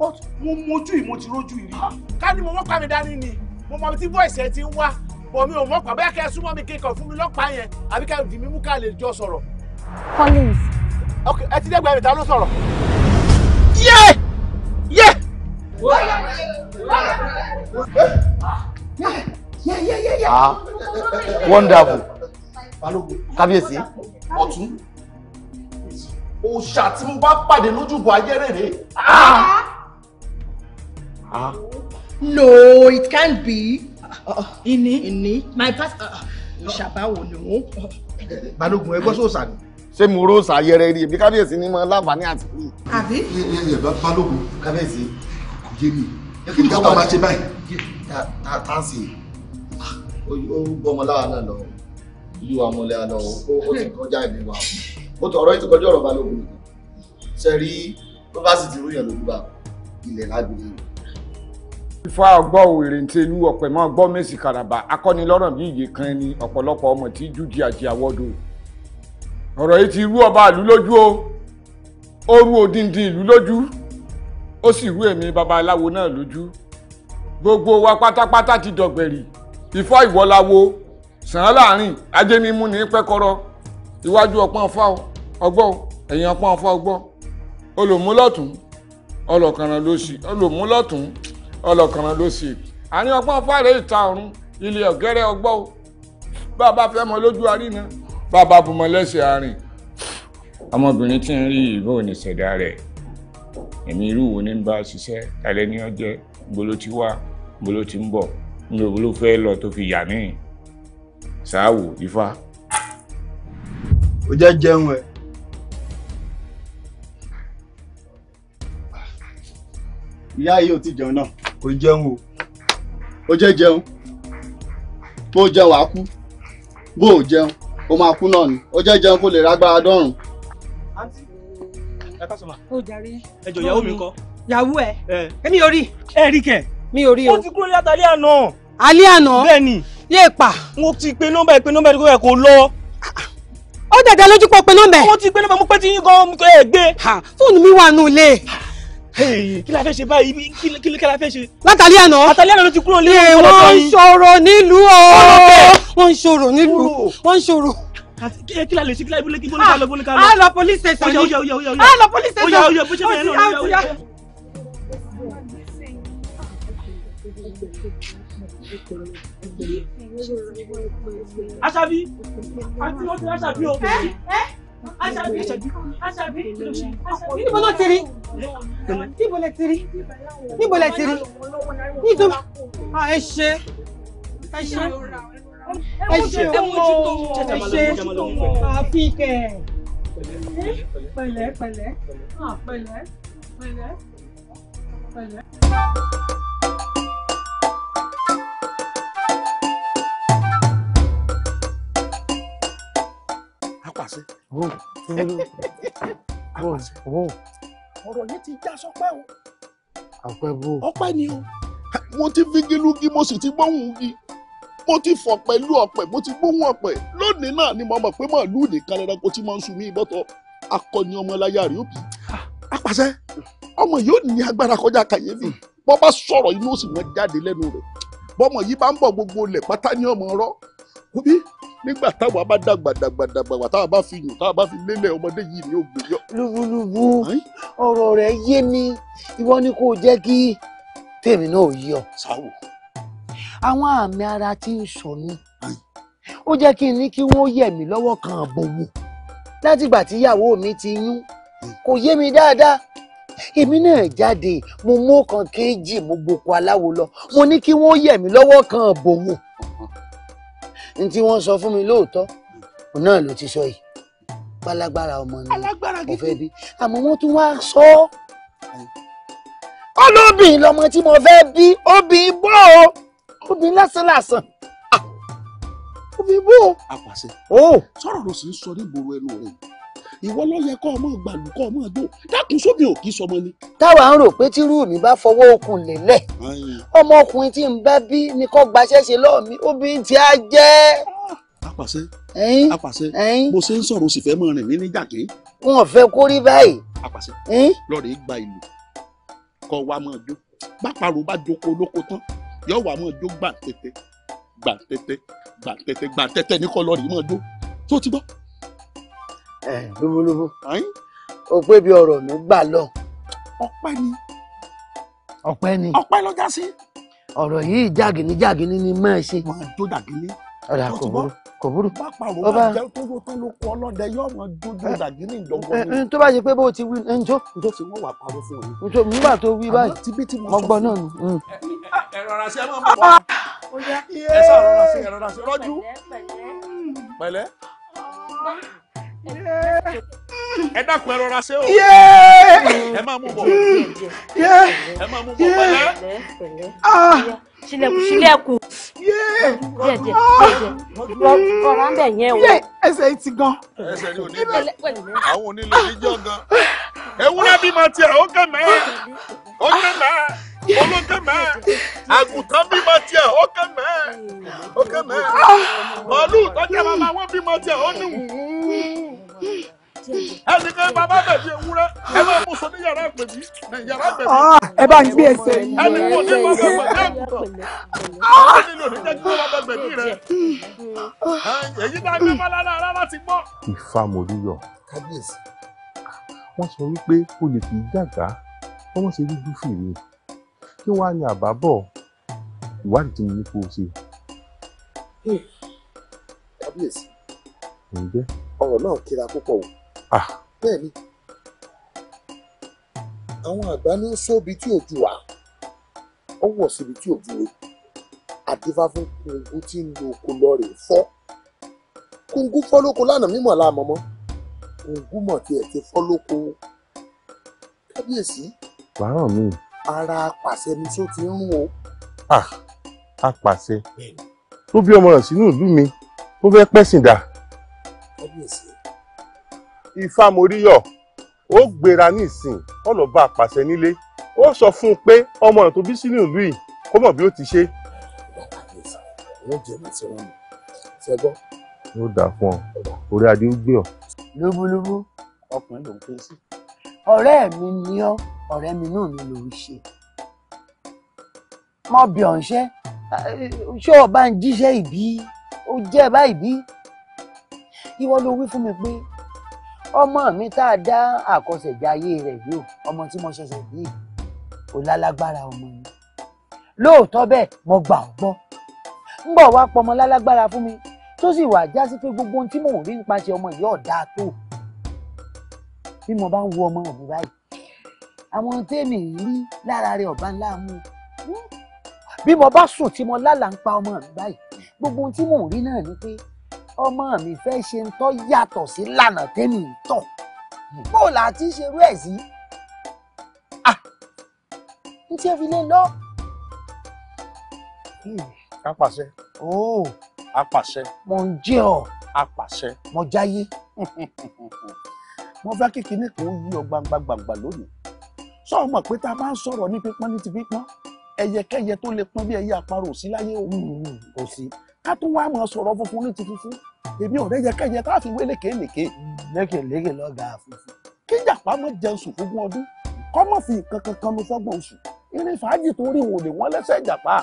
but mo mojú yìí mo ti rójú yìí. Ah, ká ní mo mọ́pá mi dání ni mo mọ tí voice ẹ ti ń wá bọ̀ mi ò mọ́pá bóyá kẹ́ ẹ súnmọ́ mi kéèkàn fún mi lọ́pàá yẹn àbí ká dì mí mú ká lè jọ sọ̀rọ̀. Collins. ok ẹ ti dẹ́gbẹ̀ẹ́ mi ta ló sọ̀rọ̀. yé yé. Ah, wonderful kábíyèsí ọ̀tún òòṣà tí mo bá pàdé lójúbọ ayé rere. Ah! Huh? Ah. No, it can't be. Uh, Ini? Uh, Ini? My past... Ìṣàbáwò uh, uh, ni wọ́n. Balógun ẹgbẹ́ sòsà ni. Ṣé mo ró ṣàyẹrẹ rí ibi kábíyèsí ni mo láǹfààní àti rí? Àbí? Balógun kábíyèsí kò yé mi. Ìgbà wo máa ṣe báyìí? Tá a sì. Ó gbọ́mọ láwa náà lọ. Ìlú wa mọ̀lẹ́ àlọ́ ó ti kọjá ìlú wa. Ó tọ̀ ọ̀rọ̀ ìtìkọjọ́ ọ̀rọ̀ Balógun. Ṣé rí bó bá sì ti rú yàn lójú bá ilẹ̀ lágbègbè ifá ọgbọ́ òwèrè ń tẹnu ọ̀pẹ̀ mọ́ ọgbọ́ mẹ́sì kàràbà akọ́nilọ́rọ̀ bí ìyè kan ni ọ̀pọ̀lọpọ̀ ọmọ tí jújì àti àwọ́dò ọ̀rọ̀ yìí ti rú ọba ìlú lójú o ó rú odindi ìlú lójú ó sì rú èmi babaláwo náà lójú gbogbo wa pátápátá ti dọ̀gbẹ̀rì ifá ìwọ́láwo sàn án láàrin ajémímú ní pẹ́kọ́rọ́ iwájú ọpọ́n fá ọgbọ́ ẹ̀yìn ọpọ́n fá ọgbọ́ olùmúlọ́tún ọlọ́kànràn lóṣì olùmúlọ́tún ọlọ́kànrán ló sì. àní ọgbọ́n fàárẹ̀ ìta ọ̀run ilé ọ̀gẹ́rẹ́ ọgbọ́n o bàbá fẹ́ mọ lójú àríná bàbá bùmọ̀ lẹ́sẹ̀ àárín. ọmọbìnrin tí ń rí ìbò ní ṣẹ̀dá rẹ̀ ẹ̀mí irú wo ní bá ṣiṣẹ́ alẹ́ ní ọjẹ́ gbolo ti wá gbolo ti ń bọ̀ níbo ló fẹ́ lọ tó fi yà míì ṣáà wò ifá. ó jẹ́ jẹun ẹ̀. ìyá yìí ò ti jẹun náà. kò jẹun o. ó jẹ́ jẹun bó jẹun wàá kú bó ò jẹun ó máa kú náà ni ó jẹ́ jẹun kó lè rágbára dọ́rùn. àǹtí ẹ ká sọ̀mà. ó jàre. ẹ jọ ìyàwó mi kọ. ìyàwó ẹ. ẹ ò rí. ẹ rí kẹ. mi ò rí o. ó ti kúrò ní àtàlẹ́ àná. alẹ́ àná. bẹ́ẹ̀ ni. pa. mo ti pe nọ́mbà ìpe nọ́mbà ìdókòwò ẹ̀ kò lọ ó dẹ̀dẹ̀ lójú pọ̀ pé nọ́mbẹ̀. wọ́n ti gbé nọ́mbẹ̀ mú pé tí yín gan-an ẹ gbé. fóònù mi wà nù ilé kí la fẹ́ ṣe báyìí kí la fẹ́ ṣe. látàlí àná látàlí àná ló ti kúrò lé wọn lọ́tọ̀ yìí. wọ́n ń ṣòro nílùú o wọ́n ń ṣòro nílùú wọ́n ń ṣòro. kí la lè ṣe kí la ibùdó kí bólúkà lọ bólúkà lọ. a ah, lọ police station ni a ah, lọ police station. ó yà ó yà ó yà Àṣàbí àti wọn ti Àṣàbí o. Eh, eh. Àṣàbí Àṣàbí Àṣàbí níbo ló ti rí níbo lẹ ti rí níbo lẹ ti rí nítorí ẹ ṣe ẹ ṣe ẹ ṣe ọmọ ẹ ṣe àfi kẹ pẹ̀lẹ́ pẹ̀lẹ́ pẹ̀lẹ́ pẹ̀lẹ́ pẹ̀lẹ́. àṣẹ. ọ̀rọ̀ yẹn ti já sọpẹ́ o. ọpẹ́ bò. ọpẹ́ ni o. mo ti figi lugi mo sì ti gbóhùn ugi mo ti fọ̀ pẹ̀lú ọ̀pẹ̀ mo ti gbóhùn ọ̀pẹ̀ lónìí náà ni mo mọ̀ pé màálù nìkan lẹ́ranko tí mo ń sun mí ìbọ́tọ̀ akọni ọmọláyà rí òbí. apàṣẹ ọmọ yóò ní agbára kọjá kàyéfì bọ́ bá sọ̀rọ̀ inú ó sì mọ jáde lẹ́nu rẹ̀ bọ́mọ yìí bá ń bọ̀ gbogbo lẹ̀ pátá ní ọmọ ọ̀rọ̀ kúbí nígbà táwa bá dàgbà dàgbà dàgbà táwa bá fi yùn táwa bá fi lélẹ̀ ọmọdé yìí ni ó gbé yọ. lúbúlúbú ọ̀rọ̀ rẹ̀ yé mi ìwọ ni kò jẹ́ kí tèmi náà yí ọ. sáwò. àwọn àmì ara ti ń sọ mí ó jẹ́ kí n ní kí wọ́n yẹ̀ mí lọ́wọ́ kan àbò wò látìgbà tíyàwó mi ti yún kò yé mi dáadáa èmi náà jáde mo mú kan kéjì mo gboko aláwo lọ mo ní kí wọ́n yẹ̀ mí lọ́wọ́ kan àbò n tí wọ́n sọ fún mi lóòótọ́ òun náà ló ti sọ yìí pálágbára ọmọ ni mo fẹ́ bí àmọ́ wọ́n tún wá sọ ọ́ olóbìn lọmọ tí mo fẹ́ bí obìn bọ́ ọ obìn lásán lásán ah! obìn bọ́ ọ. àpàṣẹ sọ̀rọ̀ ló sì ń sọ ní ìgboro ẹnu rẹ̀ ìwọ ló yẹ kọ́ ọmọ gbàlù kọ́ ọmọ gbò dákun sómi ò kí sọmọ ni. táwa ń rò pé tírú mi bá fọwọ́ okùn lélẹ̀ ọmọ ọkùnrin tí ń bá bí ni kò gbaṣẹ́ ṣe lọ́ọ̀mí obìnrin tí a jẹ́. apàṣẹ apàṣẹ mo ṣe ń sọ̀rọ̀ o sì fẹ́ mọ rìn mí níjà kí. wọn fẹ́ kó rí báyìí. apàṣẹ lọ́ọ̀rẹ́ gba ìlú kọ́ wa mọ́ ọjọ́ bá parọ́ bá joko olóko tán yọ wà mọ́ ọjọ́ gbà tẹ́tẹ́ gbà tẹ́tẹ́ gbà tẹ́tẹ́ gbà tẹ́tẹ́ ní kọ́ lọ́ọ̀rẹ́ mọ́ ọjọ́ tó ti gbọ́. Eh, lóbólóbó o pé bí ọ̀rọ̀ mi gbà lọ. ọpẹ́ ni. ọpẹ́ ni. ọpẹ́ ló já sí. ọ̀rọ̀ yìí jàgìní jàgìní ni máa ṣe. wọn á jó jàgìní. ọ̀dà kò burú kò burú. bá pàrọ̀ wà jẹ́ tó ló tó ló kọ ọlọ́dẹ yóò mọ jójó jàgìní eh, ìdọ́gbọ́n eh, ni. n tó bá ṣe pé bó ti wí n tó. n tó ti wọ́n wà parọ́ fún òye. n tó nígbà tó wí báyìí mo gbọ́ náà ni. Mm. ẹ rọra ṣe máa ah, ń bọ̀ ah. ẹ sá rọra ṣe rọra ṣe rọ́jú pẹ̀lẹ́ ẹ dákun ẹ rọra ṣe o ẹ máa mú bọ̀ ẹ máa mú bọ̀ pẹ̀lẹ́. Ah. ṣílẹ̀kùn ṣílẹ̀kùn díẹ̀ díẹ̀ díẹ̀ kọra ń bẹ yẹn o. ẹsẹ̀ yìí ti gan. ẹsẹ̀ yìí ò ní lọ àwọn onílé yìí jọ gan ewúrẹ́ bímọ tiẹ̀ ó kẹ́ ó kẹ́ olókè mẹ́ àgùntàn bímọ tiẹ̀ ókè mẹ́ ókè mẹ́ màálù tọ́jú bàbá wọn bímọ tiẹ̀ ó ní wùú ẹnì kan bàbá bẹ̀bí ewúrẹ́ ẹ bá mú sọ ní yàrá bẹ̀bí yàrá bẹ̀bí. Ah, ẹ bá ń gbé ẹsẹ̀ yìí. ẹnì kan ní bàbá bẹ̀bí àgùntàn ọ̀rọ̀ nílò ní jẹ́ kí wọ́n bá bẹ̀bí rẹ̀ èyí náà gbé mọ́lára rárá ti gbọ́. ìfàmòlúyọ kábíyèsí wọn sọ wípé o lè fi dàgbà wọn mọ̀ sí rúdú fìrí kí wàá ní àbábọ̀ ìwádìí tí mo ní kó o ṣe. Hmm. kábíyèsí ǹjẹ́ ọ̀rọ̀ náà kíra púpọ̀ o. bẹ́ẹ̀ ni àwọn àgbà ní sóbi tí òjú wà ó wọ̀ síbi tí òjú rẹ̀ àdífá fún kùngú tí ń lo oko lọ rè fọ́ kùngú fọ́ lóko lánàá mímọ̀ láàmọ́mọ́ kùngú mọ̀ tiẹ̀ ti fọ́ lóko kábíyèsí. wàá hàn mí ara apàṣẹ ni tó ti ń rún o. apàṣẹ tó bí ọmọ rẹ̀ sínú ìlú mi tó fẹ́ pẹ̀sìn dà. ifá moríyọ̀ ó gbéra ní ìsìn ọlọ́ba apàṣẹ nílé ó sọ fún un pé ọmọ rẹ̀ tó bí sínú ìlú yìí kó mọ̀ bí ó ti ṣe. wọ́n jẹ́ yóò dà fún ọ orí adé ó gbé ọ. lóbúlóbú ọkùnrin ló ń pè sí ọ̀rẹ́ mi ni ọ́ ọ̀rẹ́ mi náà ni ló ń ṣe mọ bí ọ̀n ṣe ṣé ọba ń jíṣẹ́ ìbí ó jẹ́ báyìí bí ìwọ ló wí fún mi pé ọmọ mi tá a dá àkọsẹ̀jáyé rẹ̀ yóò ọmọ tí mo ṣẹ̀ṣẹ̀ bí kò lálágbára ọmọ mi lóòótọ́ bẹ́ẹ̀ mo gbà ọ́ gbọ́ ń bọ̀ wá pọmọ lálágbára fún mi tó sì wà já pé gbogbo ohun tí mò ń rí nípasẹ̀ ọmọ yìí ọ̀dà tó bí mo bá ń wo ọmọ mi báyìí àwọn tèmi rí lára rẹ ọba ńlá mu hmm. bí mo bá sùn tí mo lálà ń pa ọmọ mi báyìí gbogbo ohun tí mò ń rí náà ni pé ọmọ mi fẹ́ ṣe ń tọ́ yàtọ̀ sí lànà tèmi ń tọ̀ bó la ti ṣerú ẹ̀ sí ah! n tí ẹ fi lé lọ. apàṣẹ. ooo. apàṣẹ. mo ń jẹ́ ọ. apàṣẹ. mo jáyé. *laughs* wọ́n fẹ́ kíkì ní kò yí ọ gbangba gbangba lónìí sọ ọmọ pé tá a bá ń sọ̀rọ̀ ní pípọ́n ní ti pípọ́n ẹyẹkẹ́yẹ tó lè pọ́n bí ẹyẹ àparò sí láyé òun hmm, kò sí ká tó wá máa sọ̀rọ̀ funfun ní ti funfun èmi ò rẹ́yẹkẹ́yẹ tá a fi wé lékèélékèé. lékèélékè lọ́gà funfun. kí jàpá mọ jẹun sùn fún ọdún kọ́ mọ̀ fi nǹkan kankan lu fọ́gbọ̀n oṣù irin fàájì tó rí òòlè wọn lẹ́sẹ̀ ìjàpá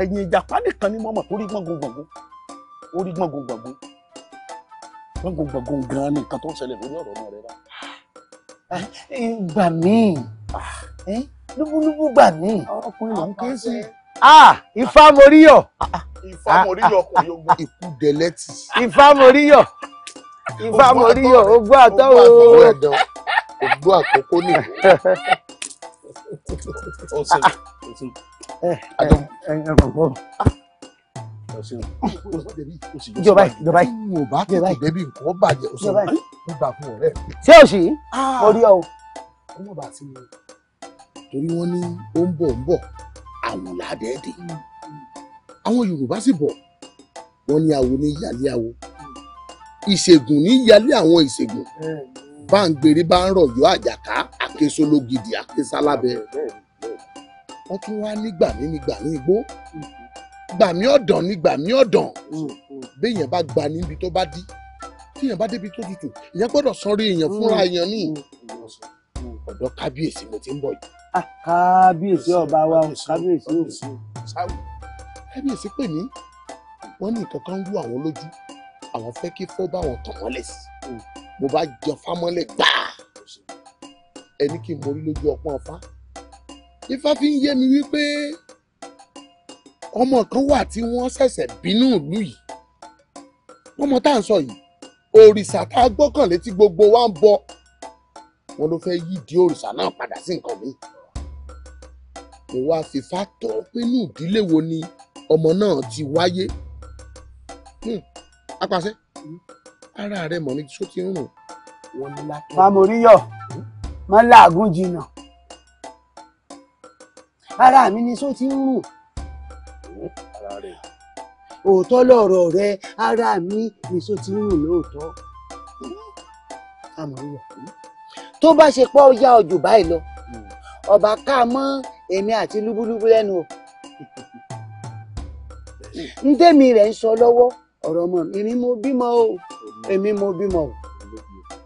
ẹ̀yìn ìjàpá nìkan ni mọ́mọ́ tó rí gbọ̀ngbọ̀ngbọ̀ngbọ̀ gbọ̀ngàn gbọ̀ngàn ni nǹkan tó ń ṣẹlẹ̀ lórí ọ̀rọ̀ náà rẹ rà. gbà mí lúbúlúbú gbà mí. ọkùnrin ló ń ké sí. ifá moríyọ̀. ifá moríyọ̀ kò yọgbọ. ikú dẹlẹ́tì. ifá moríyọ̀. ifá moríyọ̀ ogbó àtọ́ o. ogbó àkókò ni. ọ̀sẹ̀ ọ̀sẹ̀ jọba jọba jọba jọba débi nǹkan bàjẹ́ o sọ mo gbà fún ọ̀rẹ́ mi. ṣé o sì ah! mo rí ọ. kó mọ̀ bá ti mú torí wọ́n ní ó ń bọ̀ ń bọ̀ àwọn làdẹ́ẹ̀dẹ̀ àwọn Yorùbá sì bọ̀ wọ́n ní awo ní ìyálé awo ìṣègùn ní ìyálé àwọn ìṣègùn bá ń gbèrè bá ń rọ̀jọ́ àjàká àkésólógidì àkésálábẹ́ wọ́n tún wá nígbà nínú ìgbà ní igbó gbàmí ọ̀dàn ni gbàmí ọ̀dàn mm, mm. béèyàn bá gba níbi tó bá dí tíyàn bá débi tó tutù ìyẹn gbọ́dọ̀ sanrí èèyàn mm, fúnra èèyàn ní ọ̀dọ̀ kábíyèsí mo ti ń bọ̀ yìí. Ah, kábíyèsí ọba wa o kábíyèsí o. kábíyèsí pè mí wọ́n ní nǹkan kan ń wú àwọn lójú àwọn fẹ́ kí fọ́ bá wọn tàn mọ́lẹ̀ sí mo bá jọ fámọ́lẹ̀ gbáà ẹni kí n mọ orí lójú ọpọ́n ọfá ifá fi ń yé mi wípé ọmọ kan wà tí wọ́n ṣẹ̀ṣẹ̀ bínú ìlú yìí ọmọ tá à ń sọ yìí òrìṣà tá a gbọ́kànlé tí gbogbo wa ń bọ wọn ló fẹ́ yídìí òrìṣà náà padà sí nǹkan mi mo wá fìfà tọ́ pínú ìdílé wo ni ọmọ náà ti wáyé hmm, apàṣẹ hmm. ara rẹ mọ̀ ní tí ó ti ń rùn wọn ni látọ̀. mamoríyọ̀ hmm. máa ń làágùn jìnnà ara mi ni só ti ń rùn òótọ́ lọ̀rọ̀ rẹ ara mi nìṣó ti ń rùn lóòótọ́ àmọ́ tó bá ṣe pọ́ ya ọjọ́ báyìí lọ ọba ká mọ́ èmi àti lúbúlúbú lẹ́nu o ń tèmi rẹ̀ ń sọ lọ́wọ́ ọ̀rọ̀ ọmọ mi èmi mo bímọ o èmi mo bímọ o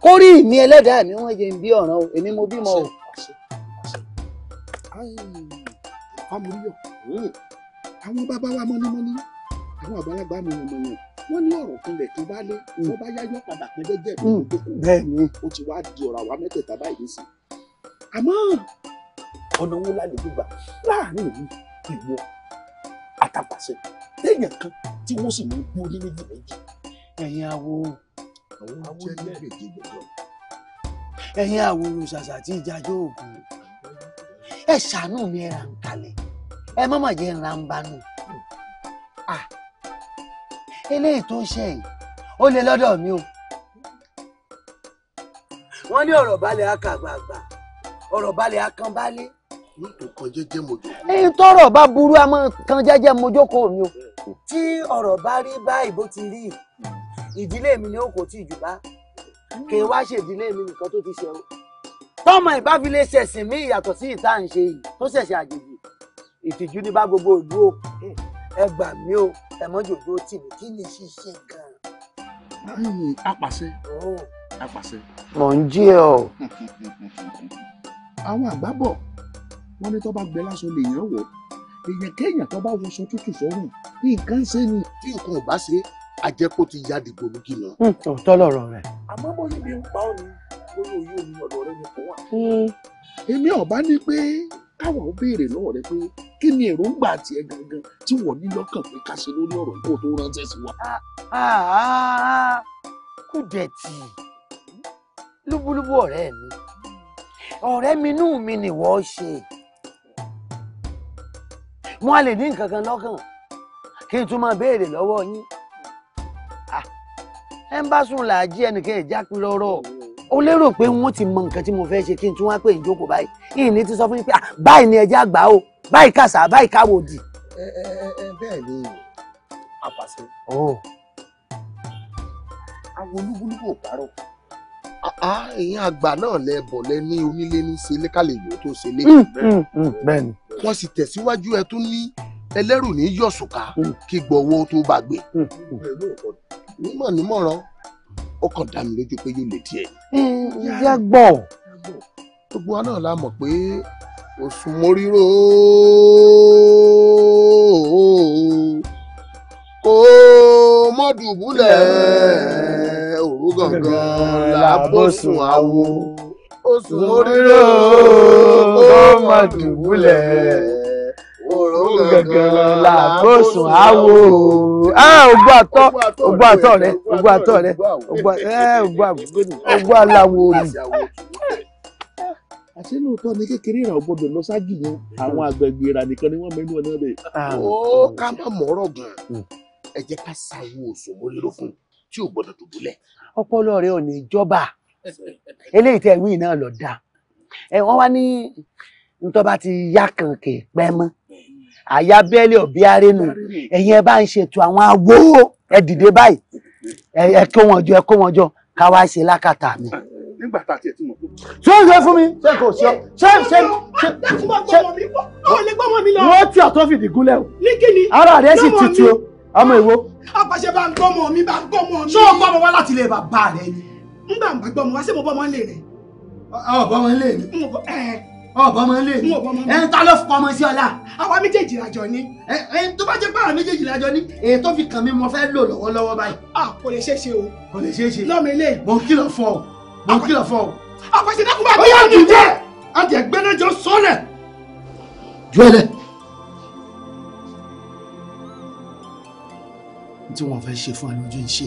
kórì mi ẹlẹ́dàá mi wọ́n jẹ́ ń bí ọ̀ràn o èmi mo bímọ o. àmọ́ ìyọ̀. Hmm àwọn bàbá wa mọ́nímọ́ní àwọn àgbàlagbà mọ̀yànmọ̀yàn wọ́n ní ọ̀rọ̀ kan lẹ̀ kan bá lé hmm. wọ́n bá yáyọ́ padà kan jẹ́jẹ́ hmm. bẹ́ẹ̀ ni ó ti wá di ọ̀rọ̀ àwa mẹ́tẹ̀ẹ̀ta báyìí sí àmọ́ ọ̀nà wo la lè gbígbà láàrin ìlú ìwọ àtàpàṣẹ téèyàn kan tí wọ́n sì mú gbó ní méjì méjì ẹ̀yin awo àwọn jẹ́ gbèjì gbèjọ ẹ̀yin awo olùsàsà tí ìjàjọ́ òògùn ẹ̀ ṣàánú mi ẹ̀ ràn kalẹ̀ ẹ má mà jẹ́ ńlá ń banú eléyìí tó ṣe yìí ó lè lọ́dọ̀ mi o. wọ́n ní ọ̀rọ̀ balẹ̀ akàgbàgbà ọ̀rọ̀ balẹ̀ akànbalẹ̀. nǹkan jẹ́jẹ́ mojó. ẹyin tọrọ bá burú a máa kan jẹ́jẹ́ mojó kò mí o. tí ọ̀rọ̀ bá rí báyìí bó ti rí ìdílé mi ni ó kò tí ì jù bá kì í wá ṣèdílé mi nìkan tó ti ṣe o. tọ́mọ ìbáfilé ṣẹ̀sìn mí ìyàtọ̀ sí ìta ń ṣe yìí tó ṣẹ̀ṣẹ̀ àjèjì ìtìjú ní bá gbogbo ìlú o ẹ gbà mí o ẹ mọ́jọ tó tì mí kí ni ṣíṣe gan. apàṣẹ oh. apàṣẹ. mò ń jí ẹ o. àwọn àgbà bọ̀ wọ́n ní tó bá gbẹ lásán lè yàn wọ̀ èèyàn kéèyàn tó bá wọṣọ tútù sọ́rùn bí nǹkan ṣe ni bí nǹkan ò bá ṣe á jẹ́ kó ti ya dìbò lójú lọ. Hmm, òótọ́ lọ̀rọ̀ rẹ̀. àmọ́ bóyá ibi ń pa ọ́ ni bóyá òye omi ọ̀dọ̀ rẹ ni kò wà. Hmm. èmi ọ̀bá ní pé káwa ó béèrè lọ́wọ́ rẹ pé kí ni èròǹgbà tiẹ̀ gangan tí wọ́n ní lọ́kàn pé ká ṣe lórí ọ̀rọ̀ kó tó ránṣẹ́ sí wa. kùdẹ̀tì lúbúlúbú ọ̀rẹ́ mi ọ̀rẹ́ mi inú mi ni wọ́n ṣe wọn a lè ní nǹkan kan lọ́kàn kí n tún máa béèrè lọ́wọ́ yín ẹ ń bá sùn làájí ẹnìkan ìjápin rọ́rọ́ o lérò pé wọn ti mọ nǹkan tí mo fẹ́ ṣe kí n tún wá pé ìjókòó báyìí yìí ní ti sọ fún yín pé ah, báyìí ni ẹjẹ́ àgbà o báyìí kàṣà báyìí káwò dì. ẹ ẹ ẹ bẹ́ẹ̀ ni apàṣẹ. àwọn olúkúlùkù ò parọ́ èèyàn àgbà náà lẹ bọ̀ lẹ ní onílé ní ṣe lẹ́kàlẹ́yìn tó ṣe lé. Mm, mm, mm, bẹ́ẹ̀ ni. wọ́n sì tẹ̀síwájú ẹ tún ní ẹlẹ́rù ní yọ̀sùká kí gbọ̀wọ́ tó bá gbé. nímọ̀ nímọ̀ràn ó kàn dá mi lójú pé yóò lè díẹ̀. ìyá gbọ́. gbogbo wa náà la mọ̀ pé òsùn moríró kò mọ́dùbúlẹ̀ òru gangan làbọ̀sùn àwo òsùn moríró kò mọ́dùbúlẹ̀ gangan làbòsùn àwò ògbó àtọ ògbó àtọ rẹ ògbó àtọ rẹ ògbó ògbó aláwo ni. àṣé lóòótọ́ ni kékeré ìràwọ̀ gbọdọ̀ lọ ságì yẹn àwọn àgbègbè ìrà nìkan ni wọ́n mẹ́nu ọ̀nà rẹ̀. ó ká má mọ̀ọ́rọ̀ gan ẹ jẹ́ ká sáwó oṣù mórí lókun tí ò gbọdọ̀ dùbúlẹ̀. ọpọlọ rẹ ò ní jọba eléyìí tẹ wíì náà lọ dáa ẹ wọn wá ní ntọ́ba ti yá kan kè pẹ́ mọ́ àyábẹ́lẹ̀ ọ̀bí arénu ẹ̀yin ẹ bá ń ṣètò àwọn awo ẹ dìde báyìí ẹ kó wọn jọ ẹ kó wọn jọ ká wá ṣe lákàtà mi. nígbà tá a tiẹ̀ ti mọ̀ fún mi. ṣé ń ṣe fún mi ṣé kò ṣe ṣé ṣe ṣe ṣe wọ́n tí ọ̀tọ́ fìdí gúnlẹ̀ o ara rẹ̀ sì tutù o ọmọ èwo. apàṣẹ bá ń gbọ́mọ mi bá ń gbọ́mọ mi. ṣé o gbọ́mọ wá láti ilé bàbá rẹ ni. ń gbà ń gbọ́mọ wá sí mo bọ́mọ ń lè rẹ̀. ọ̀ ọ̀bọ̀n ọmọ ilé ẹ̀ ń ta ló fọ ọmọ sí ọ̀la. àwa méjèèjì làjọ ni. ẹ ẹ tó bá jẹ́ pé àwọn méjèèjì làjọ ni èyí tó fi kàn mí mo fẹ́ lò lọ́wọ́lọ́wọ́ báyìí. a kò lè ṣeé ṣe o. kò lè ṣeé ṣe. lọ́mọ ilé. mo ń kìlọ̀ fọ o mo ń kìlọ̀ fọ o. àpèsè dákun bá bẹ́ẹ̀ ni. ọ̀yá àti ẹ̀gbẹ́nẹ́jọ sọ́lẹ̀. ju ẹlẹ. tí wọn fẹ́ ṣe fún ẹ lójú ń ṣe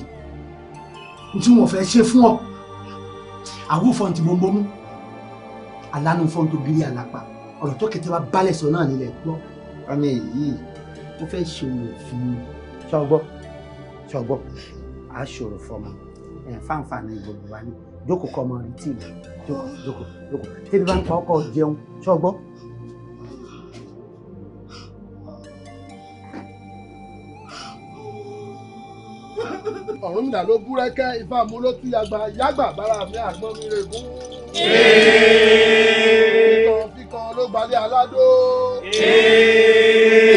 tí wọn fẹ́ ṣe fún ọ àwòfọ̀ntì alánú fọ́n tó gírí àlápá ọ̀rọ̀ tó kẹtẹ́ wá balẹ̀ sọ náà nílẹ̀ gbọ́ ọmọ èyí ó fẹ́ ṣòro fún mi. ṣọgbọ́ ṣọgbọ́ a ṣòro fọmọ ẹ̀ fáǹfààní gbogbo wa ni jókòó kọ́ ọmọ rí tìlú jókòó jókòó jókòó tẹ́bí bá ń pa ọkọ̀ jẹun ṣọgbọ́. ọ̀rúnmìlà ló búrẹ́kẹ́ ifá mú ló tú bára mi àgbọ̀n mi rè gún. ló gbalẹ̀ aládó.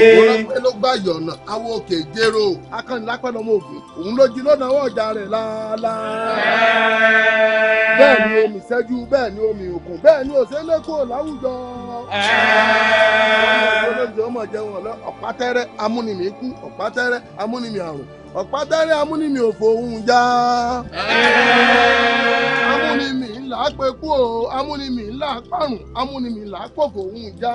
ìwọ́nọ́pẹ́ ló gbà yọ̀nà awo òkè jéró. akànlápẹ́ lọ́mọ ògùn òun ló jí lọ́nà rẹ̀ ni omi bẹ́ẹ̀ ni omi òkun bẹ́ẹ̀ ni òṣèlékò láwùjọ. olóòjì ọmọ jẹun ọ̀pátẹ́rẹ́ ọ̀pátẹ́rẹ́ àrùn ọ̀pátẹ́rẹ́ òfò òun já. là á pe kú o amúnimì là á pàrùn amúnimì là á òun já.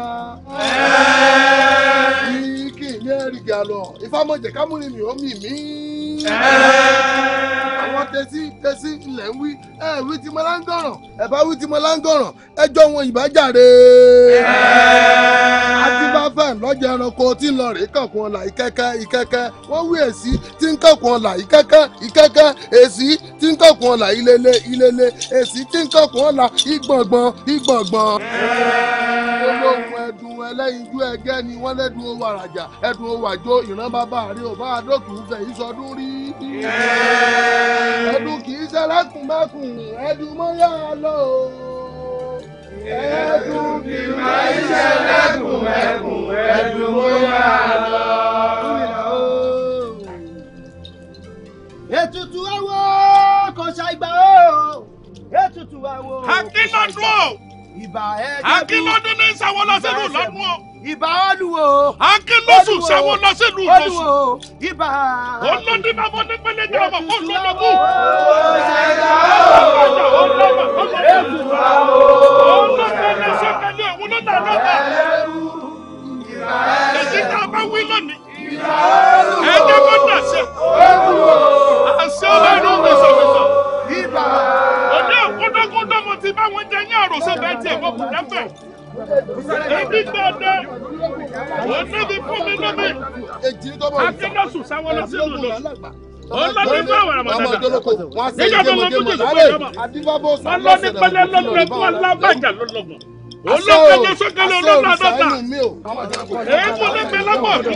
kí kí ìyẹn rí gàlọ ìfàmọ̀jẹ̀ kámúnimì ó mì mí àwọn tẹsí tẹsí ilẹ̀ ń wí ẹ wí ti mọ láńgọ̀ràn ẹ bá wí ti mọ láńgọ̀ràn ẹjọ́ wọn ìbájáre. àtibáfẹ́ lọ́jà ẹranko tí ń lọ rèé kọ̀ọ̀kan ọ̀la ìkẹ́kẹ́ ìkẹ́kẹ́ wọ́n wí èsì tí ń kọ̀ọ̀kan ọ̀la ìkẹ́kẹ́ ìkẹ́kẹ́ èsì tí ń kọ̀ọ̀kan ọ̀la ìlele ìlele èsì tí ń kọ̀ọ̀kan ọ̀la ìgbọ̀ngbọ̀n ìgbọ̀ngbọ̀n. olóhùn ẹdùn ẹlẹ́yinjú ẹgẹ́ ni wọ́n lẹ́dùn owó àràjà ẹdùn owó àjò ìran bàbá àrí òbá àdókùn fẹ̀yìntọ́dún rí ẹ̀dùn kì í ṣe lákùnmákùn ẹ̀dùn mọ́ yá lọ. ẹ̀dùn kì í ṣe lákùnmákùn ẹ̀dùn mọ́ yá lọ. ètùtù awo kò ṣàìgbà o ètùtù awo. àkínlọ́dún o ìbà ẹgbẹ́ bí. akínlọ́dún ní sáwọn lọ́sẹ̀lú lọ́dún o. ìbà olúwo. akínlọ́sùn sáwọn lọ́sẹ̀lú lọ́sùn. olúwo ìbà. olódì bàbá ọdún pẹ̀lẹ́ jẹ ọmọ kó lọlọmú. ọ̀sẹ̀dá o. ètùtà o. olódì sọ̀kẹ́lẹ̀ òun ló dà lọ́ta. ìbà ẹgbẹ́. èsì tá a bá wí lónìí. ìbà olúwo. ẹjẹ kó dà sí. olúwo. àṣẹ ọlọ́run ọ̀sẹ̀ ọ̀sẹ̀. ìbà. ọdẹ òkúndókúndó mo ti bá wọn àròsọ bẹ́ẹ̀ tiẹ̀ mọ́ kù lẹ́fẹ̀. Ebi gbọ́dọ̀, òun náà fi fún mi lọ sínú lọ. Ọlọ́dún bá wà Ramadan. Nígbà tó lọ fún Jésù pẹ̀lú ọmọ. Ọlọ́dún pẹ̀lú fún alábàjá lọ́lọ́gbọ̀n. Olóògbé sọ́kẹ́lẹ́ olóòlà dọ́ta. Èébú ní Bẹ́lẹ́bọ̀ mi.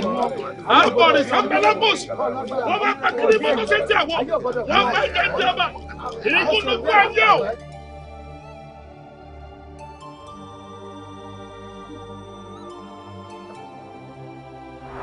Àbọ̀rìsà Bẹ́lẹ́bọ̀sì. Wọ́n bá pàkìrì mọ́tò sẹ́ńtì àwọ̀. Wọ́n bá jẹ́ ìjọba. Ìrìkú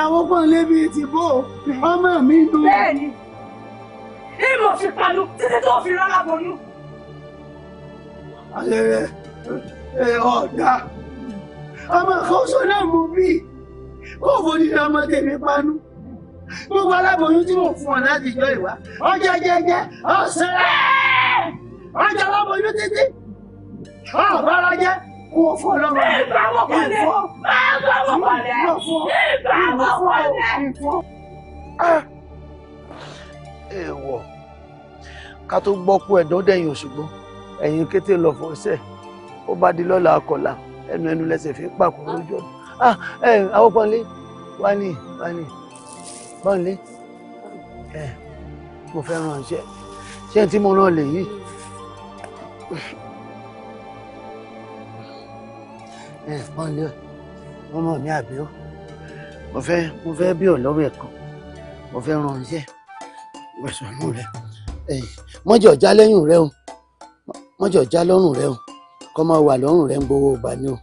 àwọn kan lé bíi ti bó ọmọ mi nù. bẹ́ẹ̀ni ìmọ̀ fi panu títí tó fi rárá bọnú. ayẹyẹ ẹ ọ̀dà ọmọ kan sọ náà mú bí kó o fojú ní ọmọ tèmi panu gbogbo aláboyún tí mo fún ọ láti jọ ìwà ọjọ jẹjẹ ọsẹ ọjọ aláboyún títí ọbàrà jẹ. Mo fọ́ lọ́wọ́ rẹ̀. Ìgbà mo kọ̀ lẹ̀. Ìgbà mo kọ̀ lẹ̀. Ìgbà mo kọ̀ lẹ̀. Èèwọ̀ ká tó gbọ́ kú ẹ̀dán dẹ̀yìn òṣùgbọ́ ẹ̀yìn kété lọ ẹnu ẹnu fi ń pàkó lójú ọ̀nà. Ah ẹ̀ àwọn pọ́nlé wá ní wá ní pọ́nlé ẹ̀ mo fẹ́ ràn ṣẹ́ ṣé tí mo rán lè yí. ẹ pọ́nlé ọmọ mi àbí ó mo fẹ́ mo fẹ́ bí ọ̀lọ́wọ́ ẹ̀kọ́ mo fẹ́ ran iṣẹ́ ìwẹ̀sọ̀nù rẹ mọ́jọ̀ já lẹ́yìn rẹ o mọ́jọ̀ já lọ́rùn rẹ o kọ́ máa wà lọ́rùn rẹ ń gbowó gbà ni o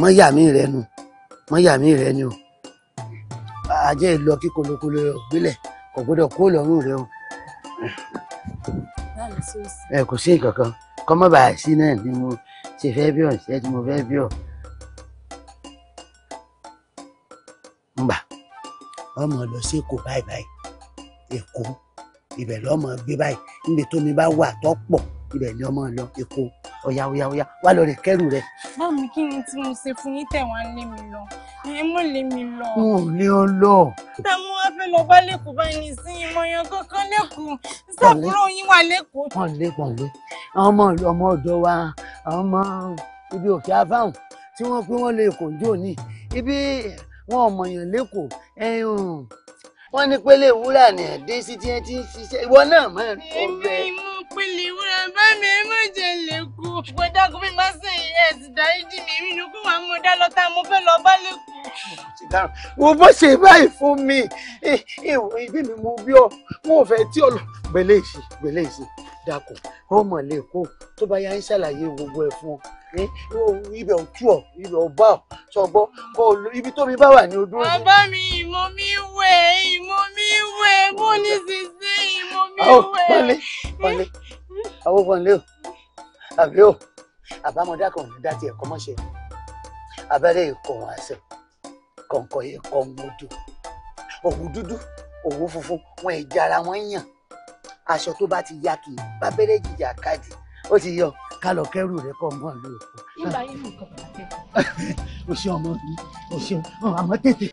mọ́yà mi rẹ nu mọ́yà mi rẹ ni o ajẹ́ ìlọ kí kolokolo rẹ ògbélẹ̀ kò gbọ́dọ̀ kó lọ́rùn rẹ o. ẹ kò sí nǹkan kan kọ́ mọ́ bàá sí náà ni mo ṣe fẹ́ bí ọ̀ṣẹ́ tí mo fẹ́ bí ọ̀. ọmọ lọ sí èkó báyìí báyìí èkó ibẹ̀ lọ́mọ gbé báyìí níbi tómi bá wà tó pọ̀ ibẹ̀ ni ọmọ lọ èkó ọ̀yà ọ̀yà ọ̀yà wà lọ rè kẹ́rù rẹ̀. báwo kí ni tí mo ṣe fún yín tẹ̀ lé mi lọ ẹ mọ̀ lé mi lọ. n ò lé ọ lọ. tá a wá fẹ́ lọ bá lẹ́kọ̀ọ́ bá ní sí ìmọ̀yàn kankan lẹ́kọ̀ọ́ sábúrò yín wà lẹ́kọ̀ọ́. pọ̀nlé pọ̀nlé ọmọ ọmọ ọ̀dọ́ wa ọmọ ibi òkè afáhùn tí wọ́n pín wọ́n lè kò jó ní ibi wọn ò mọ̀yàn lẹ́kọ̀ọ́ wọ́n ní pélé wúrà ní ẹ̀dẹ́ sí tí wọ́n ti ń ṣiṣẹ́ ìwọ náà mọ̀ ẹ̀ ọ̀rẹ́. èmi mú pélé wúrà bá mi ẹ má jẹ lẹ́kọ̀ọ́. gbọ́dọ̀ kó mi máa ṣe ẹ̀ sì dáríjì mi èmi ni kó wàá mú dá lọ́tà mo fẹ́ lọ bá lẹ́kọ̀ọ́. wo bó ṣe báyìí fún mi ìwọ ibi mi mo bí ọ mo fẹ́ tí ọ lọ gbẹlẹ ìṣe gbẹlẹ ìṣe dàkọ ọmọ lẹ́kọ̀ọ́ tó bá yá ń ṣàlàyé gbogbo ẹ fún ọ ibẹ̀ ò tú ọ̀ ibẹ̀ ò bá ọ̀ sọgbọ́ kọ́ ibi tómi bá wà ní ojú. bàbá mi ìmọ̀ mi wẹ̀ ìmọ̀ mi wẹ̀ mo ní sísè ìmọ̀ mi wẹ̀. àwọn pọ́nlé pọ́nlé àwọn pọ́nlé o àbí o àbámọ̀dá kan ní dátì ẹ̀kọ́ mọ́ṣẹ́ abẹ́rẹ́ ìkọ̀ àṣẹ kọ̀ǹkọ̀ yẹ kọ́ mọ́jọ dúdú òwú funfun wọn ìjà ara wọn yàn aṣọ tó bá ti ya kì í bábẹ́rẹ́ jìjà káàdì ó ti yọ ká kẹrù rẹ kọ mọ lóòótọ́. nígbà yìí nìkan kò *laughs* ṣe ọmọ mi ò ṣeun àmọ́ tètè.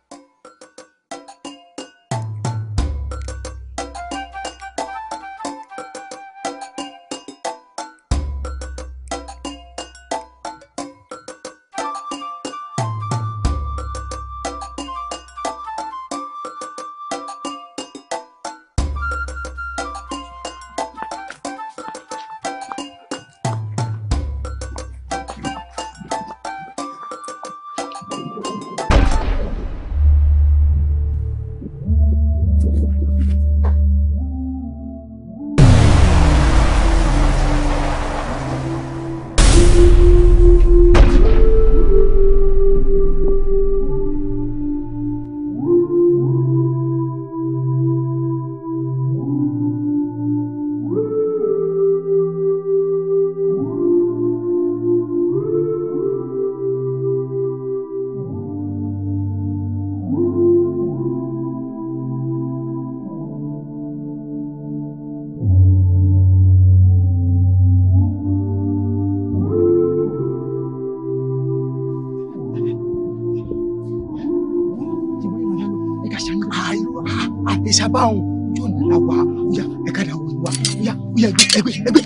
àìsàbà òun ojú ọ̀nà la wà óyá ẹ ká dàwọ̀ wà óyá óyá ẹgbẹ́ ẹgbẹ́ ẹgbẹ́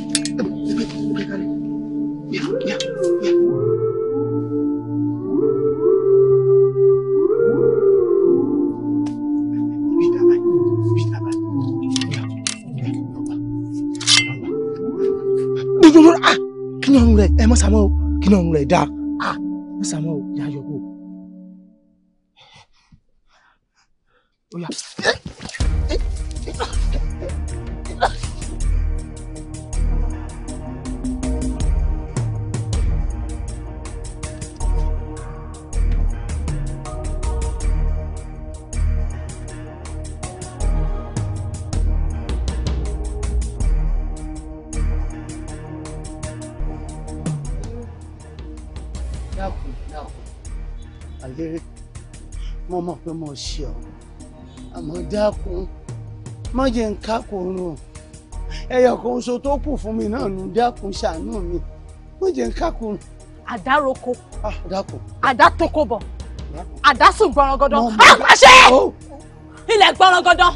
ẹgbẹ́ ẹgbẹ́ ká lè óyá óyá óyá. kí ni ọrùn rẹ ẹ mọ sàmọ kí ni ọrùn rẹ dáa ṣe ọ àmọ́ dákun má jẹ́ ń ká kòrún o ẹyọ kan ṣo tó kù fún mi náà nù dákun ṣàánú mi má jẹ́ ń ká kòrún. àdároko ah, àdátokobọ àdásùn gbọrangandan ah, àpàṣẹ oh. ilẹ̀ gbọrangandan.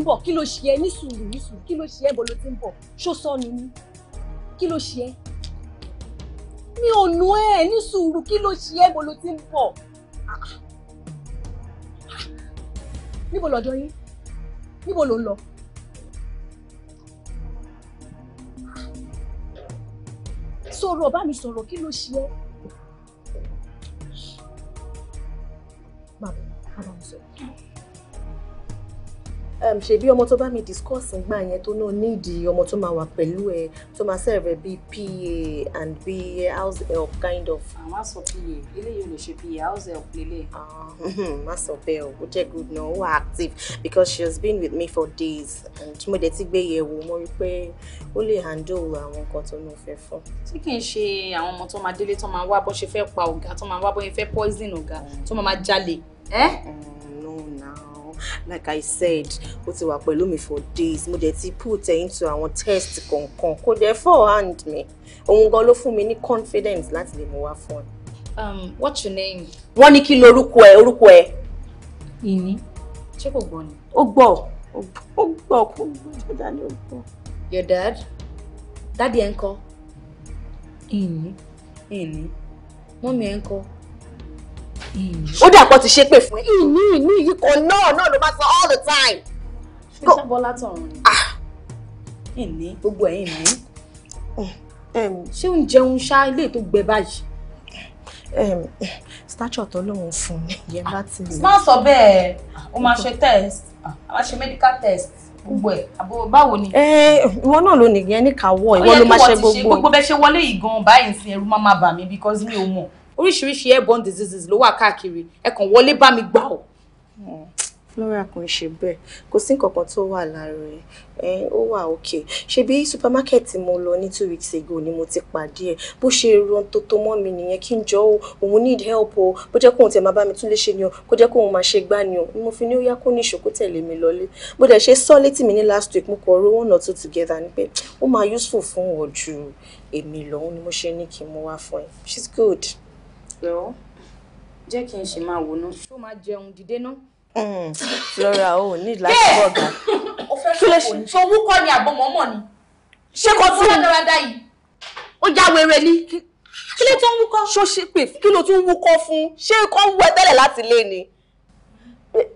ń bọ̀ kí ló ṣe ẹ ní sùúrù ní sùúrù kí ló ṣe ẹ bó ló ti ń bọ̀ ṣó sọnù ni kí ló ṣe ẹ mi ò nu ẹ ní sùúrù kí ló ṣe ẹ bó ló ti ń bọ̀ níbo lọ́jọ́ yín níbo ló ń lọ. sọ̀rọ̀ bá mi sọ̀rọ̀ kí ló ṣe ẹ́ ṣebí ọmọ tó bá mi discuss ngbà yẹn tó náà nídìí ọmọ tó máa wà pẹ̀lú ẹ tó máa serve bíi PA and bíi house help kind of. Ah, má sọ PA eléyìí ò lè ṣe PA house help lélẹ̀. Ah, *laughs* má sọ bẹ́ẹ̀ o ó jẹ́ good náà ó wà active because she has been with me for days and mo dẹ̀ ti gbé yẹ̀ wò mo rí pé ó lè handle àwọn nǹkan tó náà fẹ́ fún. tí kì í ṣe àwọn ọmọ tó máa délé tó máa wá bó ṣe fẹ́ pa ọ̀gá tó máa wá bó ṣe fẹ́ poison ọ̀gá tó máa máa jalè. Eh? Mm, no, now like i said ó ti wà pẹ̀lú mi for days mo dẹ̀ ti put ẹ̀ into àwọn test kọ̀ọ̀kan kò dẹ̀ forehand mi òun gan ló fún mi ní confidence láti lè mú wá fún ẹ. Um, what's your name. wọ́n ní kí lo orúkọ ẹ orúkọ ẹ. ìní ṣé kò gbọ́ ni. ó gbọ́ ó gbọ́ kó gbọ́ dání ó gbọ́. your dad dádì ẹ̀ ń kọ́. ìní ìní mọ́mí ẹ̀ ń kọ́ ó dàpọ̀ ti ṣépè fún ẹ ìní ìní yìí kan náà náà ló máa sọ all the time. ṣé sábọ́lá tọ̀hún ni ah. ìní gbogbo ẹ̀ ìní eh, ṣé ń jẹun ṣá ilé tó gbẹ báyìí. stature tó lóun fún mi yẹn láti lè. má sọ bẹ́ẹ̀ o ah, máa ṣe test ah, a máa ṣe medical test gbogbo ẹ àbò báwo ni. ẹ eh, ìwọ náà ló nìyẹn ní ká wọ ìwọ ló máa ṣe gbogbo ẹ. ó yẹ kí wọ́n ti ṣe gbogbo bẹ́ẹ̀ ṣe wọlé yìí gan-an báyìí sin ẹ̀rù máa ma bà mí because mi ò mọ̀ oríṣiríṣi airborne diseases ló wà káàkiri ẹ kàn wọlé bá mi gbà ọ. Hmm. Flora kò ń ṣe bẹ́ẹ̀ kò sí nǹkan kan tó wà lára ẹ̀ ó wà òkè ṣebí supermarket mo lọ ní two weeks ago ni mo ti pàdé ẹ̀ bó ṣe ran tó tó mọ́ mi nìyẹn kí n jọ o òun need help o bó jẹ́ kóun tẹ̀ máa bá mi tún lè ṣe ni o kó jẹ́ kóun máa ṣe gbá ni o mo fi ní ó yá kó ní ìṣòkò tẹ̀lé mi lọlé bó dẹ̀ ṣe sọ létí mi ní last week mo kọ̀ ro one or two together ni pé ó máa useful fún ọ ju èmi lọ òun ni mo ṣe ní kí n mú wá fún ẹ she's good. Well, jẹ́ kí n ṣì máa wò ná. Ṣó máa jẹun dìde ná? Hmm, Flora o ní láti bọ̀ ga. O fẹ́ ṣòwò ní. Ṣòwú kọ́ ni àbọ̀mọ́mọ́ ni. Ṣé kò tún lọ́dọ̀ rárá yìí? Ó já wèrè ni. Kí ló tún wúkọ́? Ṣó ṣe pè kí ló tún wúkọ́ fún? Ṣé kò ń wẹ tẹ́lẹ̀ láti lé ni?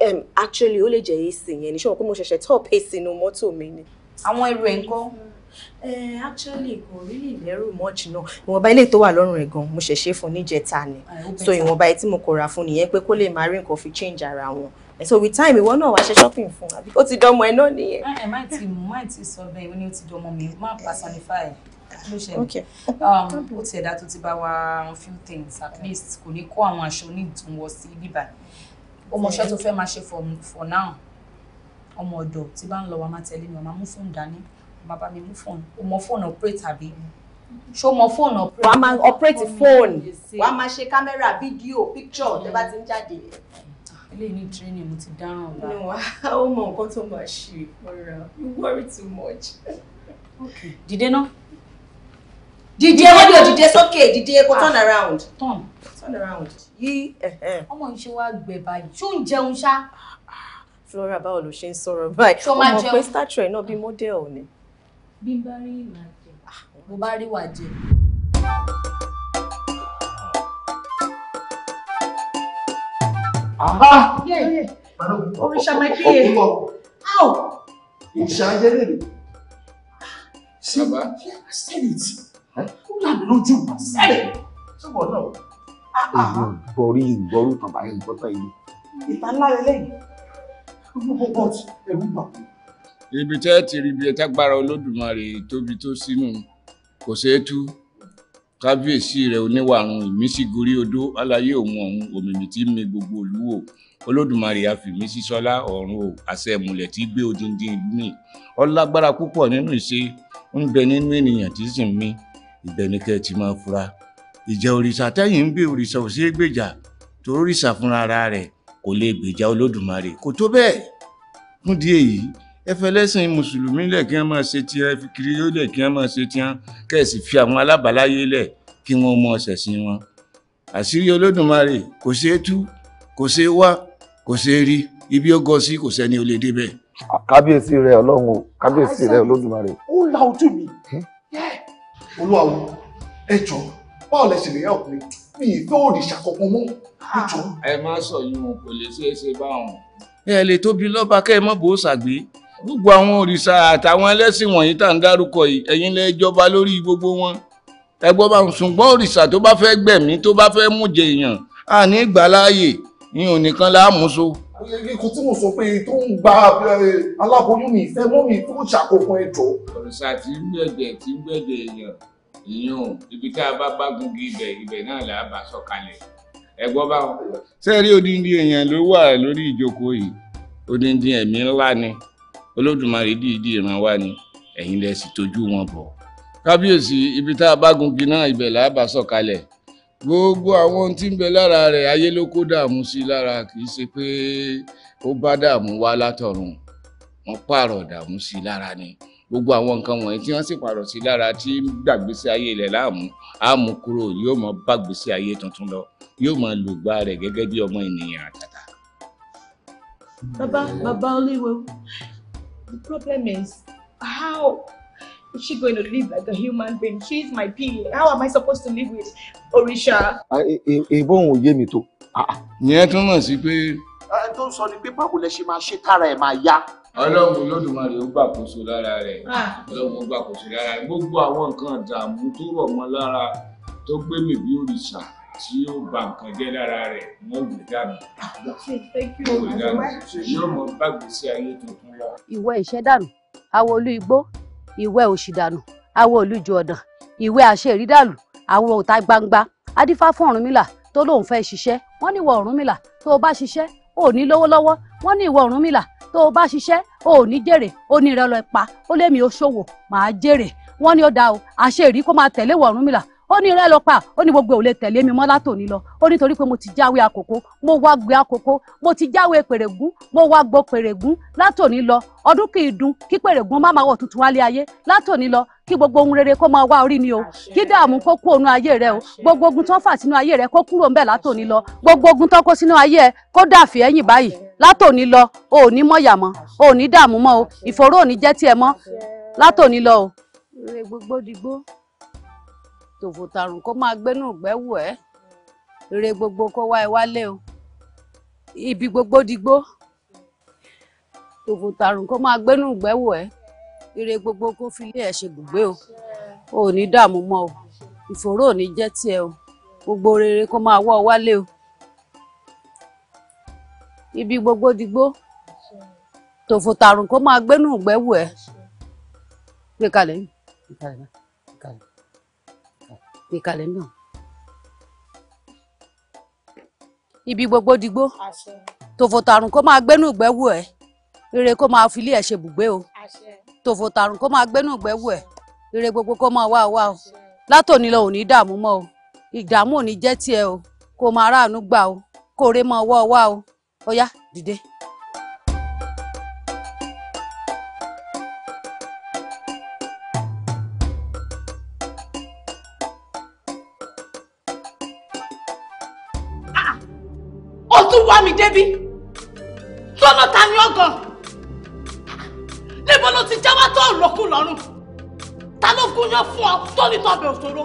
Eh, actually, ó lè jẹ́ èsì yẹn ni. Ṣé o pé mo ṣẹ̀ṣẹ̀ tọ́ pèsè inú mọ́tò mi ni? Àwọn èrò ẹ̀ ń kọ́. Eh, actually kò really lẹ́rù much náà ìwọ̀nba ilé tó wà lọ́rùn ẹ̀ gan mo ṣẹ̀ṣẹ̀ fún níjẹta ni ah, so ìwọ̀nba ẹ̀ tí mo kò ra fún nìyẹn pé kó lè máa rí nǹkan fi change ara wọn so with time ìwọ náà wá ṣe shopping fún àbí ó ti dọmọ ẹ náà nìyẹn. Ah, ẹ má ti má ti sọ bẹ́ẹ̀ ó ní ó ti dọmọ mi má personify ló ṣẹlẹ̀ um, ó ti ẹ̀dá tó ti bá wa few things at least kò ní kó àwọn aṣọ onídùnwọ̀ sí bíbá ọmọọṣẹ́ tó fẹ́ máa ṣe for now ọmọ ọ̀dọ̀ tí bá ń lọ wa máa tẹ̀lé mi ọ̀ máa mú fóònù dání Baba, mi mú phone. o mọ fóònù operate àbí ṣó mo phone operate. wàá máa operate fóònù wàá máa ṣe kámẹ́rà fídíò picture tẹ́ bá ti ń jáde. eléyìí training mo ti dáràn ọ̀la. no ó mọ nǹkan tó máa ṣe ọ̀rọ̀ you worry too much. Okay. Did they know? Did they? What did they? Okay. Did they go turn around. turn turn around. yí ọmọ yìí ṣe wá gbẹ báyìí ṣó ń jẹun ṣá. Flora báwo ló ṣe ń sọ̀rọ̀ báyìí ọmọ pé star trek náà bí mọ́dẹ́ọ̀ ni bí n bá rí ìwà jẹ. mo ah, bá rí ìwà jẹ. òrìṣà mẹ́kìyè áò. ìṣàjẹ́ lè rí. ṣé bá sẹ́ni tí kó làbí lójú mà sẹ́ni tó wọ̀ náà. èyí ah, ah. gbọ́rí ìgbọ́rú tàbí àyè ìgbọ́tà yìí. ìtàn ńlá lélẹ́yìn gbogbo bọ́ọ̀tù ẹ̀rú gbàgbọ́ ibi tẹ́ ti rí ibi tágbára olódùmarè tóbi tó sínú kò ṣeé tú kábíyèsí rẹ̀ oníwàrun ìmísígorí odó aláyé òun ọ̀hún òmìnir tí mi gbogbo ìlú wò olódùmarè àfìmísí sọlá ọ̀run o àṣẹ ìmùlẹ̀ tí gbé odindin ìlú mi ọlágbára púpọ̀ nínú ìṣe ń bẹ nínú ènìyàn tí sì ń mí ìbẹnikẹ́ ti máa fura ìjẹ́ òrìṣà tẹ́yìn ń gbé òrìṣà ò ṣeé gbèjà torí òrìṣà fúnra rẹ̀ kò lè gbèjà olódùmarè kò tó bẹ́ẹ̀ fúndìí èyí ẹfẹlẹ́sìn mùsùlùmí lẹ̀ kí wọ́n máa ṣe tiẹ̀ kiri yóò lẹ̀ kí wọ́n máa ṣe tiẹ̀ kẹ̀sì fi àwọn alábàáláyé lẹ̀ kí wọ́n mọ ṣẹ̀sìn wọn àṣírí olódùmarè kò ṣeé tú kò ṣeé wá kò ṣeé rí ibi ó gọ sí kò sẹ́ni ó lè débẹ̀. kábíyèsí rẹ ọlọ́run o kábíyèsí rẹ olódùmarè. ó la ojú mi olúwa o ẹ jọ báwo lẹ ṣe lè help me mi ìfẹ́ òrìṣà kankan mọ́ ẹ jọ. ẹ má sọ yìí wọn kò lè ṣeé ṣe báwọn. ẹ lè tóbi lọ́ba kẹ́ ẹ mọ́ bò ó ṣàgbé gbogbo àwọn òrìṣà àtàwọn ẹlẹ́sìn wọ̀nyí tá à ń dárúkọ yìí ẹ̀yin lẹ jọba lórí gbogbo wọn ẹgbọ́n bá ṣùgbọ́n òrìṣà tó bá fẹ́ gbẹ̀mí tó bá fẹ́ mújẹ èèyàn à ní ìgbà láàyè ní ònìkan láàmúso. ikú tí mo sọ pé tó ń gba aláboyún mi ìfẹ́ mọ́ mi tó ń ṣàkókun ẹ̀jọ́. òrìṣà tí ń gbẹ̀jẹ̀ tí ń gbẹ̀jẹ̀ èèyàn èèyàn ibi tá a bá bá gungi ibẹ̀ ibẹ̀ náà là á bá sọ̀kalẹ̀ ẹgbọ́n bá wọn. sẹ́ẹ̀rí odindi èèyàn ló wà lórí ìjókòó yìí odindi ẹ̀mí ńlá olódùmarè dìídì ràn wá ni ẹ̀yin lẹ sì tójú wọn bọ̀. kábíyèsí ibi tá a bá gungi náà ibẹ̀ là á bá sọ̀kalẹ̀ gbogbo àwọn ohun tí ń bẹ lára rẹ̀ ayé ló kó dààmú sí i lára kì í ṣe pé ó bá dààmú wá látọ̀run wọ́n pààrọ̀ dààmú sí i lára ni gbogbo àwọn nǹkan wọ̀nyí tí wọ́n sì pààrọ̀ sí i lára tí gbàgbésí ayé rẹ̀ láàmú àmú kúrò yóò mọ bágbésí ayé tuntun lọ yóò mọ lùgbà rẹ̀ gẹ́gẹ́ bí ọmọ ènìyàn àtàtà. bàbá bàbá olúwo The problem is, how is she going to live like a human being? She's my PA. How am I supposed to live with Orisha? I ah, e, e, Ìbọn ò yé mi tó. Ah, ah. Ìyẹn tún mọ̀ sí pé. Ẹ tó ń sọ ni my báwo lẹ ṣe máa ṣe tára ẹ̀ máa yá. Ọlọ́run Olódùmarè ó gbàkóso lára rẹ̀. Ọlọ́run ó gbàkóso lára rẹ̀. Gbogbo àwọn nǹkan ìdààmú tó rọ̀ mọ́ lára tó gbé mi bí òrìṣà tí yóò ba nǹkan jẹ́ lára rẹ̀ wọ́n wù dànù. wọ́n ah, wù dànù yóò mọ bágbèsè ayé tuntun lọ. ìwé ìṣẹ́ dànù awo olú igbó ìwé òṣì dànù awo olújù ọ̀dàn ìwé àṣẹ dànù awo òta gbangba adífá fún Ọ̀rúnmìlà tó lóun fẹ́ ṣiṣẹ́ wọ́n ní ìwọ Ọ̀rúnmìlà tó o bá ṣiṣẹ́ ò ní lówó lọ́wọ́ wọ́n ní ìwọ Ọ̀rúnmìlà tó o bá ṣiṣẹ́ ò ní jèrè ó ní rẹ lọ pa ó lémi ó ṣòwò màá jèrè wọ́n ní ó dáa o àṣẹ èrí kó máa tẹ̀lé ìwọ Ọ̀rúnmìlà ó ní irẹ́ ló pa ó ní gbogbo ò lè tẹ̀lé mi mọ́ látòní lọ ó ní torí pé mo ti jáwé àkókò mo wá gbé àkókò mo ti jáwé pèrègún mo wá gbọ́ pèrègún látòní lọ ọdún kì í dùn kí pèrègún má máa wọ̀ tuntun wálé ayé látòní lọ kí gbogbo ohun rere kó máa wá orí ni o kí dààmú kó kú òun ayé rẹ o gbogbo ogun tó fà sínú ayé rẹ kó kúrò ńbẹ látòní lọ gbogbo ogun tó kó sínú ayé ẹ kó dàfí ẹ̀yìn báyìí látòní lọ o ò ní mọ̀yà mọ́ o ò ní dààmú mọ́ o ìfòró ò ní jẹ́ tiẹ̀ mọ́ látòní lọ o. gbogbo dìgbò tòfò tàrùn kó máa gbénú ìgbẹ́ wù ẹ́ ire gbogbo kó wá ẹ o ibi gbogbo digbó tòfò tàrùn kó máa gbénú ìgbẹ́ wù ẹ́ ire gbogbo kó fi ilé ẹ ṣe gbùgbé o ò ní dààmú mọ́ o ìfòró ò ní jẹ́ tiẹ̀ o gbogbo rere kó máa wọ́ ọ wálé o ibi gbogbo digbó tòfò tàrùn kó máa gbénú ìgbẹ́ wù ẹ́ gbé kalẹ̀ yìí gbé kalẹ̀ náà gbé gbé kalẹ̀ náà. ibi gbogbo digbó tòfò tàrùn kó máa gbénú ìgbẹ́wò ẹ̀ ire kó máa fi ilé ẹ̀ ṣe bùgbé o tòfò tàrùn kó máa gbénú ìgbẹ́wò ẹ̀ ire gbogbo kó máa wá wá o látòní lọ ò ní dààmú mọ́ o ìdààmú ò ní jẹ́ tiẹ̀ o kó máa ráàánú gbà o kó rè máa wá wá o ó dìde. débi lọ́nà ta ni ọ̀gàn níbo ló ti jáwá tó lọ́kùn lọ́rùn ta ló gún fún ọ tó ní tọ́bẹ̀ òṣòro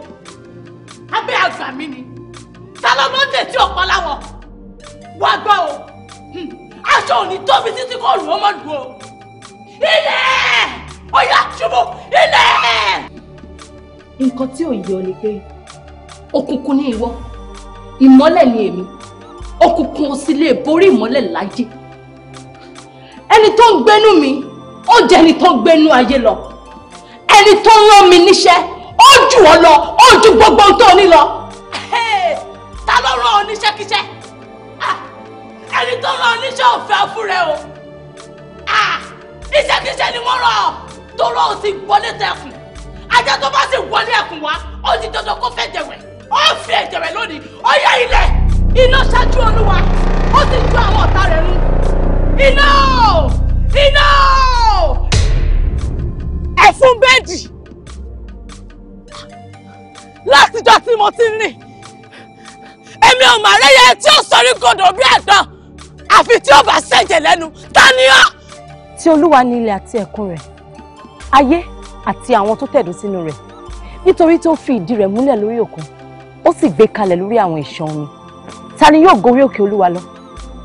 abẹ́ àgbà mi ni ta ló ló dé ọ̀pọ̀ láwọ̀ wá gbọ́ o hmm. aṣọ òní tóbi títí kò lù ó mọ̀ lù ó ilẹ̀ ọ̀yà ṣubú ilẹ̀. nǹkan tí ò yọ ni pé òkùnkùn ni ìwọ ìmọ́lẹ̀ ni èmi. E òkùnkùn ò sì lè borí ìmọ́lẹ̀ láyé ẹni tó ń gbénú mi ó jẹ́ ẹni tó ń gbénú ayé lọ ẹni tó ń rán mi níṣẹ́ ó jù ọ́ lọ ó ju gbogbo ohun tó ní lọ ta ló rán ọ níṣẹ́kíṣẹ́ ah, ẹni tó rán ọ níṣẹ́ òfin afúrẹ́ o iṣẹ́kíṣẹ́ ah, ni mo rán ọ tó rán ọ sí wọlé tẹkùn ajá tó bá sì wọlé ẹkùn wá ó ti dandan kó fẹ́ jẹ̀wẹ̀ ó fi ẹ̀jẹ̀wẹ̀ lónìí ó yẹ ilẹ̀ iná ṣáájú olúwa ó sì ju àwọn ọ̀tá rẹ̀ run iná iná ẹ̀fún bẹ́ẹ̀dì látijọ́ tí mo ti ń rìn èmi ò mà rẹ́yẹ tí ó sọrí kodò bí àdán àfi tí ó bá ṣẹ̀jẹ̀ lẹ́nu ta ni ọ́. tí olúwa ni ilẹ̀ àti ẹ̀kún rẹ̀ ayé àti àwọn tó tẹ̀dó sínú rẹ̀ nítorí tó fi ìdí rẹ̀ múlẹ̀ lórí òkun ó sì gbé kalẹ̀ lórí àwọn ìṣàn omi ta ni yóò gorí òkè olúwa lọ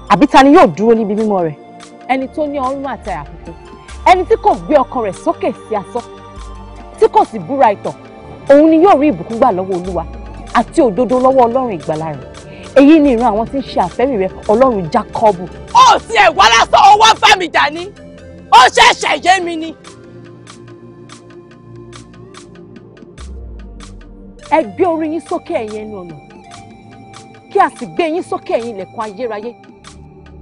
àbí ta ni yóò dúró níbi mímọ́ rẹ̀ ẹni tó ní ọrùn àti àkókò ẹni tí kò gbé ọkàn rẹ̀ sókè sí asán tí kò sì búra ìtàn òun ni yóò rí ìbùkún gbà lọ́wọ́ olúwa àti òdodo lọ́wọ́ ọlọ́run ìgbàlà rẹ̀ èyí ni ìran àwọn tí ń ṣe àfẹ́rí rẹ̀ ọlọ́run jákọ́bù. ó ti ẹ̀ wá lásán ọwọ́ bá mi ó ṣẹ̀ṣẹ̀ yé mi ni. ẹ gbé orí yín sókè ẹ̀yin ẹnu ọ̀nà kí a sì gbé yín sókè ẹ̀yin ilẹ̀kùn ayérayé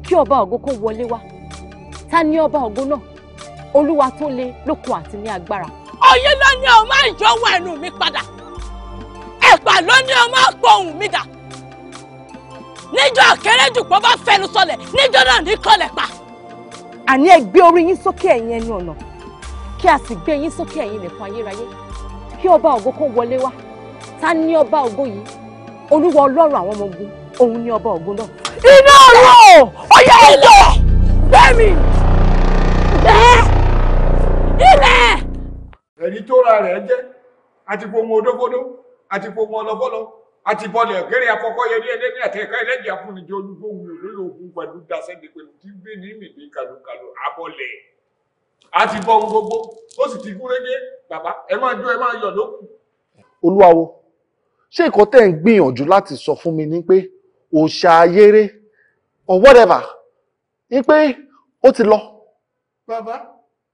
kí ọba ògo kó wọlé wá ta ni ọba ògo náà olúwa tó le lókun àti ní agbára. òye ló ní ọmọ ìjọwọ ẹnu mi padà ẹ̀pà ló ní ọmọ pohùn mi dà níjọ́ kẹrẹ́dùpọ̀ bá fẹnu sọlẹ̀ níjọ́ náà ní kọlẹ̀ pa. àní ẹ gbé orí yín sókè ẹ̀yin ẹnu ọ̀nà kí a sì gbé yín sókè ẹ̀yin ilẹ̀kùn ayérayé kí ọba ògo kó wọlé wá ta ni ọba ògo yìí olúwa ọlọ́run àwọn ọmọ ogun òun ni ọba ogun náà. iná ọ̀rọ̀ ọ̀yà ilẹ̀ bẹ́ẹ̀mi bẹ́ẹ̀ ilẹ̀. ẹni tó ra rẹ̀ jẹ́ àti pòmò odógodó àti pòmò ọlọ́fọ́lọ́ àti bọ́ọ̀lù ẹ̀kẹ́rẹ́ àkọ́kọ́ yẹn ní ẹlẹ́ni àtẹ̀kọ́ ẹlẹ́ni àfúnijọ́ olúgbòhùn olólo ogun pẹ̀lú dasẹ́ni pẹ̀lú tí gbé ní mìíràn kàlùkàlù abọ́lẹ̀ àti bọ́ọ̀hún gbogbo ó sì ti kú régé bàbá ẹ máa jó ẹ máa yọ̀ lókun. olúwa wo ṣé nǹkan tẹ́ ń gbìyànjú láti sọ fún mi ni pé òòṣà ayéré or whatever ni pé ó ti lọ. bàbá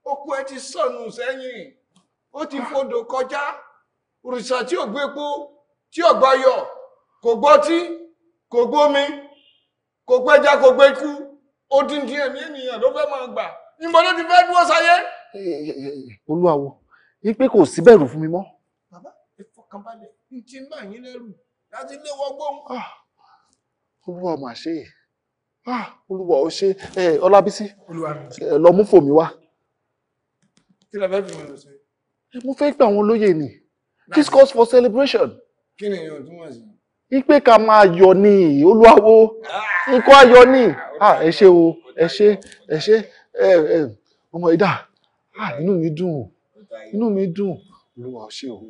okú ẹ ti sọnù sẹ́yìn ó ti fodò kọjá òrìṣà tí ò gbépo tí ò gbayọ̀ kò gbọ́tí kò gbómi kò gbẹ́já kò gbẹ́kú odindi ẹ̀mí ènìyàn ló fẹ́ máa gbà níbo ló ti fẹ́ dúró sáyé. olúwa wo ni pé kò sí bẹ̀rù fún mi mọ́. bàbá ẹ n ti bà yín lẹ́rù láti lé wọgbọ́n. Ah, olúwa mà ṣe é ah, olúwa ó ṣe é ọlábísí lọ mú fòmí wá. kí ló fẹ́ fi wọn lọ mo fẹ́ pé àwọn olóyè ni this calls for celebration. kí ni èèyàn túmọ̀ sí. ipe ká máa yọ̀ ni olúwawo ah! ikú ayọ̀ ni ẹ ṣé o ẹ ṣé ẹ ṣé ọmọ ìdá inú mi dùn inú mi dùn olúwa ó ṣe o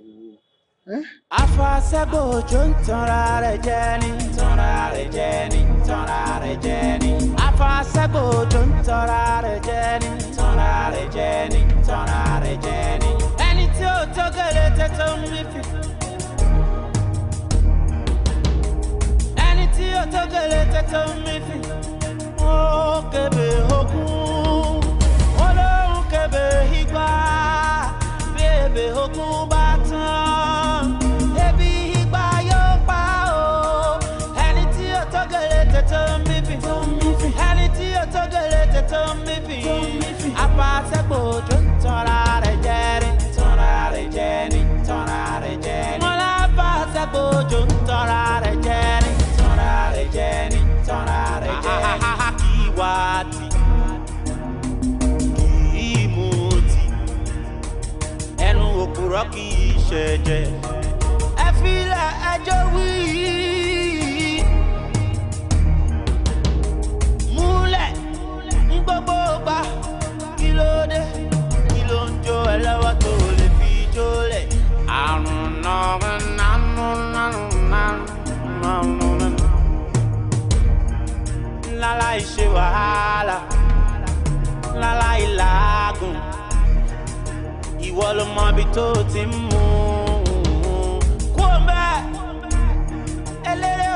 afasẹ́gbò òjò ń tanra rẹ̀ jẹ ni. tanra rẹ̀ jẹ ni. tanra rẹ̀ jẹ ni. afasẹ́gbò òjò ń tanra rẹ̀ jẹ ni. tanra rẹ̀ jẹ ni. tanra rẹ̀ jẹ ni. ẹni tí ó tó gèlè tètè ń rí fi. ẹni tí ó tó gèlè tètè ń rí fi. ó kébè ogún olóhùn kébè igba bébè ogún bá. pátì kì í mu tì ẹnu òpùrọ́ kì í ṣẹ̀jẹ̀ ẹ filẹ̀ ẹjọ́ wí. múlẹ̀ ní gbogbo gbà kí ló dé kí ló ń jó ẹ lọ́wọ́ tó lè fi jólẹ̀. àrùn náà nánú nánú nánú nánú ńlá láì ṣe wàhálà ńlá láì làágùn ìwọ ló mọ ibi tó ti mú un kú òun bẹ́ẹ̀ eléré.